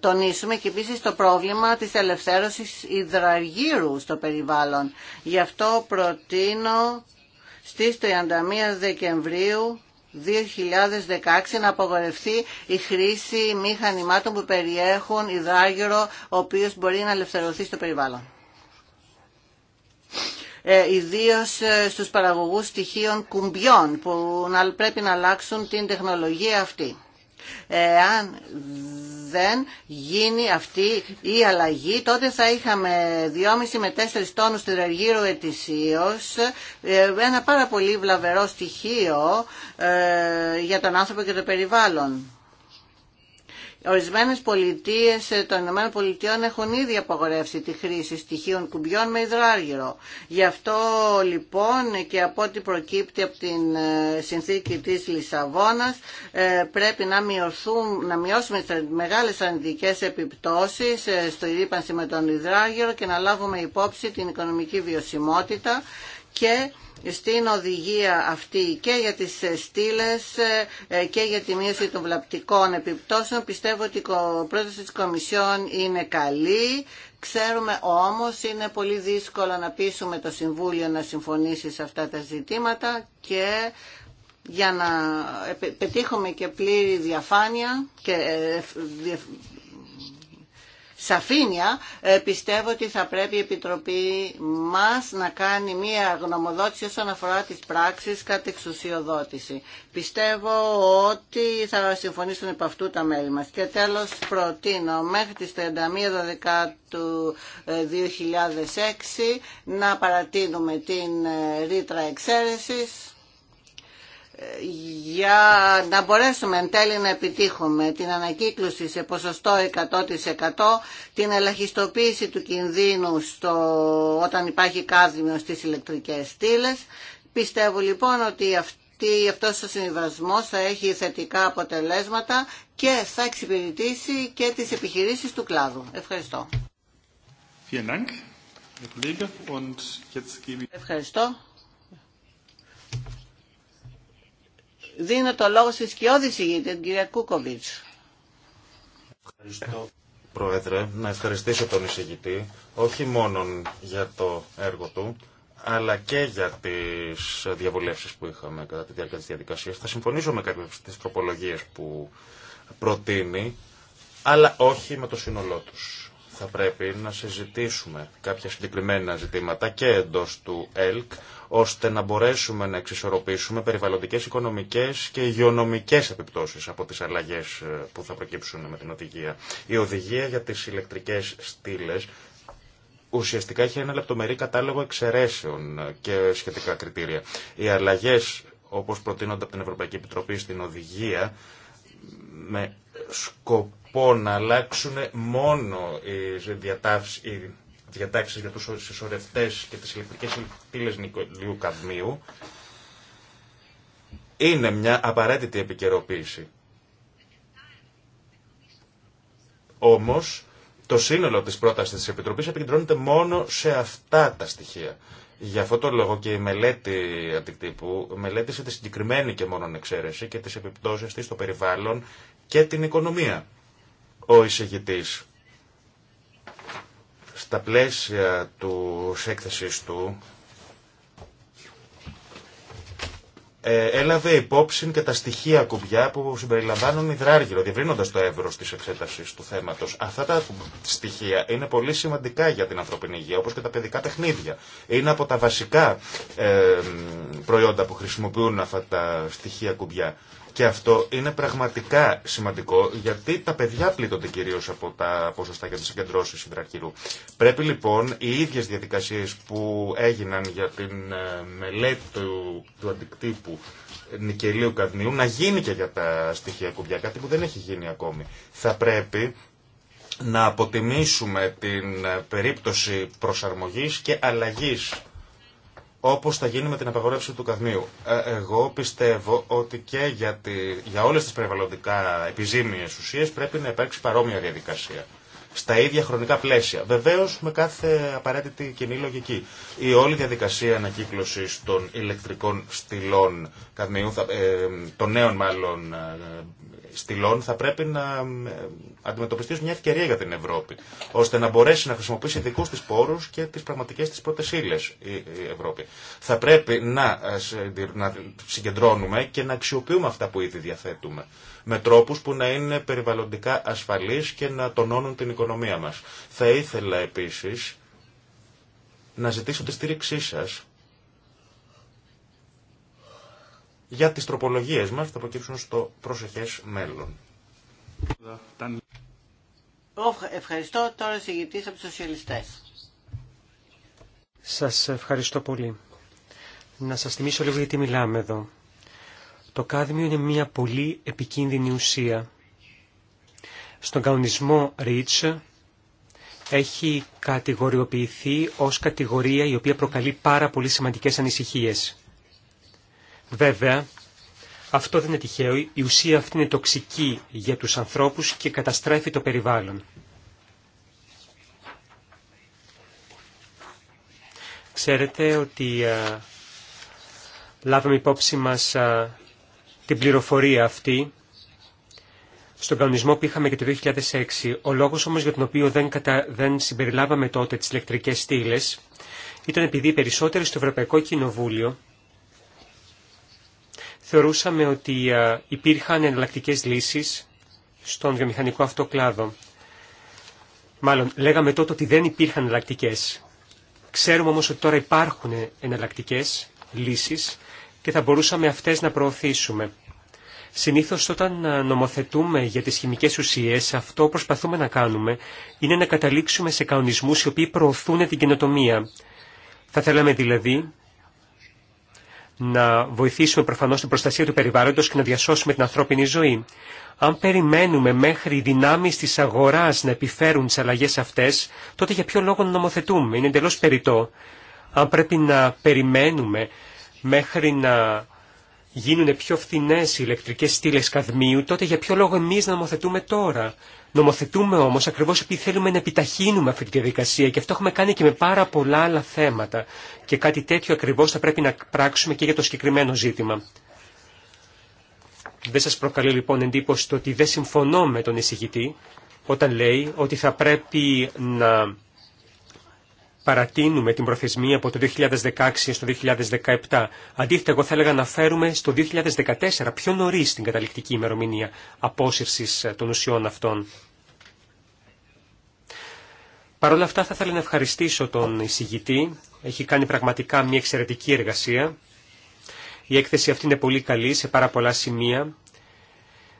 τονίσουμε και επίση το πρόβλημα της ελευθέρωσης υδραργύρου στο περιβάλλον. Γι' αυτό προτείνω στις 31 Δεκεμβρίου 2016 να απογορευτεί η χρήση μηχανημάτων που περιέχουν υδράγυρο ο οποίος μπορεί να ελευθερωθεί στο περιβάλλον. Ε, ιδίως ε, στους παραγωγούς στοιχείων κουμπιών που πρέπει να αλλάξουν την τεχνολογία αυτή. Εάν δεν γίνει αυτή η αλλαγή, τότε θα είχαμε 2,5 με 4 τόνους τριεργύρου ετησίως, ε, ένα πάρα πολύ βλαβερό στοιχείο για τον άνθρωπο και το περιβάλλον. Ορισμένε πολιτείε των ΗΠΑ έχουν ήδη απαγορεύσει τη χρήση στοιχείων κουμπιών με υδράργυρο. Γι' αυτό λοιπόν και από ό,τι προκύπτει από την ε, συνθήκη της Λισαβόνα, ε, πρέπει να, να μειώσουμε τις μεγάλες αρνητικές επιπτώσεις ε, στο ρήπανση με τον υδράργυρο και να λάβουμε υπόψη την οικονομική βιωσιμότητα και στην οδηγία αυτή και για τις στήλες ε, και για τη μείωση των βλαπτικών επιπτώσεων. Πιστεύω ότι η πρόταση της Κομισιόν είναι καλή. Ξέρουμε όμως είναι πολύ δύσκολο να πείσουμε το Συμβούλιο να συμφωνήσει σε αυτά τα ζητήματα και για να πετύχουμε και πλήρη διαφάνεια και ε, σαφήνεια ε, πιστεύω ότι θα πρέπει η Επιτροπή μας να κάνει μία γνωμοδότηση όσον αφορά τις πράξεις κατ' εξουσιοδότηση. Πιστεύω ότι θα συμφωνήσουν επ' αυτού τα μέλη μας. Και τέλος προτείνω μέχρι τις 31 Δεκάτου 2006 ε, να παρατείνουμε την ε, ρήτρα εξαίρεσης για να μπορέσουμε εν τέλει να επιτύχουμε την ανακύκλωση σε ποσοστό 100% την ελαχιστοποίηση του κινδύνου στο, όταν υπάρχει κάδμιο στις ηλεκτρικές στήλες. Πιστεύω λοιπόν ότι αυτή, αυτός ο συμβασμός θα έχει θετικά αποτελέσματα και θα εξυπηρετήσει και τις επιχειρήσεις του κλάδου. Ευχαριστώ. Ευχαριστώ. Δίνω το λόγο στη σκιώδη συγγήτρια, την κυρία Κούκοβιτς. Ευχαριστώ. Πρόεδρε, να ευχαριστήσω τον εισηγητή, όχι μόνο για το έργο του, αλλά και για τις διαβουλεύσεις που είχαμε κατά τη διάρκεια της διαδικασίας. Θα συμφωνήσω με κάποιες τις τροπολογίες που προτείνει, αλλά όχι με το σύνολό τους. Θα πρέπει να συζητήσουμε κάποια συγκεκριμένα ζητήματα και εντός του ΕΛΚ, ώστε να μπορέσουμε να εξισορροπήσουμε περιβαλλοντικές, οικονομικές και υγειονομικές επιπτώσεις από τις αλλαγές ε, που θα προκύψουν με την οδηγία. Η οδηγία για τις ηλεκτρικές στήλες ουσιαστικά έχει ένα λεπτομερή κατάλογο εξαιρέσεων ε, και σχετικά κριτήρια. Οι αλλαγές όπως προτείνονται από την Ευρωπαϊκή Επιτροπή στην οδηγία με σκοπό να αλλάξουν μόνο οι Διατάξει για τους συσσωρευτέ και τις ηλεκτρικέ πύλες νικολίου καδμίου είναι μια απαραίτητη επικαιροποίηση. Όμως, το σύνολο της πρόταση τη Επιτροπή επικεντρώνεται μόνο σε αυτά τα στοιχεία. Γι' αυτό το λόγο και η μελέτη αντικτύπου μελέτησε τη συγκεκριμένη και μόνον εξαίρεση και τις επιπτώσεις της στο περιβάλλον και την οικονομία. Ο εισηγητής στα πλαίσια του έκθεσή του, ε, έλαβε υπόψη και τα στοιχεία κουμπιά που συμπεριλαμβάνουν υδράργυρο, διευρύνοντα το εύρο τη εξέταση του θέματο. Αυτά τα στοιχεία είναι πολύ σημαντικά για την ανθρωπινή υγεία, όπω και τα παιδικά παιχνίδια. Είναι από τα βασικά ε, προϊόντα που χρησιμοποιούν αυτά τα στοιχεία κουμπιά. Και αυτό είναι πραγματικά σημαντικό, γιατί τα παιδιά πλήττονται κυρίω από τα ποσοστά για τι συγκεντρώσει υδρακύρου. Πρέπει λοιπόν οι ίδιε διαδικασίε που έγιναν για την ε, μελέτη του, του αντικτύπου νικελίου καδμίου να γίνει και για τα στοιχεία κουμπιά, κάτι που δεν έχει γίνει ακόμη. Θα πρέπει να αποτιμήσουμε την ε, περίπτωση προσαρμογής και αλλαγής όπως θα γίνει με την απαγόρευση του καδμίου. Ε, εγώ πιστεύω ότι και για, τη, για όλες τις περιβαλλοντικά επιζήμιες ουσίες πρέπει να υπάρξει παρόμοια διαδικασία. Στα ίδια χρονικά πλαίσια. Βεβαίω με κάθε απαραίτητη κοινή λογική. Η όλη διαδικασία ανακύκλωση των ηλεκτρικών στυλών καδμίου, ε, των νέων μάλλον ε, στυλών θα πρέπει να ε, αντιμετωπιστεί μια ευκαιρία για την Ευρώπη, ώστε να μπορέσει να χρησιμοποιήσει δικού της πόρους και τις πραγματικές της πρώτες ύλες η Ευρώπη. Θα πρέπει ε, να συγκεντρώνουμε και να αξιοποιούμε αυτά που ήδη διαθέτουμε με τρόπους που να είναι περιβαλλοντικά ασφαλείς και να τονώνουν την οικονομία μας. Θα ήθελα επίσης να ζητήσω τη στήριξή σας για τις τροπολογίες μας που θα προκύψουν στο προσεχές μέλλον. Ευχαριστώ. Τώρα συγγητής από τους σοσιαλιστές. Σας ευχαριστώ πολύ. Να σας θυμίσω λίγο γιατί μιλάμε εδώ. Το κάδμιο είναι μια πολύ επικίνδυνη ουσία. Στον κανονισμό REACH έχει κατηγοριοποιηθεί ως κατηγορία η οποία προκαλεί πάρα πολύ σημαντικές ανησυχίες. Βέβαια, αυτό δεν είναι τυχαίο. Η ουσία αυτή είναι τοξική για τους ανθρώπους και καταστρέφει το περιβάλλον. Ξέρετε ότι λάβαμε υπόψη μας την πληροφορία αυτή στον κανονισμό που είχαμε και το 2006. Ο λόγος όμως για τον οποίο δεν, δεν συμπεριλάβαμε τότε τις ηλεκτρικές στήλες ήταν επειδή περισσότεροι στο Ευρωπαϊκό Κοινοβούλιο θεωρούσαμε ότι ε, υπήρχαν εναλλακτικέ λύσεις στον βιομηχανικό αυτό κλάδο. Μάλλον, λέγαμε τότε ότι δεν υπήρχαν εναλλακτικέ. Ξέρουμε όμως ότι τώρα υπάρχουν εναλλακτικέ λύσεις και θα μπορούσαμε αυτές να προωθήσουμε. Συνήθως όταν ε, νομοθετούμε για τις χημικές ουσίες, αυτό που προσπαθούμε να κάνουμε είναι να καταλήξουμε σε κανονισμούς οι οποίοι προωθούν την καινοτομία. Θα θέλαμε δηλαδή να βοηθήσουμε προφανώς την προστασία του περιβάλλοντος και να διασώσουμε την ανθρώπινη ζωή. Αν περιμένουμε μέχρι οι δυνάμεις της αγοράς να επιφέρουν τις αλλαγές αυτές, τότε για ποιο λόγο να νομοθετούμε, είναι εντελώς περιττό. Αν πρέπει να περιμένουμε μέχρι να γίνουν πιο φθηνές οι ηλεκτρικές στήλες καδμίου, τότε για ποιο λόγο εμείς να νομοθετούμε τώρα. Νομοθετούμε όμως ακριβώς επειδή θέλουμε να επιταχύνουμε αυτή τη διαδικασία και αυτό έχουμε κάνει και με πάρα πολλά άλλα θέματα και κάτι τέτοιο ακριβώς θα πρέπει να πράξουμε και για το συγκεκριμένο ζήτημα. Δεν σας προκαλεί λοιπόν εντύπωση το ότι δεν συμφωνώ με τον εισηγητή όταν λέει ότι θα πρέπει να παρατείνουμε την προθεσμία από το 2016 στο 2017. Αντίθετα, εγώ θα έλεγα να φέρουμε στο 2014, πιο νωρί την καταληκτική ημερομηνία απόσυρση ε, των ουσιών αυτών. Παρ' όλα αυτά θα ήθελα να ευχαριστήσω τον εισηγητή. Έχει κάνει πραγματικά μια εξαιρετική εργασία. Η έκθεση αυτή είναι πολύ καλή σε πάρα πολλά σημεία.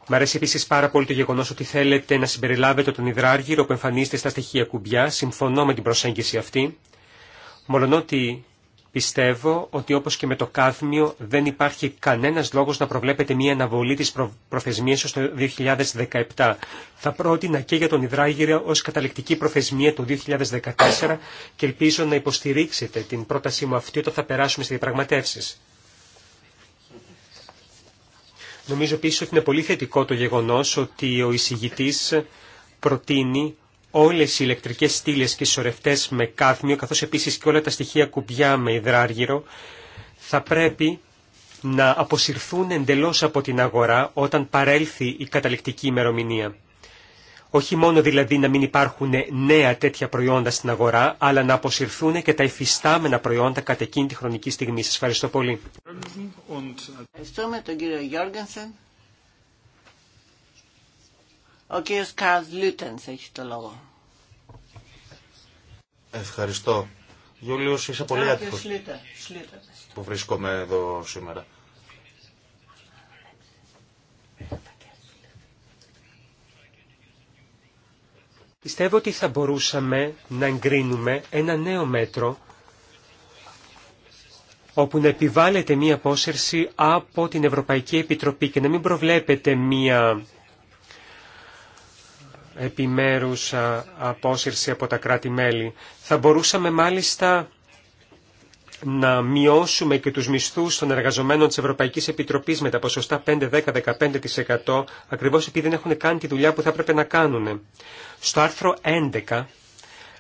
Μ' αρέσει επίση πάρα πολύ το γεγονό ότι θέλετε να συμπεριλάβετε τον υδράργυρο που εμφανίζεται στα στοιχεία κουμπιά. Συμφωνώ με την προσέγγιση αυτή. Μολονότι πιστεύω ότι όπω και με το Κάθμιο δεν υπάρχει κανένα λόγο να προβλέπετε μια αναβολή τη προ... προθεσμία ω το 2017. Θα πρότεινα και για τον υδράργυρο ω καταληκτική προθεσμία το 2014 και ελπίζω να υποστηρίξετε την πρότασή μου αυτή όταν θα περάσουμε στι διαπραγματεύσει. Νομίζω πίσω ότι είναι πολύ θετικό το γεγονός ότι ο εισηγητή προτείνει όλες οι ηλεκτρικές στήλε και σωρευτές με κάδμιο, καθώς επίσης και όλα τα στοιχεία κουμπιά με υδράργυρο, θα πρέπει να αποσυρθούν εντελώς από την αγορά όταν παρέλθει η καταληκτική ημερομηνία. Όχι μόνο δηλαδή να μην υπάρχουν νέα τέτοια προϊόντα στην αγορά, αλλά να αποσυρθούν και τα υφιστάμενα προϊόντα κατά εκείνη τη χρονική στιγμή. Σας ευχαριστώ πολύ. Ευχαριστούμε τον κύριο Γιώργενσεν. Ο κύριος Καρλ Λούτενς έχει το λόγο. Ευχαριστώ. Γιούλιος, είσαι πολύ άτυχος που βρίσκομαι εδώ σήμερα. Πιστεύω ότι θα μπορούσαμε να εγκρίνουμε ένα νέο μέτρο όπου να επιβάλλεται μία απόσυρση από την Ευρωπαϊκή Επιτροπή και να μην προβλέπεται μία επιμέρους απόσυρση από τα κράτη-μέλη. Θα μπορούσαμε μάλιστα να μειώσουμε και τους μισθούς των εργαζομένων της Ευρωπαϊκής Επιτροπής με τα ποσοστά 5, 10, 15% ακριβώς επειδή δεν έχουν κάνει τη δουλειά που θα έπρεπε να κάνουν. Στο άρθρο 11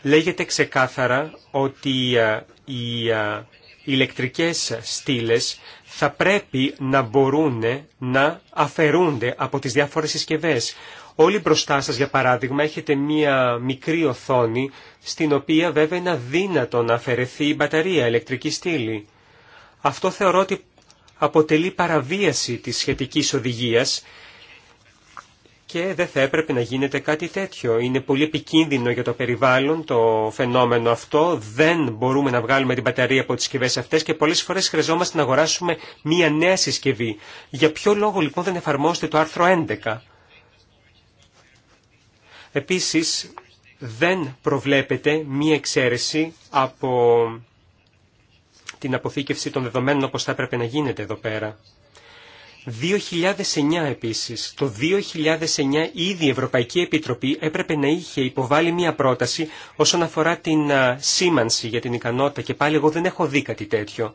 λέγεται ξεκάθαρα ότι ε, ε, οι ηλεκτρικές στήλες θα πρέπει να μπορούν να αφαιρούνται από τις διάφορες συσκευές. Όλοι μπροστά σας, για παράδειγμα, έχετε μία μικρή οθόνη, στην οποία βέβαια είναι αδύνατο να αφαιρεθεί η μπαταρία, η ηλεκτρική στήλη. Αυτό θεωρώ ότι αποτελεί παραβίαση της σχετικής οδηγίας και δεν θα έπρεπε να γίνεται κάτι τέτοιο. Είναι πολύ επικίνδυνο για το περιβάλλον το φαινόμενο αυτό. Δεν μπορούμε να βγάλουμε την μπαταρία από τις συσκευέ αυτές και πολλές φορές χρειαζόμαστε να αγοράσουμε μία νέα συσκευή. Για ποιο λόγο λοιπόν δεν εφαρμόζεται το άρθρο 11. Επίσης, δεν προβλέπεται μία εξαίρεση από την αποθήκευση των δεδομένων όπως θα έπρεπε να γίνεται εδώ πέρα. 2009 επίσης, το 2009 ήδη η Ευρωπαϊκή Επιτροπή έπρεπε να είχε υποβάλει μία πρόταση όσον αφορά την σήμανση για την ικανότητα και πάλι εγώ δεν έχω δει κάτι τέτοιο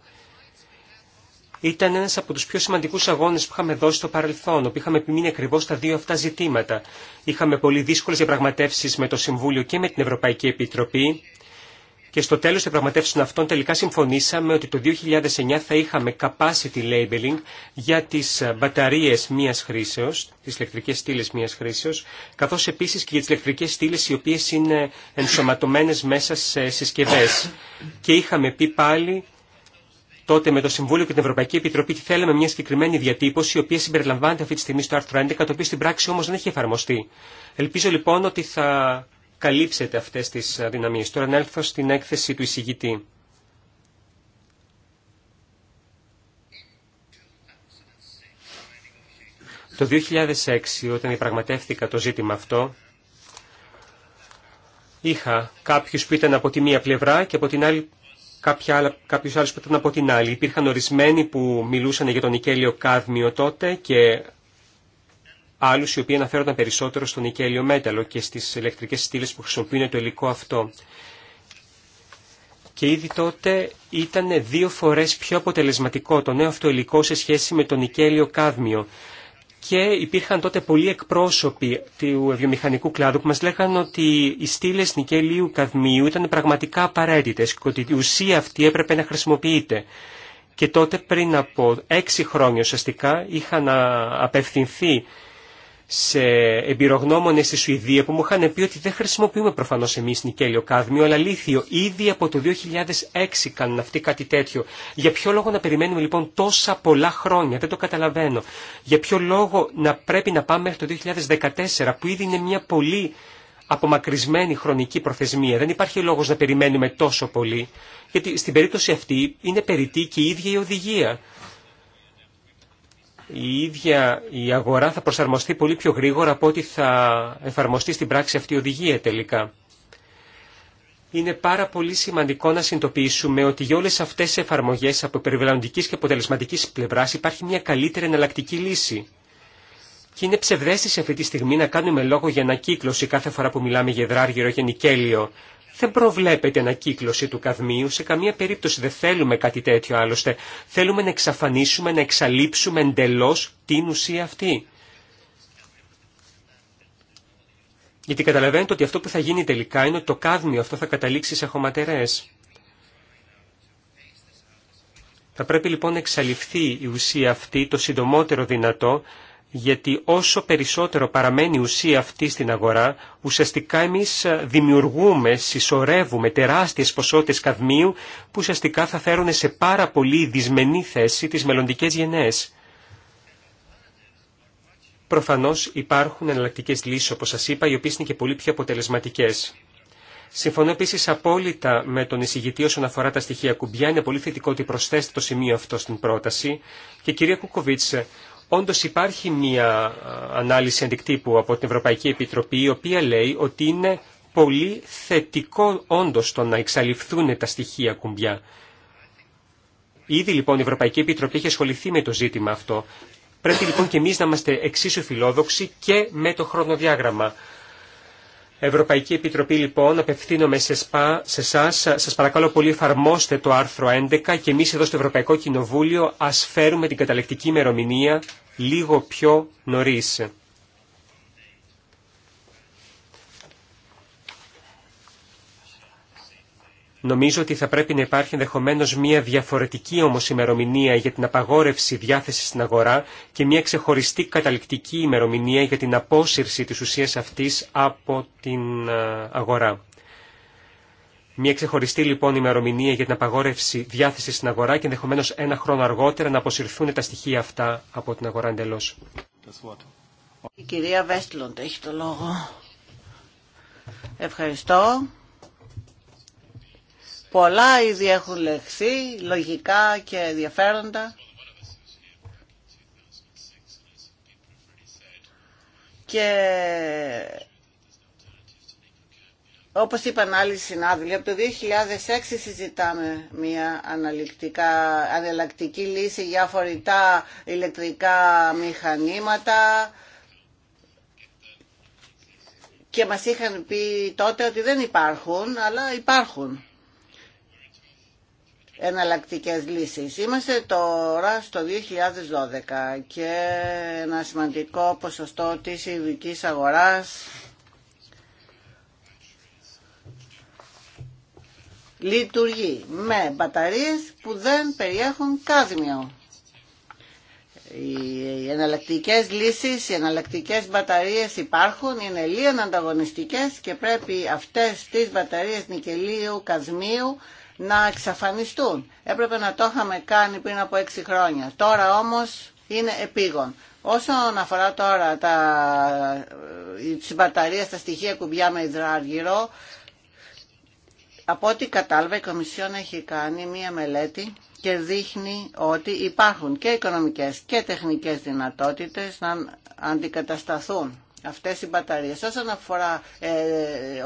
ήταν ένα από του πιο σημαντικού αγώνε που είχαμε δώσει στο παρελθόν, όπου είχαμε επιμείνει ακριβώ τα δύο αυτά ζητήματα. Είχαμε πολύ δύσκολε διαπραγματεύσει με το Συμβούλιο και με την Ευρωπαϊκή Επιτροπή και στο τέλο των διαπραγματεύσεων αυτών τελικά συμφωνήσαμε ότι το 2009 θα είχαμε capacity labeling για τι μπαταρίε μια χρήσεως, τι ηλεκτρικέ στήλε μια χρήσεως, καθώ επίση και για τι ηλεκτρικέ στήλε, οι οποίε είναι ενσωματωμένε μέσα σε συσκευέ. Και είχαμε πει πάλι τότε με το Συμβούλιο και την Ευρωπαϊκή Επιτροπή και θέλαμε μια συγκεκριμένη διατύπωση, η οποία συμπεριλαμβάνεται αυτή τη στιγμή στο άρθρο 11, το οποίο στην πράξη όμω δεν έχει εφαρμοστεί. Ελπίζω λοιπόν ότι θα καλύψετε αυτέ τι αδυναμίε. Τώρα να έλθω στην έκθεση του εισηγητή. Το 2006, όταν διαπραγματεύτηκα το ζήτημα αυτό, είχα κάποιους που ήταν από τη μία πλευρά και από την άλλη κάποιου άλλου που ήταν από την άλλη. Υπήρχαν ορισμένοι που μιλούσαν για τον νικέλιο κάδμιο τότε και άλλου οι οποίοι αναφέρονταν περισσότερο στο νικέλιο μέταλλο και στι ηλεκτρικέ στήλε που χρησιμοποιούν το υλικό αυτό. Και ήδη τότε ήταν δύο φορέ πιο αποτελεσματικό το νέο αυτό υλικό σε σχέση με τον νικέλιο κάδμιο και υπήρχαν τότε πολλοί εκπρόσωποι του βιομηχανικού κλάδου που μας λέγαν ότι οι στήλες νικελίου καδμίου ήταν πραγματικά απαραίτητες και ότι η ουσία αυτή έπρεπε να χρησιμοποιείται. Και τότε πριν από έξι χρόνια ουσιαστικά είχαν απευθυνθεί σε εμπειρογνώμονε στη Σουηδία που μου είχαν πει ότι δεν χρησιμοποιούμε προφανώ εμεί νικέλιο κάδμιο, αλλά λίθιο. Ήδη από το 2006 κάνουν αυτοί κάτι τέτοιο. Για ποιο λόγο να περιμένουμε λοιπόν τόσα πολλά χρόνια, δεν το καταλαβαίνω. Για ποιο λόγο να πρέπει να πάμε μέχρι το 2014, που ήδη είναι μια πολύ απομακρυσμένη χρονική προθεσμία. Δεν υπάρχει λόγο να περιμένουμε τόσο πολύ. Γιατί στην περίπτωση αυτή είναι περιττή και η ίδια η οδηγία η ίδια η αγορά θα προσαρμοστεί πολύ πιο γρήγορα από ό,τι θα εφαρμοστεί στην πράξη αυτή η οδηγία τελικά. Είναι πάρα πολύ σημαντικό να συνειδητοποιήσουμε ότι για όλε αυτέ τι εφαρμογέ από περιβαλλοντική και αποτελεσματική πλευρά υπάρχει μια καλύτερη εναλλακτική λύση. Και είναι ψευδέστηση αυτή τη στιγμή να κάνουμε λόγο για ανακύκλωση κάθε φορά που μιλάμε για δράργυρο και νικέλιο δεν προβλέπεται ανακύκλωση του καδμίου, σε καμία περίπτωση δεν θέλουμε κάτι τέτοιο άλλωστε. Θέλουμε να εξαφανίσουμε, να εξαλείψουμε εντελώς την ουσία αυτή. Γιατί καταλαβαίνετε ότι αυτό που θα γίνει τελικά είναι ότι το κάδμιο αυτό θα καταλήξει σε χωματερές. Θα πρέπει λοιπόν να εξαλειφθεί η ουσία αυτή το συντομότερο δυνατό γιατί όσο περισσότερο παραμένει η ουσία αυτή στην αγορά, ουσιαστικά εμείς ε, δημιουργούμε, συσσωρεύουμε τεράστιες ποσότητες καδμίου που ουσιαστικά θα φέρουν σε πάρα πολύ δυσμενή θέση τις μελλοντικές γενναίες. Προφανώς υπάρχουν εναλλακτικέ λύσεις, όπως σας είπα, οι οποίες είναι και πολύ πιο αποτελεσματικές. Συμφωνώ επίση απόλυτα με τον εισηγητή όσον αφορά τα στοιχεία κουμπιά. Είναι πολύ θετικό ότι προσθέσετε το σημείο αυτό στην πρόταση. Και κυρία Κουκοβίτσε, Όντως υπάρχει μια ανάλυση αντικτύπου από την Ευρωπαϊκή Επιτροπή η οποία λέει ότι είναι πολύ θετικό όντως το να εξαλειφθούν τα στοιχεία κουμπιά. Ήδη λοιπόν η Ευρωπαϊκή Επιτροπή έχει ασχοληθεί με το ζήτημα αυτό. Πρέπει λοιπόν και εμείς να είμαστε εξίσου φιλόδοξοι και με το χρονοδιάγραμμα. Ευρωπαϊκή Επιτροπή, λοιπόν, απευθύνομαι σε εσά. Σα παρακαλώ πολύ, εφαρμόστε το άρθρο 11 και εμεί εδώ στο Ευρωπαϊκό Κοινοβούλιο α φέρουμε την καταλεκτική ημερομηνία λίγο πιο νωρί. Νομίζω ότι θα πρέπει να υπάρχει ενδεχομένω μια διαφορετική όμω ημερομηνία για την απαγόρευση διάθεση στην αγορά και μια ξεχωριστή καταληκτική ημερομηνία για την απόσυρση τη ουσία αυτή από την ε, αγορά. Μια ξεχωριστή λοιπόν ημερομηνία για την απαγόρευση διάθεση στην αγορά και ενδεχομένω ένα χρόνο αργότερα να αποσυρθούν τα στοιχεία αυτά από την αγορά εντελώ. Η κυρία Βέστλοντ έχει το λόγο. Ευχαριστώ. Πολλά ήδη έχουν λεχθεί, λογικά και ενδιαφέροντα. Και όπως είπαν άλλοι συνάδελφοι, από το 2006 συζητάμε μια αναλυτικά, λύση για φορητά ηλεκτρικά μηχανήματα και μας είχαν πει τότε ότι δεν υπάρχουν, αλλά υπάρχουν εναλλακτικές λύσεις. Είμαστε τώρα στο 2012 και ένα σημαντικό ποσοστό της ειδική αγοράς λειτουργεί με μπαταρίες που δεν περιέχουν κάδμιο. Οι εναλλακτικέ λύσεις, οι εναλλακτικέ μπαταρίες υπάρχουν, είναι λίγο ανταγωνιστικές και πρέπει αυτές τις μπαταρίες νικελίου, καδμίου να εξαφανιστούν. Έπρεπε να το είχαμε κάνει πριν από έξι χρόνια. Τώρα όμως είναι επίγον. Όσον αφορά τώρα τα, ε, τις μπαταρίες, τα στοιχεία κουμπιά με υδράργυρο, από ό,τι κατάλαβα η Κομισιόν έχει κάνει μία μελέτη και δείχνει ότι υπάρχουν και οικονομικές και τεχνικές δυνατότητες να αντικατασταθούν αυτές οι μπαταρίες. Όσον αφορά ε,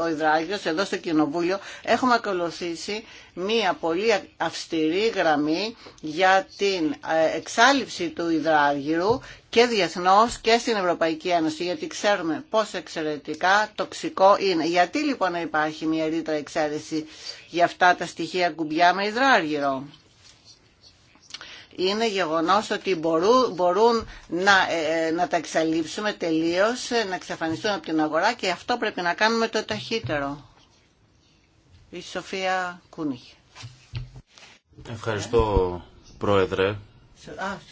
ο Ιδράγιος εδώ στο Κοινοβούλιο έχουμε ακολουθήσει μία πολύ αυστηρή γραμμή για την ε, εξάλληψη του υδράργυρου και διεθνώς και στην Ευρωπαϊκή Ένωση, γιατί ξέρουμε πόσο εξαιρετικά τοξικό είναι. Γιατί λοιπόν να υπάρχει μία ρήτρα εξαίρεση για αυτά τα στοιχεία κουμπιά με υδράργυρο είναι γεγονός ότι μπορούν, μπορούν να, ε, ε, να τα εξαλείψουμε τελείως, ε, να εξαφανιστούν από την αγορά και αυτό πρέπει να κάνουμε το ταχύτερο. Η Σοφία Κούνιχ. Ευχαριστώ Πρόεδρε.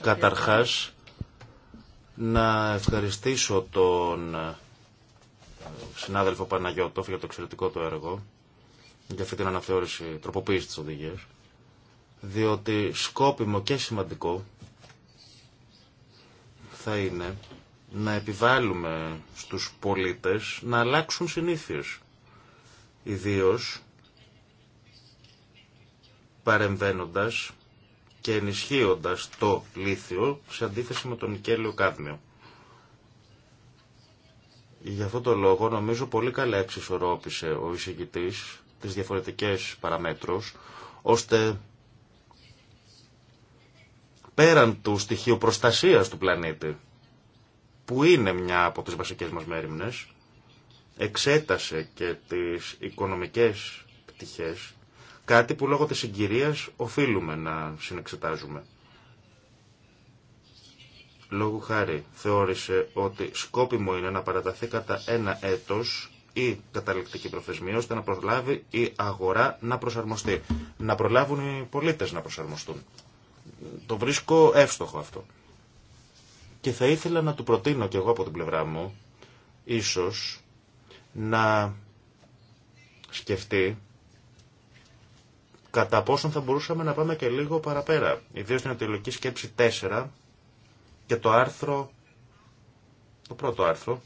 Καταρχάς να ευχαριστήσω τον συνάδελφο Παναγιώτοφ για το εξαιρετικό του έργο για αυτή την αναθεώρηση τροποποίηση της οδηγίας διότι σκόπιμο και σημαντικό θα είναι να επιβάλλουμε στους πολίτες να αλλάξουν συνήθειες. Ιδίως παρεμβαίνοντας και ενισχύοντας το λίθιο σε αντίθεση με τον νικέλιο Κάδμιο. Για αυτό το λόγο νομίζω πολύ καλά εξισορρόπησε ο εισηγητής τις διαφορετικές παραμέτρους, ώστε πέραν του στοιχείου προστασία του πλανήτη, που είναι μια από τις βασικές μας μέρημνε, εξέτασε και τις οικονομικές πτυχές, κάτι που λόγω της συγκυρία οφείλουμε να συνεξετάζουμε. Λόγω χάρη θεώρησε ότι σκόπιμο είναι να παραταθεί κατά ένα έτος ή καταληκτική προθεσμία ώστε να προλάβει η αγορά να προσαρμοστεί. Να προλάβουν οι πολίτες να προσαρμοστούν το βρίσκω εύστοχο αυτό. Και θα ήθελα να του προτείνω και εγώ από την πλευρά μου, ίσως, να σκεφτεί κατά πόσον θα μπορούσαμε να πάμε και λίγο παραπέρα. Ιδίως στην αιτιολογική σκέψη 4 και το άρθρο, το πρώτο άρθρο,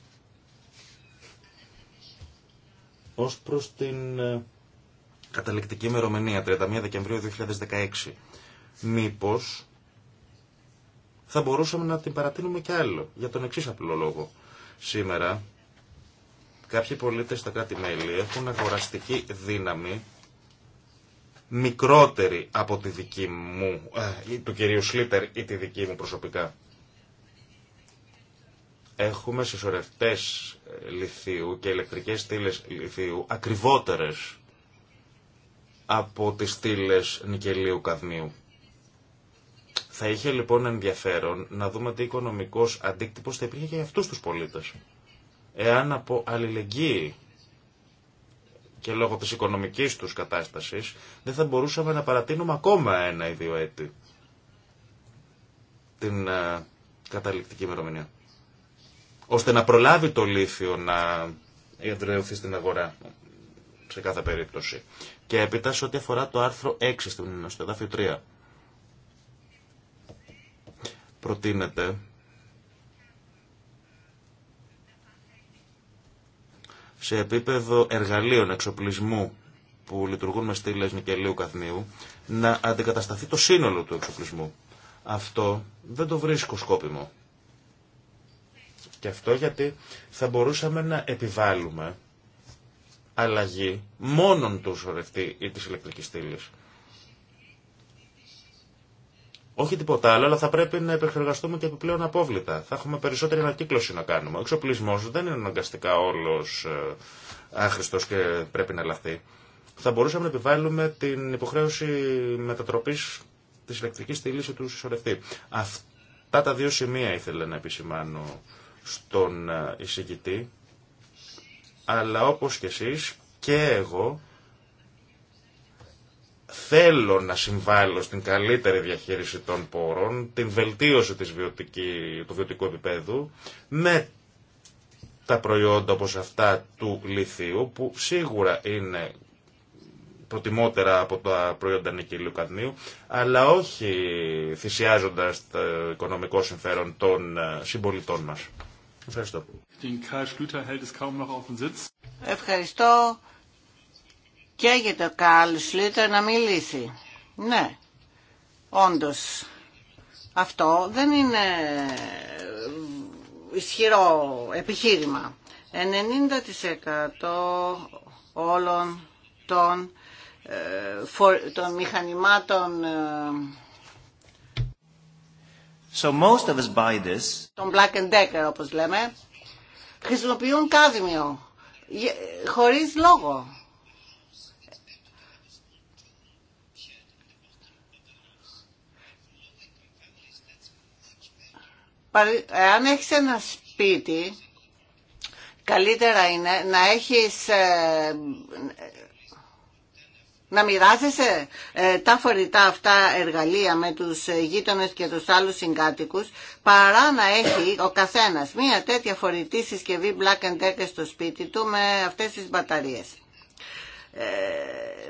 ως προς την ε, καταληκτική ημερομηνία 31 Δεκεμβρίου 2016 μήπως θα μπορούσαμε να την παρατείνουμε κι άλλο, για τον εξής απλό λόγο. Σήμερα, κάποιοι πολίτες στα κράτη-μέλη έχουν αγοραστική δύναμη μικρότερη από τη δική μου, ε, ή του κυρίου Σλίτερ ή τη δική μου προσωπικά. Έχουμε συσσωρευτές ε, λιθίου και ηλεκτρικές στήλες λιθίου ακριβότερες από τις στήλες νικελίου καδμίου. Θα είχε λοιπόν ενδιαφέρον να δούμε τι οικονομικό αντίκτυπο θα υπήρχε και για αυτούς τους πολίτες. Εάν από αλληλεγγύη και λόγω της οικονομικής τους κατάστασης δεν θα μπορούσαμε να παρατείνουμε ακόμα ένα ή δύο έτη την ε, καταληκτική ημερομηνία. Ώστε να προλάβει το λίθιο να εδραιωθεί στην αγορά σε κάθε περίπτωση. Και έπειτα σε ό,τι αφορά το άρθρο 6 στην εδάφιο 3 προτείνεται σε επίπεδο εργαλείων εξοπλισμού που λειτουργούν με στήλες νικελίου καθμίου να αντικατασταθεί το σύνολο του εξοπλισμού. Αυτό δεν το βρίσκω σκόπιμο. Και αυτό γιατί θα μπορούσαμε να επιβάλλουμε αλλαγή μόνον του σωρευτή ή της ηλεκτρικής στήλης. Όχι τίποτα άλλο, αλλά θα πρέπει να επεξεργαστούμε και επιπλέον απόβλητα. Θα έχουμε περισσότερη ανακύκλωση να κάνουμε. Ο εξοπλισμό δεν είναι αναγκαστικά όλο ε, άχρηστο και πρέπει να λαθεί. Θα μπορούσαμε να επιβάλλουμε την υποχρέωση μετατροπή τη ηλεκτρική στήλη του συσσωρευτή. Αυτά τα δύο σημεία ήθελα να επισημάνω στον ε, εισηγητή. Αλλά όπω και εσεί και εγώ θέλω να συμβάλλω στην καλύτερη διαχείριση των πόρων, την βελτίωση της βιωτική, του βιωτικού επίπεδου, με τα προϊόντα όπως αυτά του λιθίου, που σίγουρα είναι προτιμότερα από τα προϊόντα νικηλίου καδμίου, αλλά όχι θυσιάζοντας το οικονομικό συμφέρον των ε, συμπολιτών μας. Ευχαριστώ. Ευχαριστώ και για το Καλ Σλίτερ να μιλήσει. Ναι, όντως. Αυτό δεν είναι ισχυρό επιχείρημα. 90% όλων των, ε, μηχανημάτων ε, so των Black and Decker όπως λέμε χρησιμοποιούν κάδμιο ε, χωρίς λόγο αν έχεις ένα σπίτι, καλύτερα είναι να έχεις... Ε, να μοιράζεσαι ε, τα φορητά αυτά εργαλεία με τους ε, γείτονες και τους άλλους συγκάτοικους παρά να έχει ο καθένας μία τέτοια φορητή συσκευή Black Decker στο σπίτι του με αυτές τις μπαταρίες. Ε,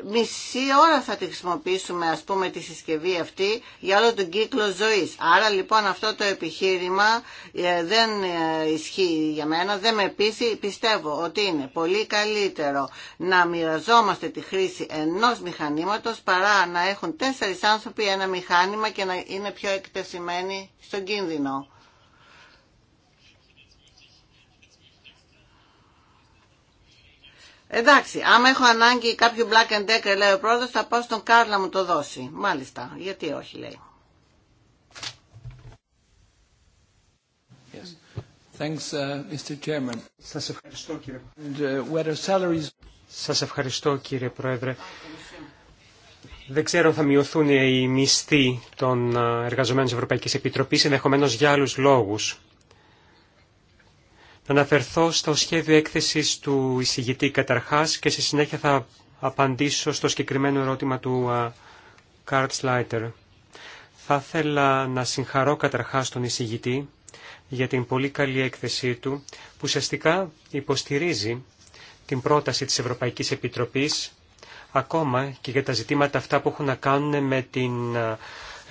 μισή ώρα θα τη χρησιμοποιήσουμε ας πούμε τη συσκευή αυτή για όλο τον κύκλο ζωής. Άρα λοιπόν αυτό το επιχείρημα ε, δεν ε, ισχύει για μένα, δεν με πείσει. Πιστεύω ότι είναι πολύ καλύτερο να μοιραζόμαστε τη χρήση ενός μηχανήματος παρά να έχουν τέσσερις άνθρωποι ένα μηχάνημα και να είναι πιο εκτεθειμένοι στον κίνδυνο. Εντάξει, άμα έχω ανάγκη κάποιου Black and Decker, λέει ο πρόεδρο, θα πάω στον Κάρλ να μου το δώσει. Μάλιστα, γιατί όχι, λέει. Yes. Uh, ευχαριστώ, κύριε. Uh, Σας ευχαριστώ, κύριε Πρόεδρε. Δεν ξέρω αν θα μειωθούν οι μισθοί των ε, εργαζομένων της Ευρωπαϊκής Επιτροπής, ενδεχομένω για άλλους λόγους. Να αναφερθώ στο σχέδιο έκθεσης του εισηγητή καταρχάς και στη συνέχεια θα απαντήσω στο συγκεκριμένο ερώτημα του Καρτ Σλάιτερ. Θα ήθελα να συγχαρώ καταρχάς τον εισηγητή για την πολύ καλή έκθεσή του που ουσιαστικά υποστηρίζει την πρόταση της Ευρωπαϊκής Επιτροπής ακόμα και για τα ζητήματα αυτά που έχουν να κάνουν με την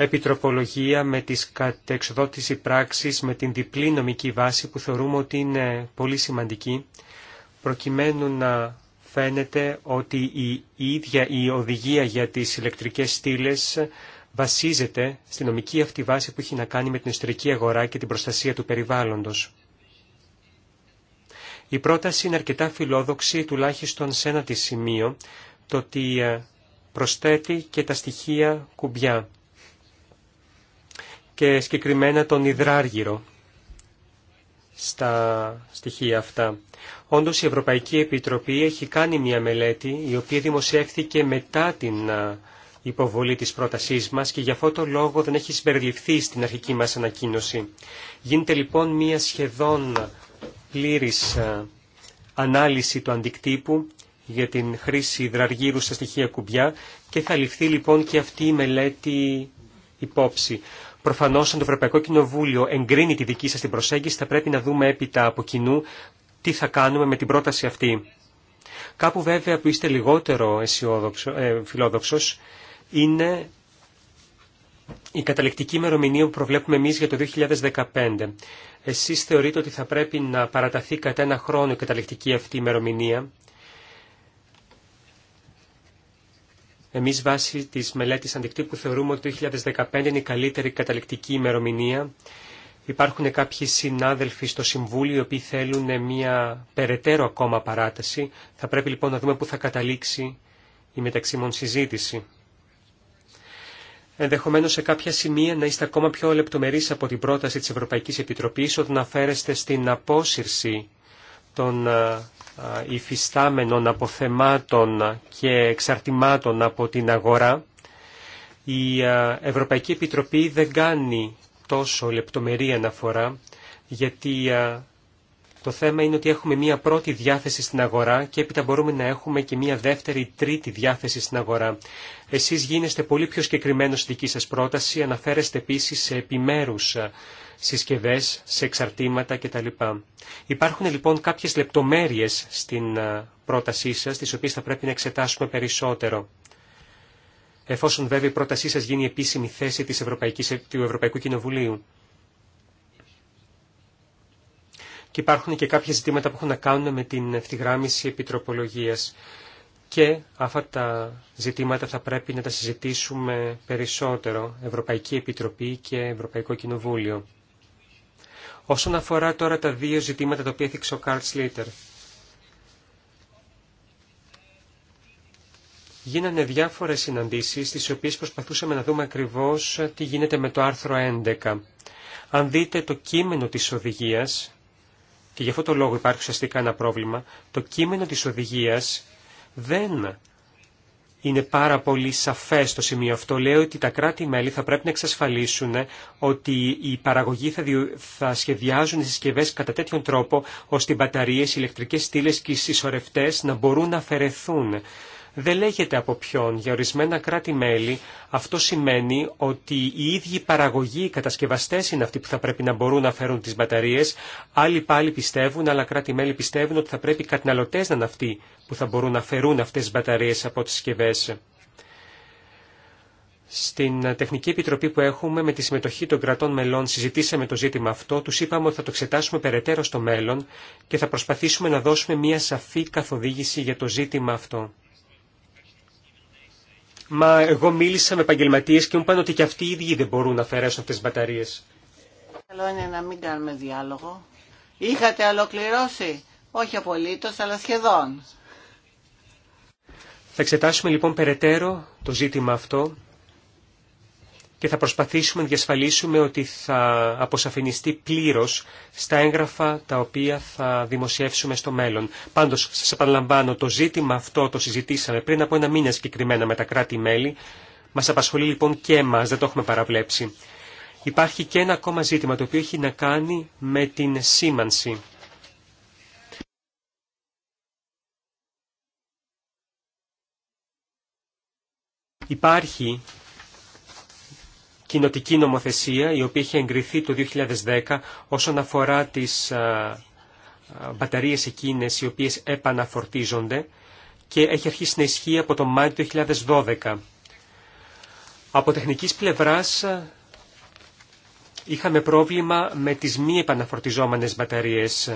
επιτροπολογία με τις κατεξοδότηση πράξεις με την διπλή νομική βάση που θεωρούμε ότι είναι πολύ σημαντική προκειμένου να φαίνεται ότι η ίδια η οδηγία για τις ηλεκτρικές στήλες βασίζεται στη νομική αυτή βάση που έχει να κάνει με την ιστορική αγορά και την προστασία του περιβάλλοντος. Η πρόταση είναι αρκετά φιλόδοξη, τουλάχιστον σε ένα τη σημείο, το ότι ε, προσθέτει και τα στοιχεία κουμπιά και συγκεκριμένα τον υδράργυρο στα στοιχεία αυτά. Όντως η Ευρωπαϊκή Επιτροπή έχει κάνει μια μελέτη η οποία δημοσιεύθηκε μετά την υποβολή της πρότασής μας και για αυτό το λόγο δεν έχει συμπεριληφθεί στην αρχική μας ανακοίνωση. Γίνεται λοιπόν μια σχεδόν πλήρης ανάλυση του αντικτύπου για την χρήση υδραργύρου στα στοιχεία κουμπιά και θα ληφθεί λοιπόν και αυτή η μελέτη υπόψη. Προφανώ αν το Ευρωπαϊκό Κοινοβούλιο εγκρίνει τη δική σα την προσέγγιση, θα πρέπει να δούμε έπειτα από κοινού τι θα κάνουμε με την πρόταση αυτή. Κάπου βέβαια που είστε λιγότερο ε, φιλόδοξος είναι η καταληκτική ημερομηνία που προβλέπουμε εμεί για το 2015. Εσείς θεωρείτε ότι θα πρέπει να παραταθεί κατά ένα χρόνο η καταληκτική αυτή ημερομηνία Εμείς βάσει της μελέτης αντικτύπου θεωρούμε ότι το 2015 είναι η καλύτερη καταληκτική ημερομηνία. Υπάρχουν κάποιοι συνάδελφοι στο Συμβούλιο οι οποίοι θέλουν μια περαιτέρω ακόμα παράταση. Θα πρέπει λοιπόν να δούμε πού θα καταλήξει η μεταξύ συζήτηση. Ενδεχομένω σε κάποια σημεία να είστε ακόμα πιο λεπτομερείς από την πρόταση της Ευρωπαϊκής Επιτροπής όταν αφαίρεστε στην απόσυρση των υφιστάμενων αποθεμάτων και εξαρτημάτων από την αγορά, η Ευρωπαϊκή Επιτροπή δεν κάνει τόσο λεπτομερή αναφορά, γιατί το θέμα είναι ότι έχουμε μία πρώτη διάθεση στην αγορά και έπειτα μπορούμε να έχουμε και μία δεύτερη, τρίτη διάθεση στην αγορά. Εσείς γίνεστε πολύ πιο συγκεκριμένο στη δική σας πρόταση, αναφέρεστε επίσης σε επιμέρους συσκευές, σε εξαρτήματα κτλ. Υπάρχουν λοιπόν κάποιες λεπτομέρειες στην ε, πρότασή σας, τις οποίες θα πρέπει να εξετάσουμε περισσότερο. Εφόσον βέβαια η πρότασή σας γίνει επίσημη θέση της Ευρωπαϊκής, του Ευρωπαϊκού Κοινοβουλίου. Και υπάρχουν και κάποια ζητήματα που έχουν να κάνουν με την ευθυγράμμιση επιτροπολογίας. Και αυτά τα ζητήματα θα πρέπει να τα συζητήσουμε περισσότερο Ευρωπαϊκή Επιτροπή και Ευρωπαϊκό Κοινοβούλιο. Όσον αφορά τώρα τα δύο ζητήματα τα οποία έθιξε ο Καρλ Σλίτερ. Γίνανε διάφορες συναντήσεις, στις οποίες προσπαθούσαμε να δούμε ακριβώς τι γίνεται με το άρθρο 11. Αν δείτε το κείμενο της οδηγίας, και γι' αυτό το λόγο υπάρχει ουσιαστικά ένα πρόβλημα, το κείμενο της οδηγίας δεν είναι πάρα πολύ σαφές το σημείο αυτό. Λέω ότι τα κράτη-μέλη θα πρέπει να εξασφαλίσουν ότι οι παραγωγοί θα, θα σχεδιάζουν τις συσκευέ κατά τέτοιον τρόπο ώστε οι μπαταρίες, οι ηλεκτρικές στήλες και οι συσσωρευτές να μπορούν να αφαιρεθούν δεν λέγεται από ποιον. Για ορισμένα κράτη-μέλη αυτό σημαίνει ότι οι ίδιοι παραγωγοί, οι κατασκευαστές είναι αυτοί που θα πρέπει να μπορούν να φέρουν τις μπαταρίες. Άλλοι πάλι πιστεύουν, άλλα κράτη-μέλη πιστεύουν ότι θα πρέπει οι καταναλωτές να είναι αυτοί που θα μπορούν να φέρουν αυτές τις μπαταρίες από τις συσκευέ. Στην Τεχνική Επιτροπή που έχουμε με τη συμμετοχή των κρατών μελών συζητήσαμε το ζήτημα αυτό, τους είπαμε ότι θα το εξετάσουμε περαιτέρω στο μέλλον και θα προσπαθήσουμε να δώσουμε μια σαφή καθοδήγηση για το ζήτημα αυτό. Μα εγώ μίλησα με επαγγελματίε και μου είπαν ότι και αυτοί οι ίδιοι δεν μπορούν να αφαιρέσουν αυτέ τι μπαταρίε. Καλό είναι να μην κάνουμε διάλογο. Είχατε ολοκληρώσει. Όχι απολύτω, αλλά σχεδόν. Θα εξετάσουμε λοιπόν περαιτέρω το ζήτημα αυτό και θα προσπαθήσουμε να διασφαλίσουμε ότι θα αποσαφινιστεί πλήρως στα έγγραφα τα οποία θα δημοσιεύσουμε στο μέλλον. Πάντως, σας επαναλαμβάνω, το ζήτημα αυτό το συζητήσαμε πριν από ένα μήνα συγκεκριμένα με τα κράτη-μέλη. Μας απασχολεί λοιπόν και εμάς, δεν το έχουμε παραβλέψει. Υπάρχει και ένα ακόμα ζήτημα το οποίο έχει να κάνει με την σήμανση. Υπάρχει κοινοτική νομοθεσία η οποία είχε εγκριθεί το 2010 όσον αφορά τις μπαταρίες εκείνες οι οποίες επαναφορτίζονται και έχει αρχίσει να ισχύει από το Μάιο του 2012. Από τεχνικής πλευράς είχαμε πρόβλημα με τις μη επαναφορτιζόμενες μπαταρίες.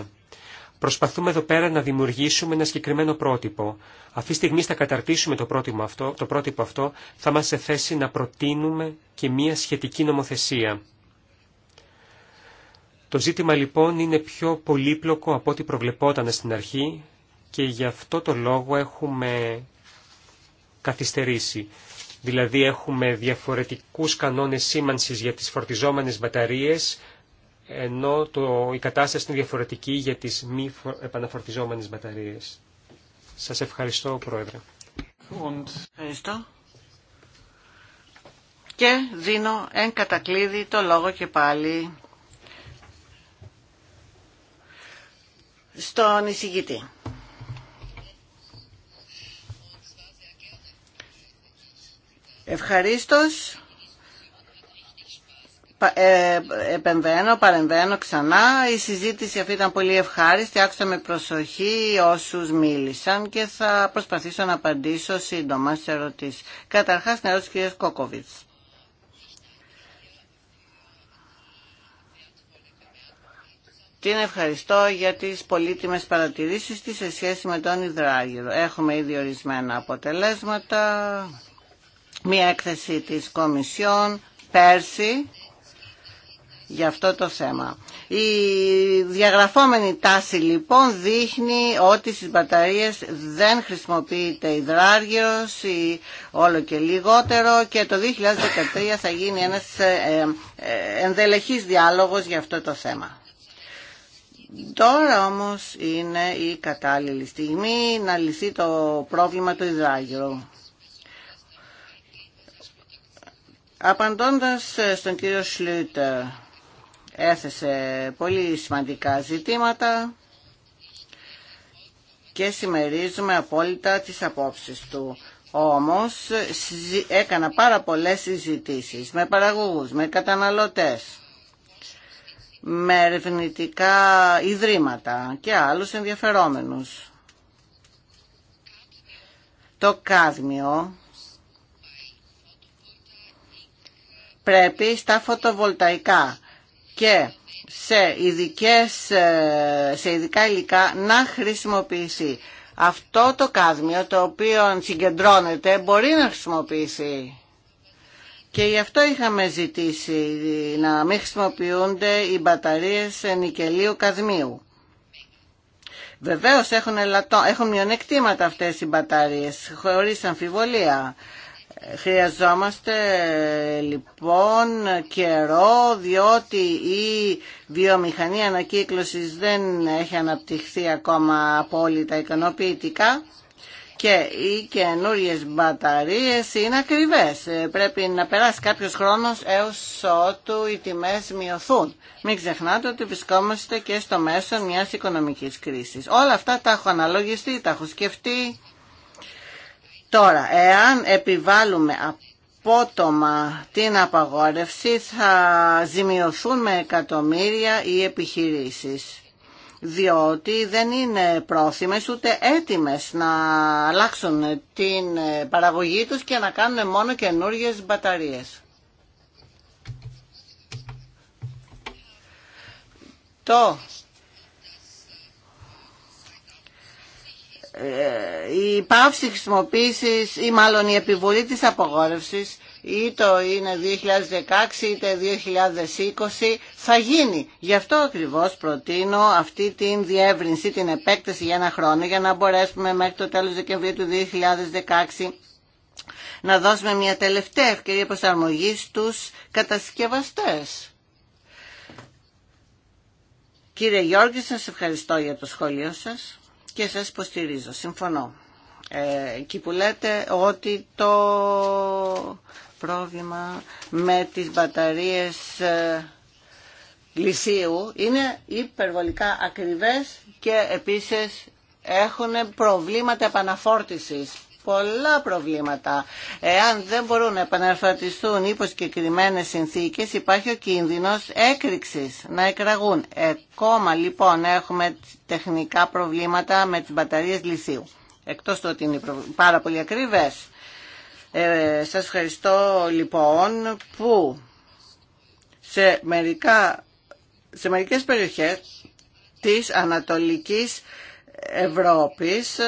Προσπαθούμε εδώ πέρα να δημιουργήσουμε ένα συγκεκριμένο πρότυπο. Αυτή τη στιγμή θα καταρτήσουμε το πρότυπο αυτό, το πρότυπο αυτό θα μας σε θέση να προτείνουμε και μία σχετική νομοθεσία. Το ζήτημα λοιπόν είναι πιο πολύπλοκο από ό,τι προβλεπόταν στην αρχή και γι' αυτό το λόγο έχουμε καθυστερήσει. Δηλαδή έχουμε διαφορετικούς κανόνες σήμανσης για τις φορτιζόμενες μπαταρίες ενώ το, η κατάσταση είναι διαφορετική για τις μη επαναφορτιζόμενες μπαταρίες. Σας ευχαριστώ, Πρόεδρε. Ευχαριστώ. Και δίνω εν κατακλείδη το λόγο και πάλι στον εισηγητή. Ευχαρίστως. Ε, επεμβαίνω, παρεμβαίνω ξανά. Η συζήτηση αυτή ήταν πολύ ευχάριστη. Άκουσα με προσοχή όσους μίλησαν και θα προσπαθήσω να απαντήσω σύντομα σε ερωτήσεις. Καταρχάς, να της κυρίας Κόκοβιτς. Την ευχαριστώ για τις πολύτιμες παρατηρήσεις της σε σχέση με τον Ιδράγυρο. Έχουμε ήδη ορισμένα αποτελέσματα. Μία έκθεση της Κομισιόν πέρσι για αυτό το θέμα. Η διαγραφόμενη τάση λοιπόν δείχνει ότι στις μπαταρίες δεν χρησιμοποιείται υδράργυρος ή όλο και λιγότερο και το 2013 θα γίνει ένας ε, ε, ενδελεχής διάλογος για αυτό το θέμα. Τώρα όμως είναι η κατάλληλη στιγμή να λυθεί το πρόβλημα του υδράργυρου. Απαντώντας ε, στον κύριο Σλούτερ, έθεσε πολύ σημαντικά ζητήματα και συμμερίζουμε απόλυτα τις απόψεις του. Όμως έκανα πάρα πολλές συζητήσεις με παραγωγούς, με καταναλωτές, με ερευνητικά ιδρύματα και άλλους ενδιαφερόμενους. Το κάδμιο πρέπει στα φωτοβολταϊκά και σε, ειδικές, ε, σε ειδικά υλικά να χρησιμοποιηθεί. Αυτό το κάδμιο το οποίο συγκεντρώνεται μπορεί να χρησιμοποιηθεί. Και γι' αυτό είχαμε ζητήσει να μην χρησιμοποιούνται οι μπαταρίες νικελίου καδμίου. Βεβαίως έχουν, ελατώ, έχουν μειονεκτήματα αυτές οι μπαταρίες, χωρίς αμφιβολία. Χρειαζόμαστε λοιπόν καιρό διότι η βιομηχανία ανακύκλωσης δεν έχει αναπτυχθεί ακόμα απόλυτα ικανοποιητικά και οι καινούριε μπαταρίες είναι ακριβές. Πρέπει να περάσει κάποιος χρόνος έως ότου οι τιμές μειωθούν. Μην ξεχνάτε ότι βρισκόμαστε και στο μέσο μιας οικονομικής κρίσης. Όλα αυτά τα έχω αναλογιστεί, τα έχω σκεφτεί. Τώρα, εάν επιβάλλουμε απότομα την απαγόρευση θα ζημιωθούν με εκατομμύρια οι επιχειρήσεις διότι δεν είναι πρόθυμες ούτε έτοιμες να αλλάξουν την παραγωγή τους και να κάνουν μόνο καινούριε μπαταρίες. Το Ε, η πάυση χρησιμοποίησης ή μάλλον η επιβολή της απογόρευσης είτε είναι 2016 είτε 2020 θα γίνει. Γι' αυτό ακριβώς προτείνω αυτή την διεύρυνση, την επέκταση για ένα χρόνο για να μπορέσουμε μέχρι το τέλος Δεκεμβρίου του 2016 να δώσουμε μια τελευταία ευκαιρία προσαρμογής στους κατασκευαστές. Κύριε Γιώργη, σας ευχαριστώ για το σχόλιο σας και σας υποστηρίζω. Συμφωνώ. Ε, εκεί που λέτε ότι το πρόβλημα με τις μπαταρίες ε, λυσίου είναι υπερβολικά ακριβές και επίσης έχουν προβλήματα επαναφόρτησης πολλά προβλήματα. Εάν δεν μπορούν να πως υπό συγκεκριμένε συνθήκες υπάρχει ο κίνδυνος έκρηξης να εκραγούν. Εκόμα, λοιπόν έχουμε τεχνικά προβλήματα με τις μπαταρίες λυθίου. Εκτός του ότι είναι πάρα πολύ ακριβές. Ε, σας ευχαριστώ λοιπόν που σε, μερικά, σε μερικές περιοχές της Ανατολικής Ευρώπης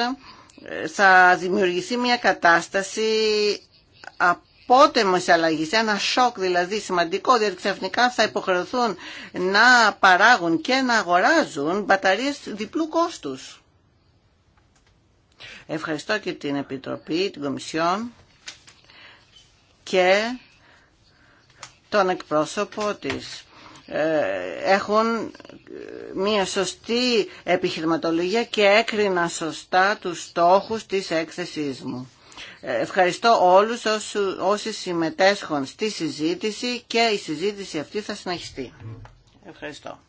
θα δημιουργηθεί μια κατάσταση απότεμος αλλαγής, ένα σοκ δηλαδή σημαντικό, διότι ξαφνικά θα υποχρεωθούν να παράγουν και να αγοράζουν μπαταρίες διπλού κόστους. Ευχαριστώ και την Επιτροπή, την Κομισιόν και τον εκπρόσωπο της ε, έχουν μια σωστή επιχειρηματολογία και έκρινα σωστά τους στόχους της έκθεσής μου. Ε, ευχαριστώ όλους όσοι συμμετέσχουν στη συζήτηση και η συζήτηση αυτή θα συνεχιστεί. Ευχαριστώ.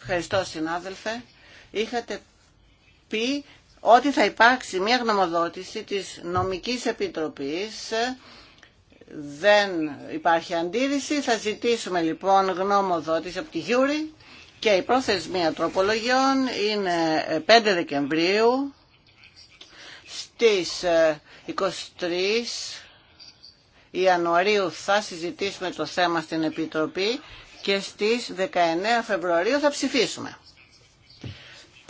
Ευχαριστώ συνάδελφε. Είχατε πει ότι θα υπάρξει μια γνωμοδότηση της νομικής επιτροπής δεν υπάρχει αντίρρηση. Θα ζητήσουμε λοιπόν γνωμοδότηση από τη Γιούρη και η πρόθεσμια τροπολογιών είναι 5 ε, Δεκεμβρίου στις 23 ε, Ιανουαρίου θα συζητήσουμε το θέμα στην Επιτροπή και στις 19 Φεβρουαρίου θα ψηφίσουμε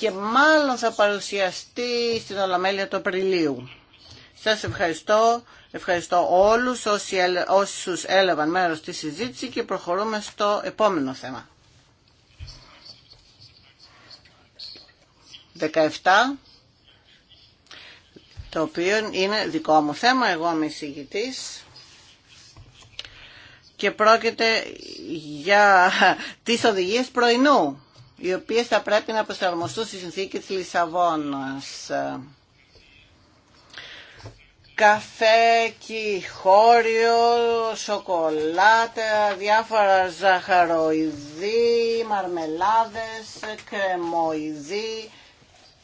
και μάλλον θα παρουσιαστεί στην Ολομέλεια του Απριλίου. Σας ευχαριστώ. Ευχαριστώ όλους όσοι, όσους έλαβαν μέρος στη συζήτηση και προχωρούμε στο επόμενο θέμα. 17 το οποίο είναι δικό μου θέμα, εγώ είμαι εισηγητής και πρόκειται για τις οδηγίες πρωινού οι οποίες θα πρέπει να προσαρμοστούν στη συνθήκη της Λισαβόνας. Καφέ, χώριο, σοκολάτα, διάφορα ζαχαροειδή, μαρμελάδες, κρεμοειδή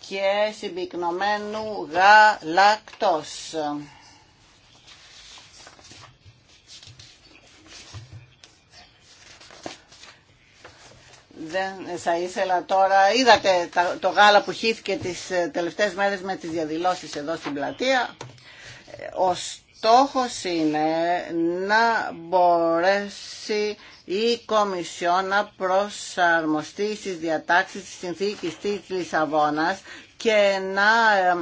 και συμπυκνωμένου γαλακτός. δεν θα ήθελα τώρα, είδατε το γάλα που χύθηκε τις ε, τελευταίες μέρες με τις διαδηλώσεις εδώ στην πλατεία. Ο στόχος είναι να μπορέσει η Κομισιό να προσαρμοστεί στις διατάξεις της συνθήκης της Λισαβόνας και να ε,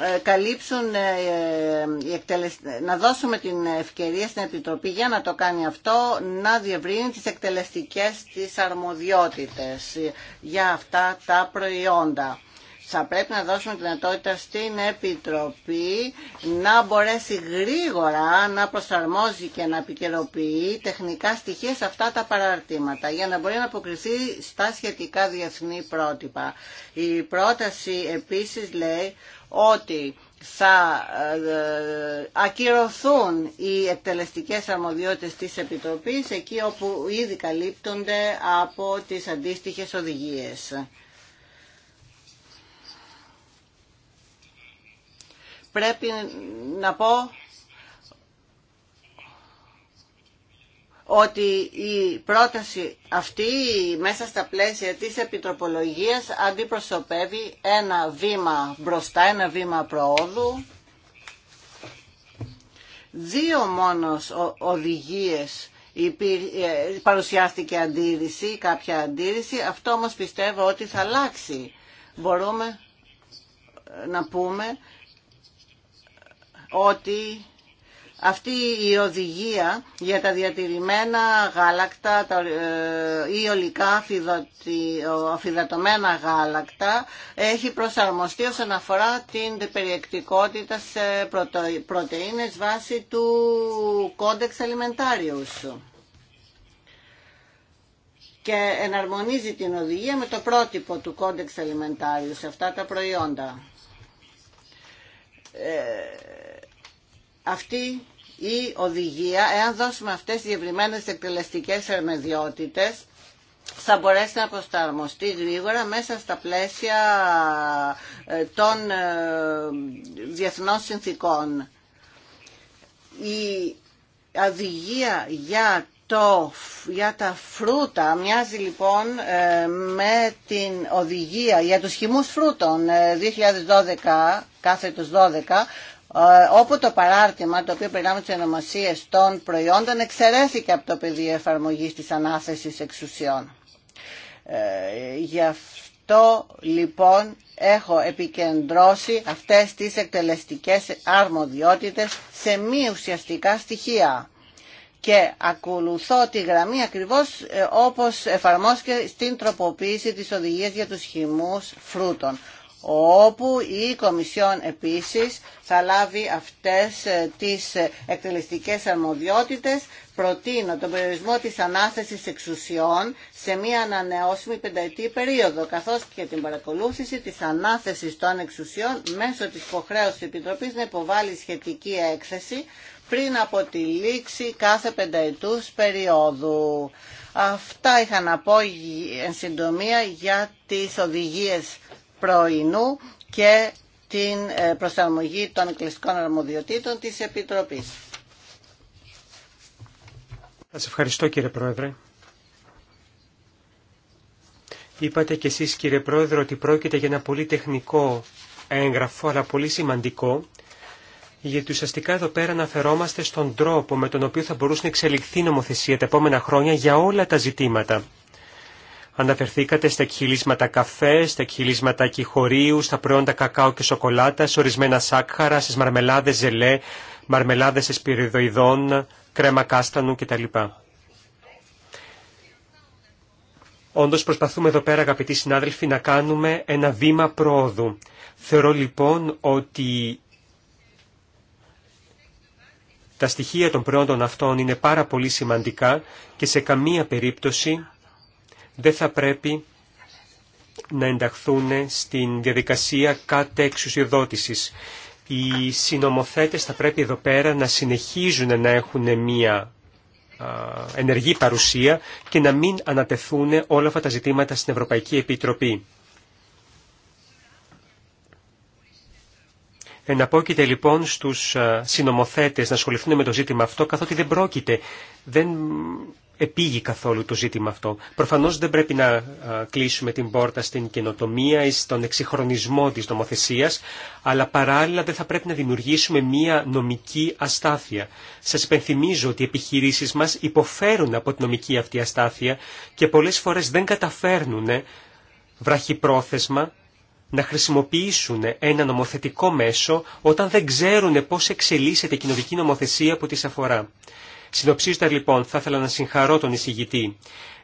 ε, καλύψουν, ε, ε, να δώσουμε την ευκαιρία στην Επιτροπή για να το κάνει αυτό, να διευρύνει τις εκτελεστικές της αρμοδιότητες για αυτά τα προϊόντα θα πρέπει να δώσουμε δυνατότητα στην Επιτροπή να μπορέσει γρήγορα να προσαρμόζει και να επικαιροποιεί τεχνικά στοιχεία σε αυτά τα παραρτήματα για να μπορεί να αποκριθεί στα σχετικά διεθνή πρότυπα. Η πρόταση επίσης λέει ότι θα ε, ακυρωθούν οι εκτελεστικές αρμοδιότητες της Επιτροπής εκεί όπου ήδη καλύπτονται από τις αντίστοιχες οδηγίες. πρέπει να πω ότι η πρόταση αυτή μέσα στα πλαίσια της επιτροπολογίας αντιπροσωπεύει ένα βήμα μπροστά, ένα βήμα προόδου. Δύο μόνος οδηγίες ε, παρουσιάστηκε αντίρρηση, κάποια αντίρρηση. Αυτό όμως πιστεύω ότι θα αλλάξει. Μπορούμε να πούμε ότι αυτή η οδηγία για τα διατηρημένα γάλακτα ή ε, ολικά αφιδατωμένα γάλακτα έχει προσαρμοστεί όσον αφορά την περιεκτικότητα σε πρωτεΐνες βάσει του κόντεξ αλιμεντάριους και εναρμονίζει την οδηγία με το πρότυπο του κόντεξ αλιμεντάριου σε αυτά τα προϊόντα. Ε, αυτή η οδηγία, εάν δώσουμε αυτές τις διευρυμένες εκτελεστικές αρμεδιότητες, θα μπορέσει να προσταρμοστεί γρήγορα μέσα στα πλαίσια ε, των ε, διεθνών συνθήκων. Η οδηγία για το, για τα φρούτα μοιάζει λοιπόν ε, με την οδηγία για τους χυμούς φρούτων 2012 κάθε 12 ε, όπου το παράρτημα το οποίο περιλάμβανε τις ονομασίε των προϊόντων εξαιρέθηκε από το πεδίο εφαρμογής της ανάθεσης εξουσιών. Ε, γι' αυτό λοιπόν έχω επικεντρώσει αυτές τις εκτελεστικές αρμοδιότητες σε μη ουσιαστικά στοιχεία και ακολουθώ τη γραμμή ακριβώς ε, όπως εφαρμόστηκε στην τροποποίηση της οδηγίας για τους χυμούς φρούτων όπου η Κομισιόν επίσης θα λάβει αυτές ε, τις ε, εκτελεστικές αρμοδιότητες προτείνω τον περιορισμό της ανάθεσης εξουσιών σε μία ανανεώσιμη πενταετή περίοδο, καθώς και την παρακολούθηση της ανάθεσης των εξουσιών μέσω της υποχρέωσης της Επιτροπής να υποβάλει σχετική έκθεση πριν από τη λήξη κάθε πενταετούς περίοδου. Αυτά είχα να πω εν συντομία για τις οδηγίες πρωινού και την ε, προσαρμογή των εκκληστικών αρμοδιοτήτων της Επιτροπής. Σας ευχαριστώ κύριε Πρόεδρε. Είπατε και εσείς κύριε Πρόεδρε ότι πρόκειται για ένα πολύ τεχνικό έγγραφο αλλά πολύ σημαντικό γιατί ουσιαστικά εδώ πέρα αναφερόμαστε στον τρόπο με τον οποίο θα μπορούσε να εξελιχθεί η νομοθεσία τα επόμενα χρόνια για όλα τα ζητήματα. Αναφερθήκατε στα εκχυλίσματα καφέ, στα εκχυλίσματα κυχορίου, στα προϊόντα κακάο και σοκολάτα, σε ορισμένα σάκχαρα, στι μαρμελάδες ζελέ, μαρμελάδε εσπυριδοειδών, κρέμα κάστανου κτλ. Όντως προσπαθούμε εδώ πέρα αγαπητοί συνάδελφοι να κάνουμε ένα βήμα πρόοδου. Θεωρώ λοιπόν ότι τα στοιχεία των προϊόντων αυτών είναι πάρα πολύ σημαντικά και σε καμία περίπτωση δεν θα πρέπει να ενταχθούν στην διαδικασία κάτω εξουσιοδότησης. Οι συνομοθέτες θα πρέπει εδώ πέρα να συνεχίζουν να έχουν μία ενεργή παρουσία και να μην ανατεθούν όλα αυτά τα ζητήματα στην Ευρωπαϊκή Επιτροπή. Εναπόκειται λοιπόν στους συνομοθέτες να ασχοληθούν με το ζήτημα αυτό, καθότι δεν πρόκειται, δεν επίγει καθόλου το ζήτημα αυτό. Προφανώς δεν πρέπει να κλείσουμε την πόρτα στην καινοτομία ή στον εξυγχρονισμό της νομοθεσίας, αλλά παράλληλα δεν θα πρέπει να δημιουργήσουμε μία νομική αστάθεια. Σας υπενθυμίζω ότι οι επιχειρήσεις μας υποφέρουν από την νομική αυτή αστάθεια και πολλές φορές δεν καταφέρνουν ε, βραχυπρόθεσμα να χρησιμοποιήσουν ένα νομοθετικό μέσο όταν δεν ξέρουν πώς εξελίσσεται η κοινωνική νομοθεσία που τις αφορά. Συνοψίζοντα λοιπόν, θα ήθελα να συγχαρώ τον εισηγητή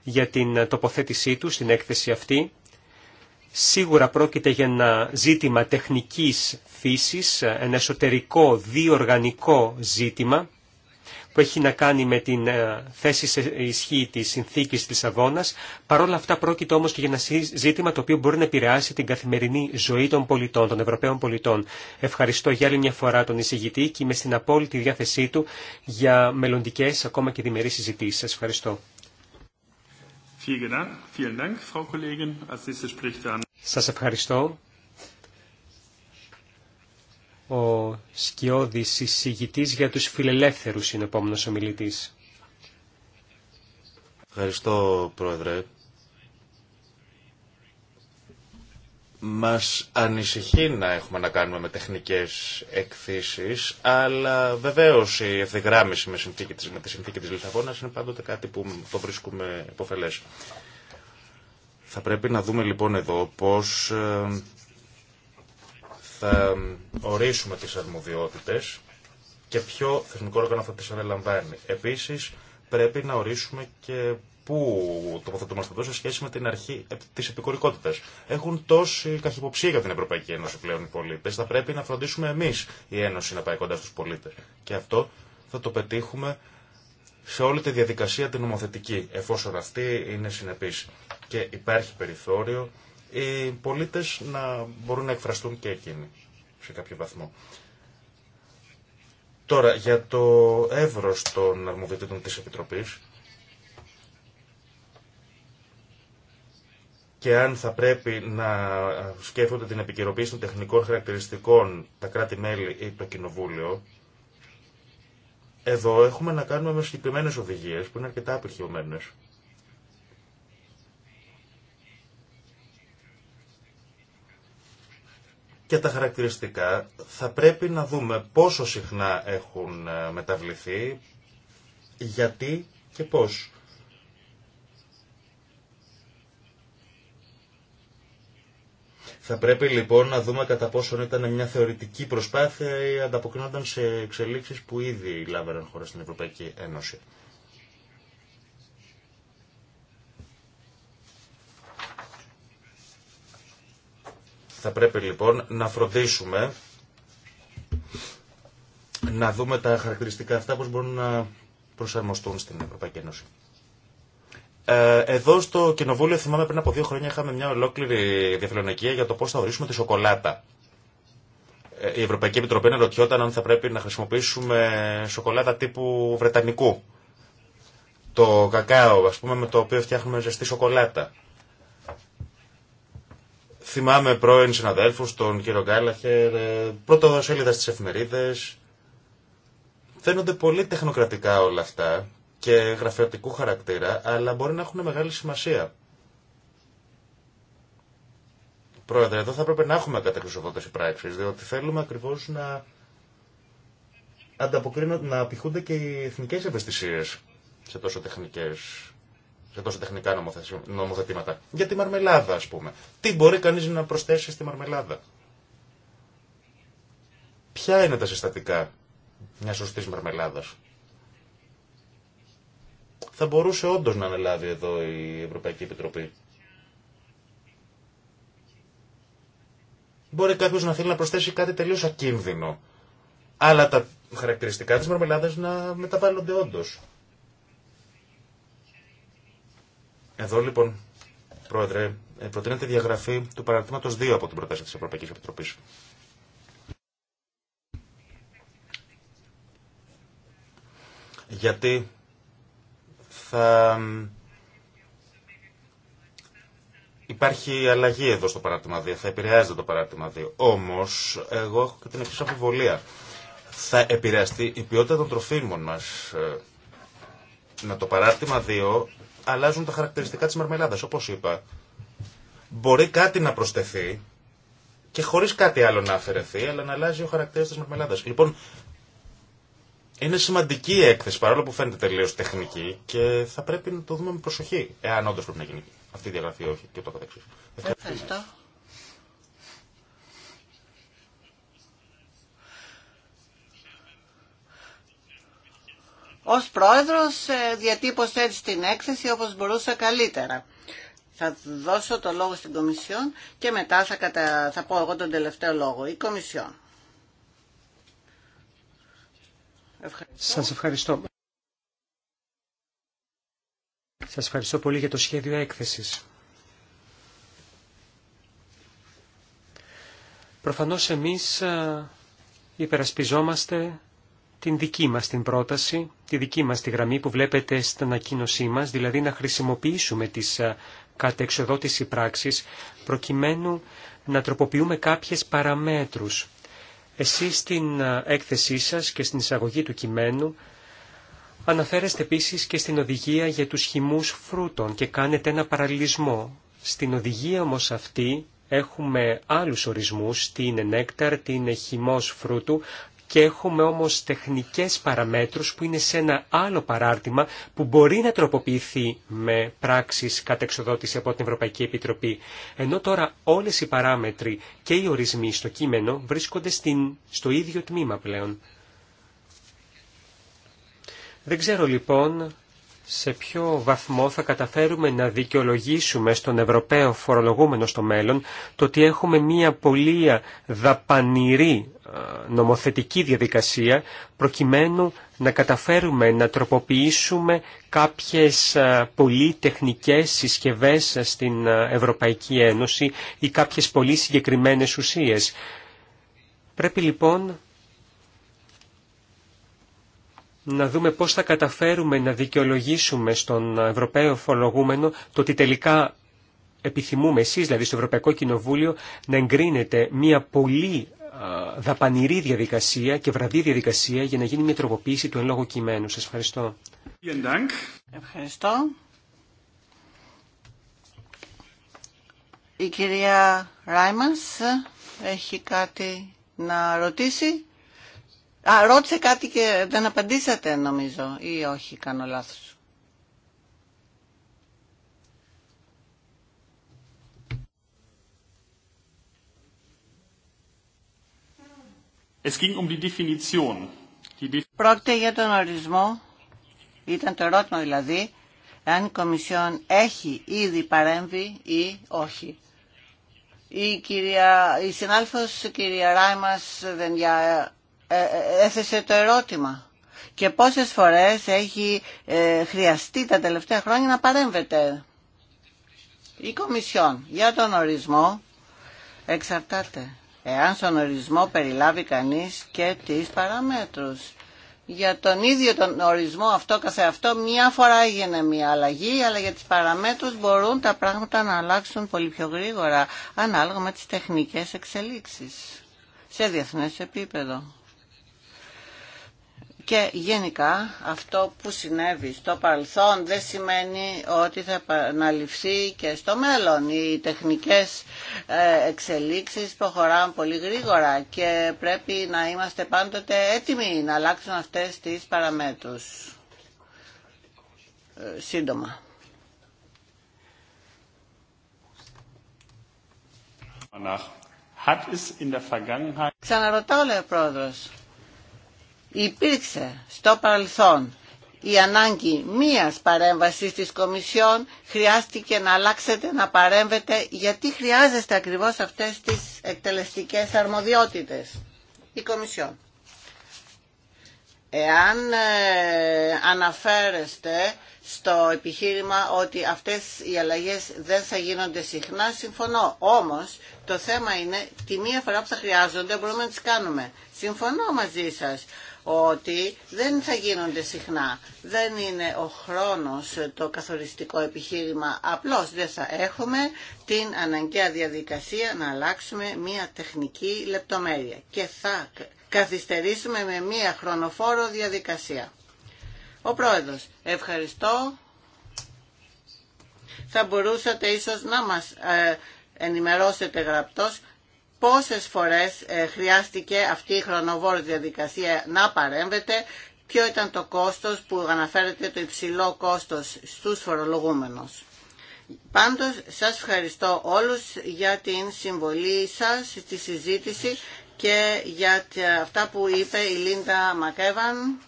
για την τοποθέτησή του στην έκθεση αυτή. Σίγουρα πρόκειται για ένα ζήτημα τεχνικής φύσης, ένα εσωτερικό διοργανικό ζήτημα που έχει να κάνει με την ε, θέση σε ισχύ της συνθήκης της Αβώνας. παρόλα αυτά πρόκειται όμως και για ένα ζήτημα το οποίο μπορεί να επηρεάσει την καθημερινή ζωή των πολιτών, των Ευρωπαίων πολιτών. Ευχαριστώ για άλλη μια φορά τον εισηγητή και είμαι στην απόλυτη διάθεσή του για μελλοντικέ ακόμα και διμερείς συζητήσεις. Σας ευχαριστώ. Σας ευχαριστώ. Ο Σκιώδης, εισηγητής για τους φιλελεύθερους, είναι επόμενος ο Ευχαριστώ, Πρόεδρε. Μας ανησυχεί να έχουμε να κάνουμε με τεχνικές εκθήσεις, αλλά βεβαίως η ευθυγράμμιση με, συνθήκη της, με τη συνθήκη της Λισαβόνας είναι πάντοτε κάτι που το βρίσκουμε υποφελές. Θα πρέπει να δούμε λοιπόν εδώ πώς ε, θα ορίσουμε τις αρμοδιότητες και ποιο θεσμικό όργανο θα τις αναλαμβάνει. Επίσης, πρέπει να ορίσουμε και πού τοποθετούμαστε εδώ σε σχέση με την αρχή της επικορικότητας. Έχουν τόση καχυποψία για την Ευρωπαϊκή Ένωση πλέον οι πολίτες. Θα πρέπει να φροντίσουμε εμείς η Ένωση να πάει κοντά στους πολίτε. Και αυτό θα το πετύχουμε σε όλη τη διαδικασία την νομοθετική, εφόσον αυτή είναι συνεπής. Και υπάρχει περιθώριο οι πολίτες να μπορούν να εκφραστούν και εκείνοι σε κάποιο βαθμό. Τώρα, για το εύρος των αρμοδιοτήτων της Επιτροπής και αν θα πρέπει να σκέφτονται την επικαιροποίηση των τεχνικών χαρακτηριστικών τα κράτη-μέλη ή το Κοινοβούλιο, εδώ έχουμε να κάνουμε με συγκεκριμένε οδηγίες που είναι αρκετά απερχαιωμένες. και τα χαρακτηριστικά θα πρέπει να δούμε πόσο συχνά έχουν ε, μεταβληθεί, γιατί και πώς. Θα πρέπει λοιπόν να δούμε κατά πόσον ήταν μια θεωρητική προσπάθεια ή ανταποκρινόταν σε εξελίξεις που ήδη λάβαιναν χώρα στην Ευρωπαϊκή Ένωση. Θα πρέπει λοιπόν να φροντίσουμε να δούμε τα χαρακτηριστικά αυτά πώς μπορούν να προσαρμοστούν στην Ευρωπαϊκή Ένωση. Ε, εδώ στο Κοινοβούλιο θυμάμαι πριν από δύο χρόνια είχαμε μια ολόκληρη διαφιλονικία για το πώς θα ορίσουμε τη σοκολάτα. Ε, η Ευρωπαϊκή Επιτροπή αναρωτιόταν αν θα πρέπει να χρησιμοποιήσουμε σοκολάτα τύπου Βρετανικού. Το κακάο, ας πούμε, με το οποίο φτιάχνουμε ζεστή σοκολάτα. Θυμάμαι πρώην συναδέλφου, τον κύριο Γκάλαχερ, ε, πρώτο σελίδα στι εφημερίδε. Φαίνονται πολύ τεχνοκρατικά όλα αυτά και γραφειοτικού χαρακτήρα, αλλά μπορεί να έχουν μεγάλη σημασία. Πρόεδρε, εδώ θα πρέπει να έχουμε κατακρισοδότες πράξη, διότι θέλουμε ακριβώ να ανταποκρίνονται, να απηχούνται και οι εθνικέ ευαισθησίε σε τόσο τεχνικές σε τόσο τεχνικά νομοθετήματα. Για τη μαρμελάδα, α πούμε. Τι μπορεί κανεί να προσθέσει στη μαρμελάδα. Ποια είναι τα συστατικά μια σωστή μαρμελάδας. Θα μπορούσε όντω να αναλάβει εδώ η Ευρωπαϊκή Επιτροπή. Μπορεί κάποιο να θέλει να προσθέσει κάτι τελείως ακίνδυνο. Αλλά τα χαρακτηριστικά της μαρμελάδας να μεταβάλλονται όντως. Εδώ λοιπόν, Πρόεδρε, ε, προτείνεται διαγραφή του παραρτήματος 2 από την προτάση τη Ευρωπαϊκή Επιτροπή. Γιατί θα υπάρχει αλλαγή εδώ στο παράρτημα 2, θα επηρεάζεται το παράρτημα 2. Όμω, εγώ έχω και την εξή αμφιβολία. Θα επηρεαστεί η ποιότητα των τροφίμων μα. Ε, με το παράρτημα 2 αλλάζουν τα χαρακτηριστικά της μαρμελάδας, όπως είπα. Μπορεί κάτι να προσθεθεί και χωρίς κάτι άλλο να αφαιρεθεί, αλλά να αλλάζει ο χαρακτήρας της μαρμελάδας. Λοιπόν, είναι σημαντική η έκθεση, παρόλο που φαίνεται τελείω τεχνική και θα πρέπει να το δούμε με προσοχή, εάν όντω πρέπει να γίνει αυτή η διαγραφή, όχι και το καθεξή. Ευχαριστώ. ως πρόεδρος ε, διατύπωσε έτσι την έκθεση όπως μπορούσα καλύτερα. Θα δώσω το λόγο στην Κομισιόν και μετά θα, θα πω εγώ τον τελευταίο λόγο. Η Κομισιόν. Ευχαριστώ. Σας ευχαριστώ. Σας ευχαριστώ πολύ για το σχέδιο έκθεσης. Προφανώς εμείς ε, υπερασπιζόμαστε την δική μας την πρόταση, τη δική μας τη γραμμή που βλέπετε στην ανακοίνωσή μας, δηλαδή να χρησιμοποιήσουμε τις ε, κατεξοδότηση πράξεις προκειμένου να τροποποιούμε κάποιες παραμέτρους. Εσείς στην ε, έκθεσή σας και στην εισαγωγή του κειμένου αναφέρεστε επίσης και στην οδηγία για τους χυμούς φρούτων και κάνετε ένα παραλληλισμό. Στην οδηγία όμως αυτή έχουμε άλλους ορισμούς, τι είναι νέκταρ, τι είναι χυμός φρούτου, και έχουμε όμως τεχνικές παραμέτρους που είναι σε ένα άλλο παράρτημα που μπορεί να τροποποιηθεί με πράξεις εξοδότηση από την Ευρωπαϊκή Επιτροπή. Ενώ τώρα όλες οι παράμετροι και οι ορισμοί στο κείμενο βρίσκονται στην, στο ίδιο τμήμα πλέον. Δεν ξέρω λοιπόν σε ποιο βαθμό θα καταφέρουμε να δικαιολογήσουμε στον Ευρωπαίο φορολογούμενο στο μέλλον το ότι έχουμε μία πολύ δαπανηρή νομοθετική διαδικασία προκειμένου να καταφέρουμε να τροποποιήσουμε κάποιες πολύ τεχνικές συσκευές στην Ευρωπαϊκή Ένωση ή κάποιες πολύ συγκεκριμένες ουσίες. Πρέπει λοιπόν να δούμε πώς θα καταφέρουμε να δικαιολογήσουμε στον Ευρωπαίο φορολογούμενο το ότι τελικά επιθυμούμε εσείς, δηλαδή στο Ευρωπαϊκό Κοινοβούλιο, να εγκρίνεται μια πολύ δαπανηρή διαδικασία και βραδύ διαδικασία για να γίνει μια τροποποίηση του εν λόγω κειμένου. Σας ευχαριστώ. Ευχαριστώ. Η κυρία Ράιμανς έχει κάτι να ρωτήσει. Α, ρώτησε κάτι και δεν απαντήσατε νομίζω ή όχι, κάνω λάθος. Es um Πρόκειται για τον ορισμό, ήταν το ερώτημα δηλαδή, αν η Κομισιόν έχει ήδη παρέμβει ή όχι. Η, κυρία, η συνάλφος κυρία Ράιμας για... Ε, ε, έθεσε το ερώτημα και πόσες φορές έχει ε, χρειαστεί τα τελευταία χρόνια να παρέμβεται η Κομισιόν για τον ορισμό εξαρτάται εάν στον ορισμό περιλάβει κανείς και τις παραμέτρους. Για τον ίδιο τον ορισμό αυτό καθεαυτό μία φορά έγινε μία αλλαγή, αλλά για τις παραμέτρους μπορούν τα πράγματα να αλλάξουν πολύ πιο γρήγορα, ανάλογα με τις τεχνικές εξελίξεις σε διεθνές επίπεδο. Και γενικά αυτό που συνέβη στο παρελθόν δεν σημαίνει ότι θα αναλυφθεί και στο μέλλον. Οι τεχνικές ε, εξελίξεις προχωράν πολύ γρήγορα και πρέπει να είμαστε πάντοτε έτοιμοι να αλλάξουν αυτές τις παραμέτρους. Ε, σύντομα. Ξαναρωτάω, λέει ο πρόεδρος, υπήρξε στο παρελθόν η ανάγκη μίας παρέμβασης της Κομισιόν χρειάστηκε να αλλάξετε, να παρέμβετε γιατί χρειάζεστε ακριβώς αυτές τις εκτελεστικές αρμοδιότητες η Κομισιόν. Εάν ε, αναφέρεστε στο επιχείρημα ότι αυτές οι αλλαγές δεν θα γίνονται συχνά, συμφωνώ. Όμως το θέμα είναι τη μία φορά που θα χρειάζονται μπορούμε να τις κάνουμε. Συμφωνώ μαζί σας ότι δεν θα γίνονται συχνά. Δεν είναι ο χρόνος το καθοριστικό επιχείρημα. Απλώς δεν θα έχουμε την αναγκαία διαδικασία να αλλάξουμε μία τεχνική λεπτομέρεια και θα καθυστερήσουμε με μία χρονοφόρο διαδικασία. Ο Πρόεδρος, ευχαριστώ. Θα μπορούσατε ίσως να μας ε, ενημερώσετε γραπτός πόσες φορές ε, χρειάστηκε αυτή η χρονοβόρη διαδικασία να παρέμβεται, ποιο ήταν το κόστος που αναφέρεται το υψηλό κόστος στους φορολογούμενους. Πάντως, σας ευχαριστώ όλους για την συμβολή σας στη συζήτηση και για αυτά που είπε η Λίντα Μακέβαν.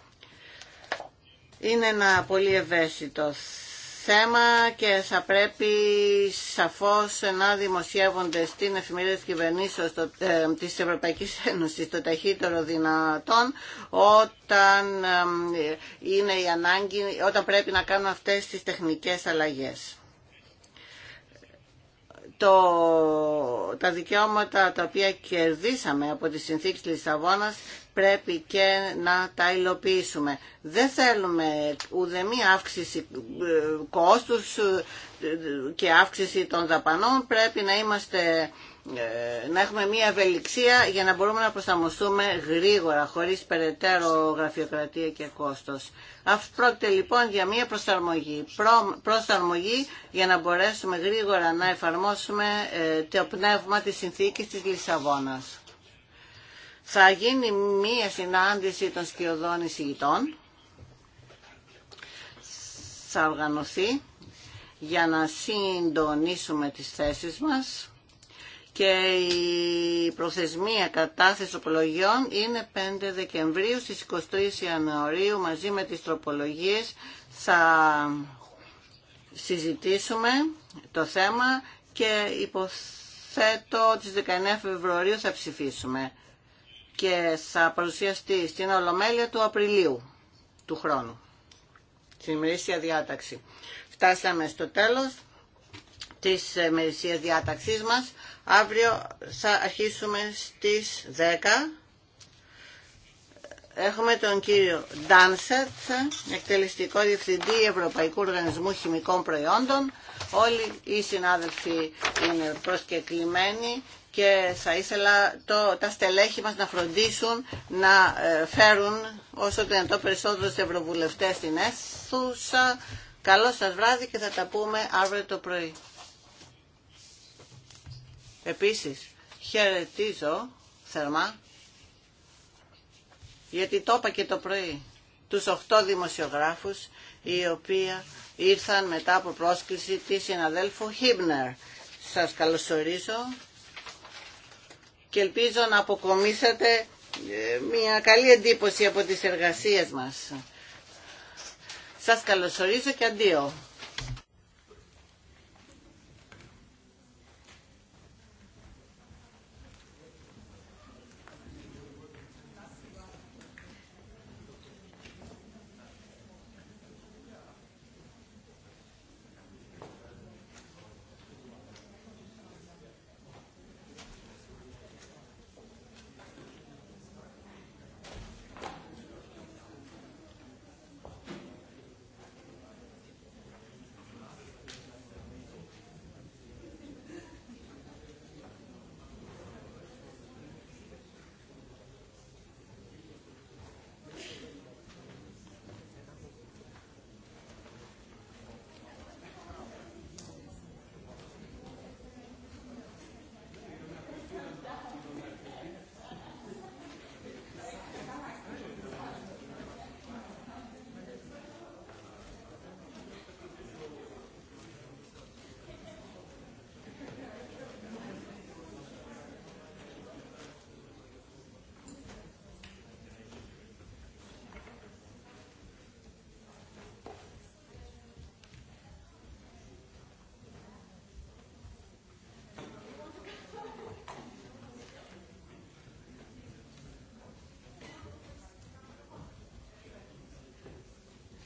Είναι ένα πολύ ευαίσθητο θέμα και θα πρέπει σαφώς να δημοσιεύονται στην εφημερίδα της κυβερνήσεως ε, της Ευρωπαϊκής Ένωσης το ταχύτερο δυνατόν όταν ε, είναι η ανάγκη, όταν πρέπει να κάνουν αυτές τις τεχνικές αλλαγές. Το, τα δικαιώματα τα οποία κερδίσαμε από τη συνθήκη της Λισαβόνας πρέπει και να τα υλοποιήσουμε. Δεν θέλουμε μία αύξηση ε, κόστους ε, και αύξηση των δαπανών. Πρέπει να είμαστε ε, να έχουμε μία ευελιξία για να μπορούμε να προσαρμοστούμε γρήγορα, χωρίς περαιτέρω γραφειοκρατία και κόστος. Αυτό πρόκειται λοιπόν για μία προσαρμογή. προσαρμογή για να μπορέσουμε γρήγορα να εφαρμόσουμε το πνεύμα της συνθήκης της Λισαβόνας θα γίνει μία συνάντηση των σκιωδών εισηγητών. Θα οργανωθεί για να συντονίσουμε τις θέσεις μας και η προθεσμία κατάθεση τροπολογιών είναι 5 Δεκεμβρίου στις 23 Ιανουαρίου μαζί με τις τροπολογίες θα συζητήσουμε το θέμα και υποθέτω στις 19 Φεβρουαρίου θα ψηφίσουμε και θα παρουσιαστεί στην Ολομέλεια του Απριλίου του χρόνου. Στην ημερήσια διάταξη. Φτάσαμε στο τέλος της ημερησίας διάταξής μας. Αύριο θα αρχίσουμε στις 10. Έχουμε τον κύριο Ντάνσετ, εκτελεστικό διευθυντή Ευρωπαϊκού Οργανισμού Χημικών Προϊόντων. Όλοι οι συνάδελφοι είναι προσκεκλημένοι και θα ήθελα το, τα στελέχη μας να φροντίσουν να ε, φέρουν όσο περισσότερο σε ευρωβουλευτές στην αίθουσα. Καλό σας βράδυ και θα τα πούμε αύριο το πρωί. Επίσης, χαιρετίζω θερμά, γιατί το είπα και το πρωί, τους 8 δημοσιογράφους οι οποίοι ήρθαν μετά από πρόσκληση της συναδέλφου Χίμπνερ. Σας καλωσορίζω και ελπίζω να αποκομίσετε ε, μια καλή εντύπωση από τις εργασίες μας. Σας καλωσορίζω και αντίο.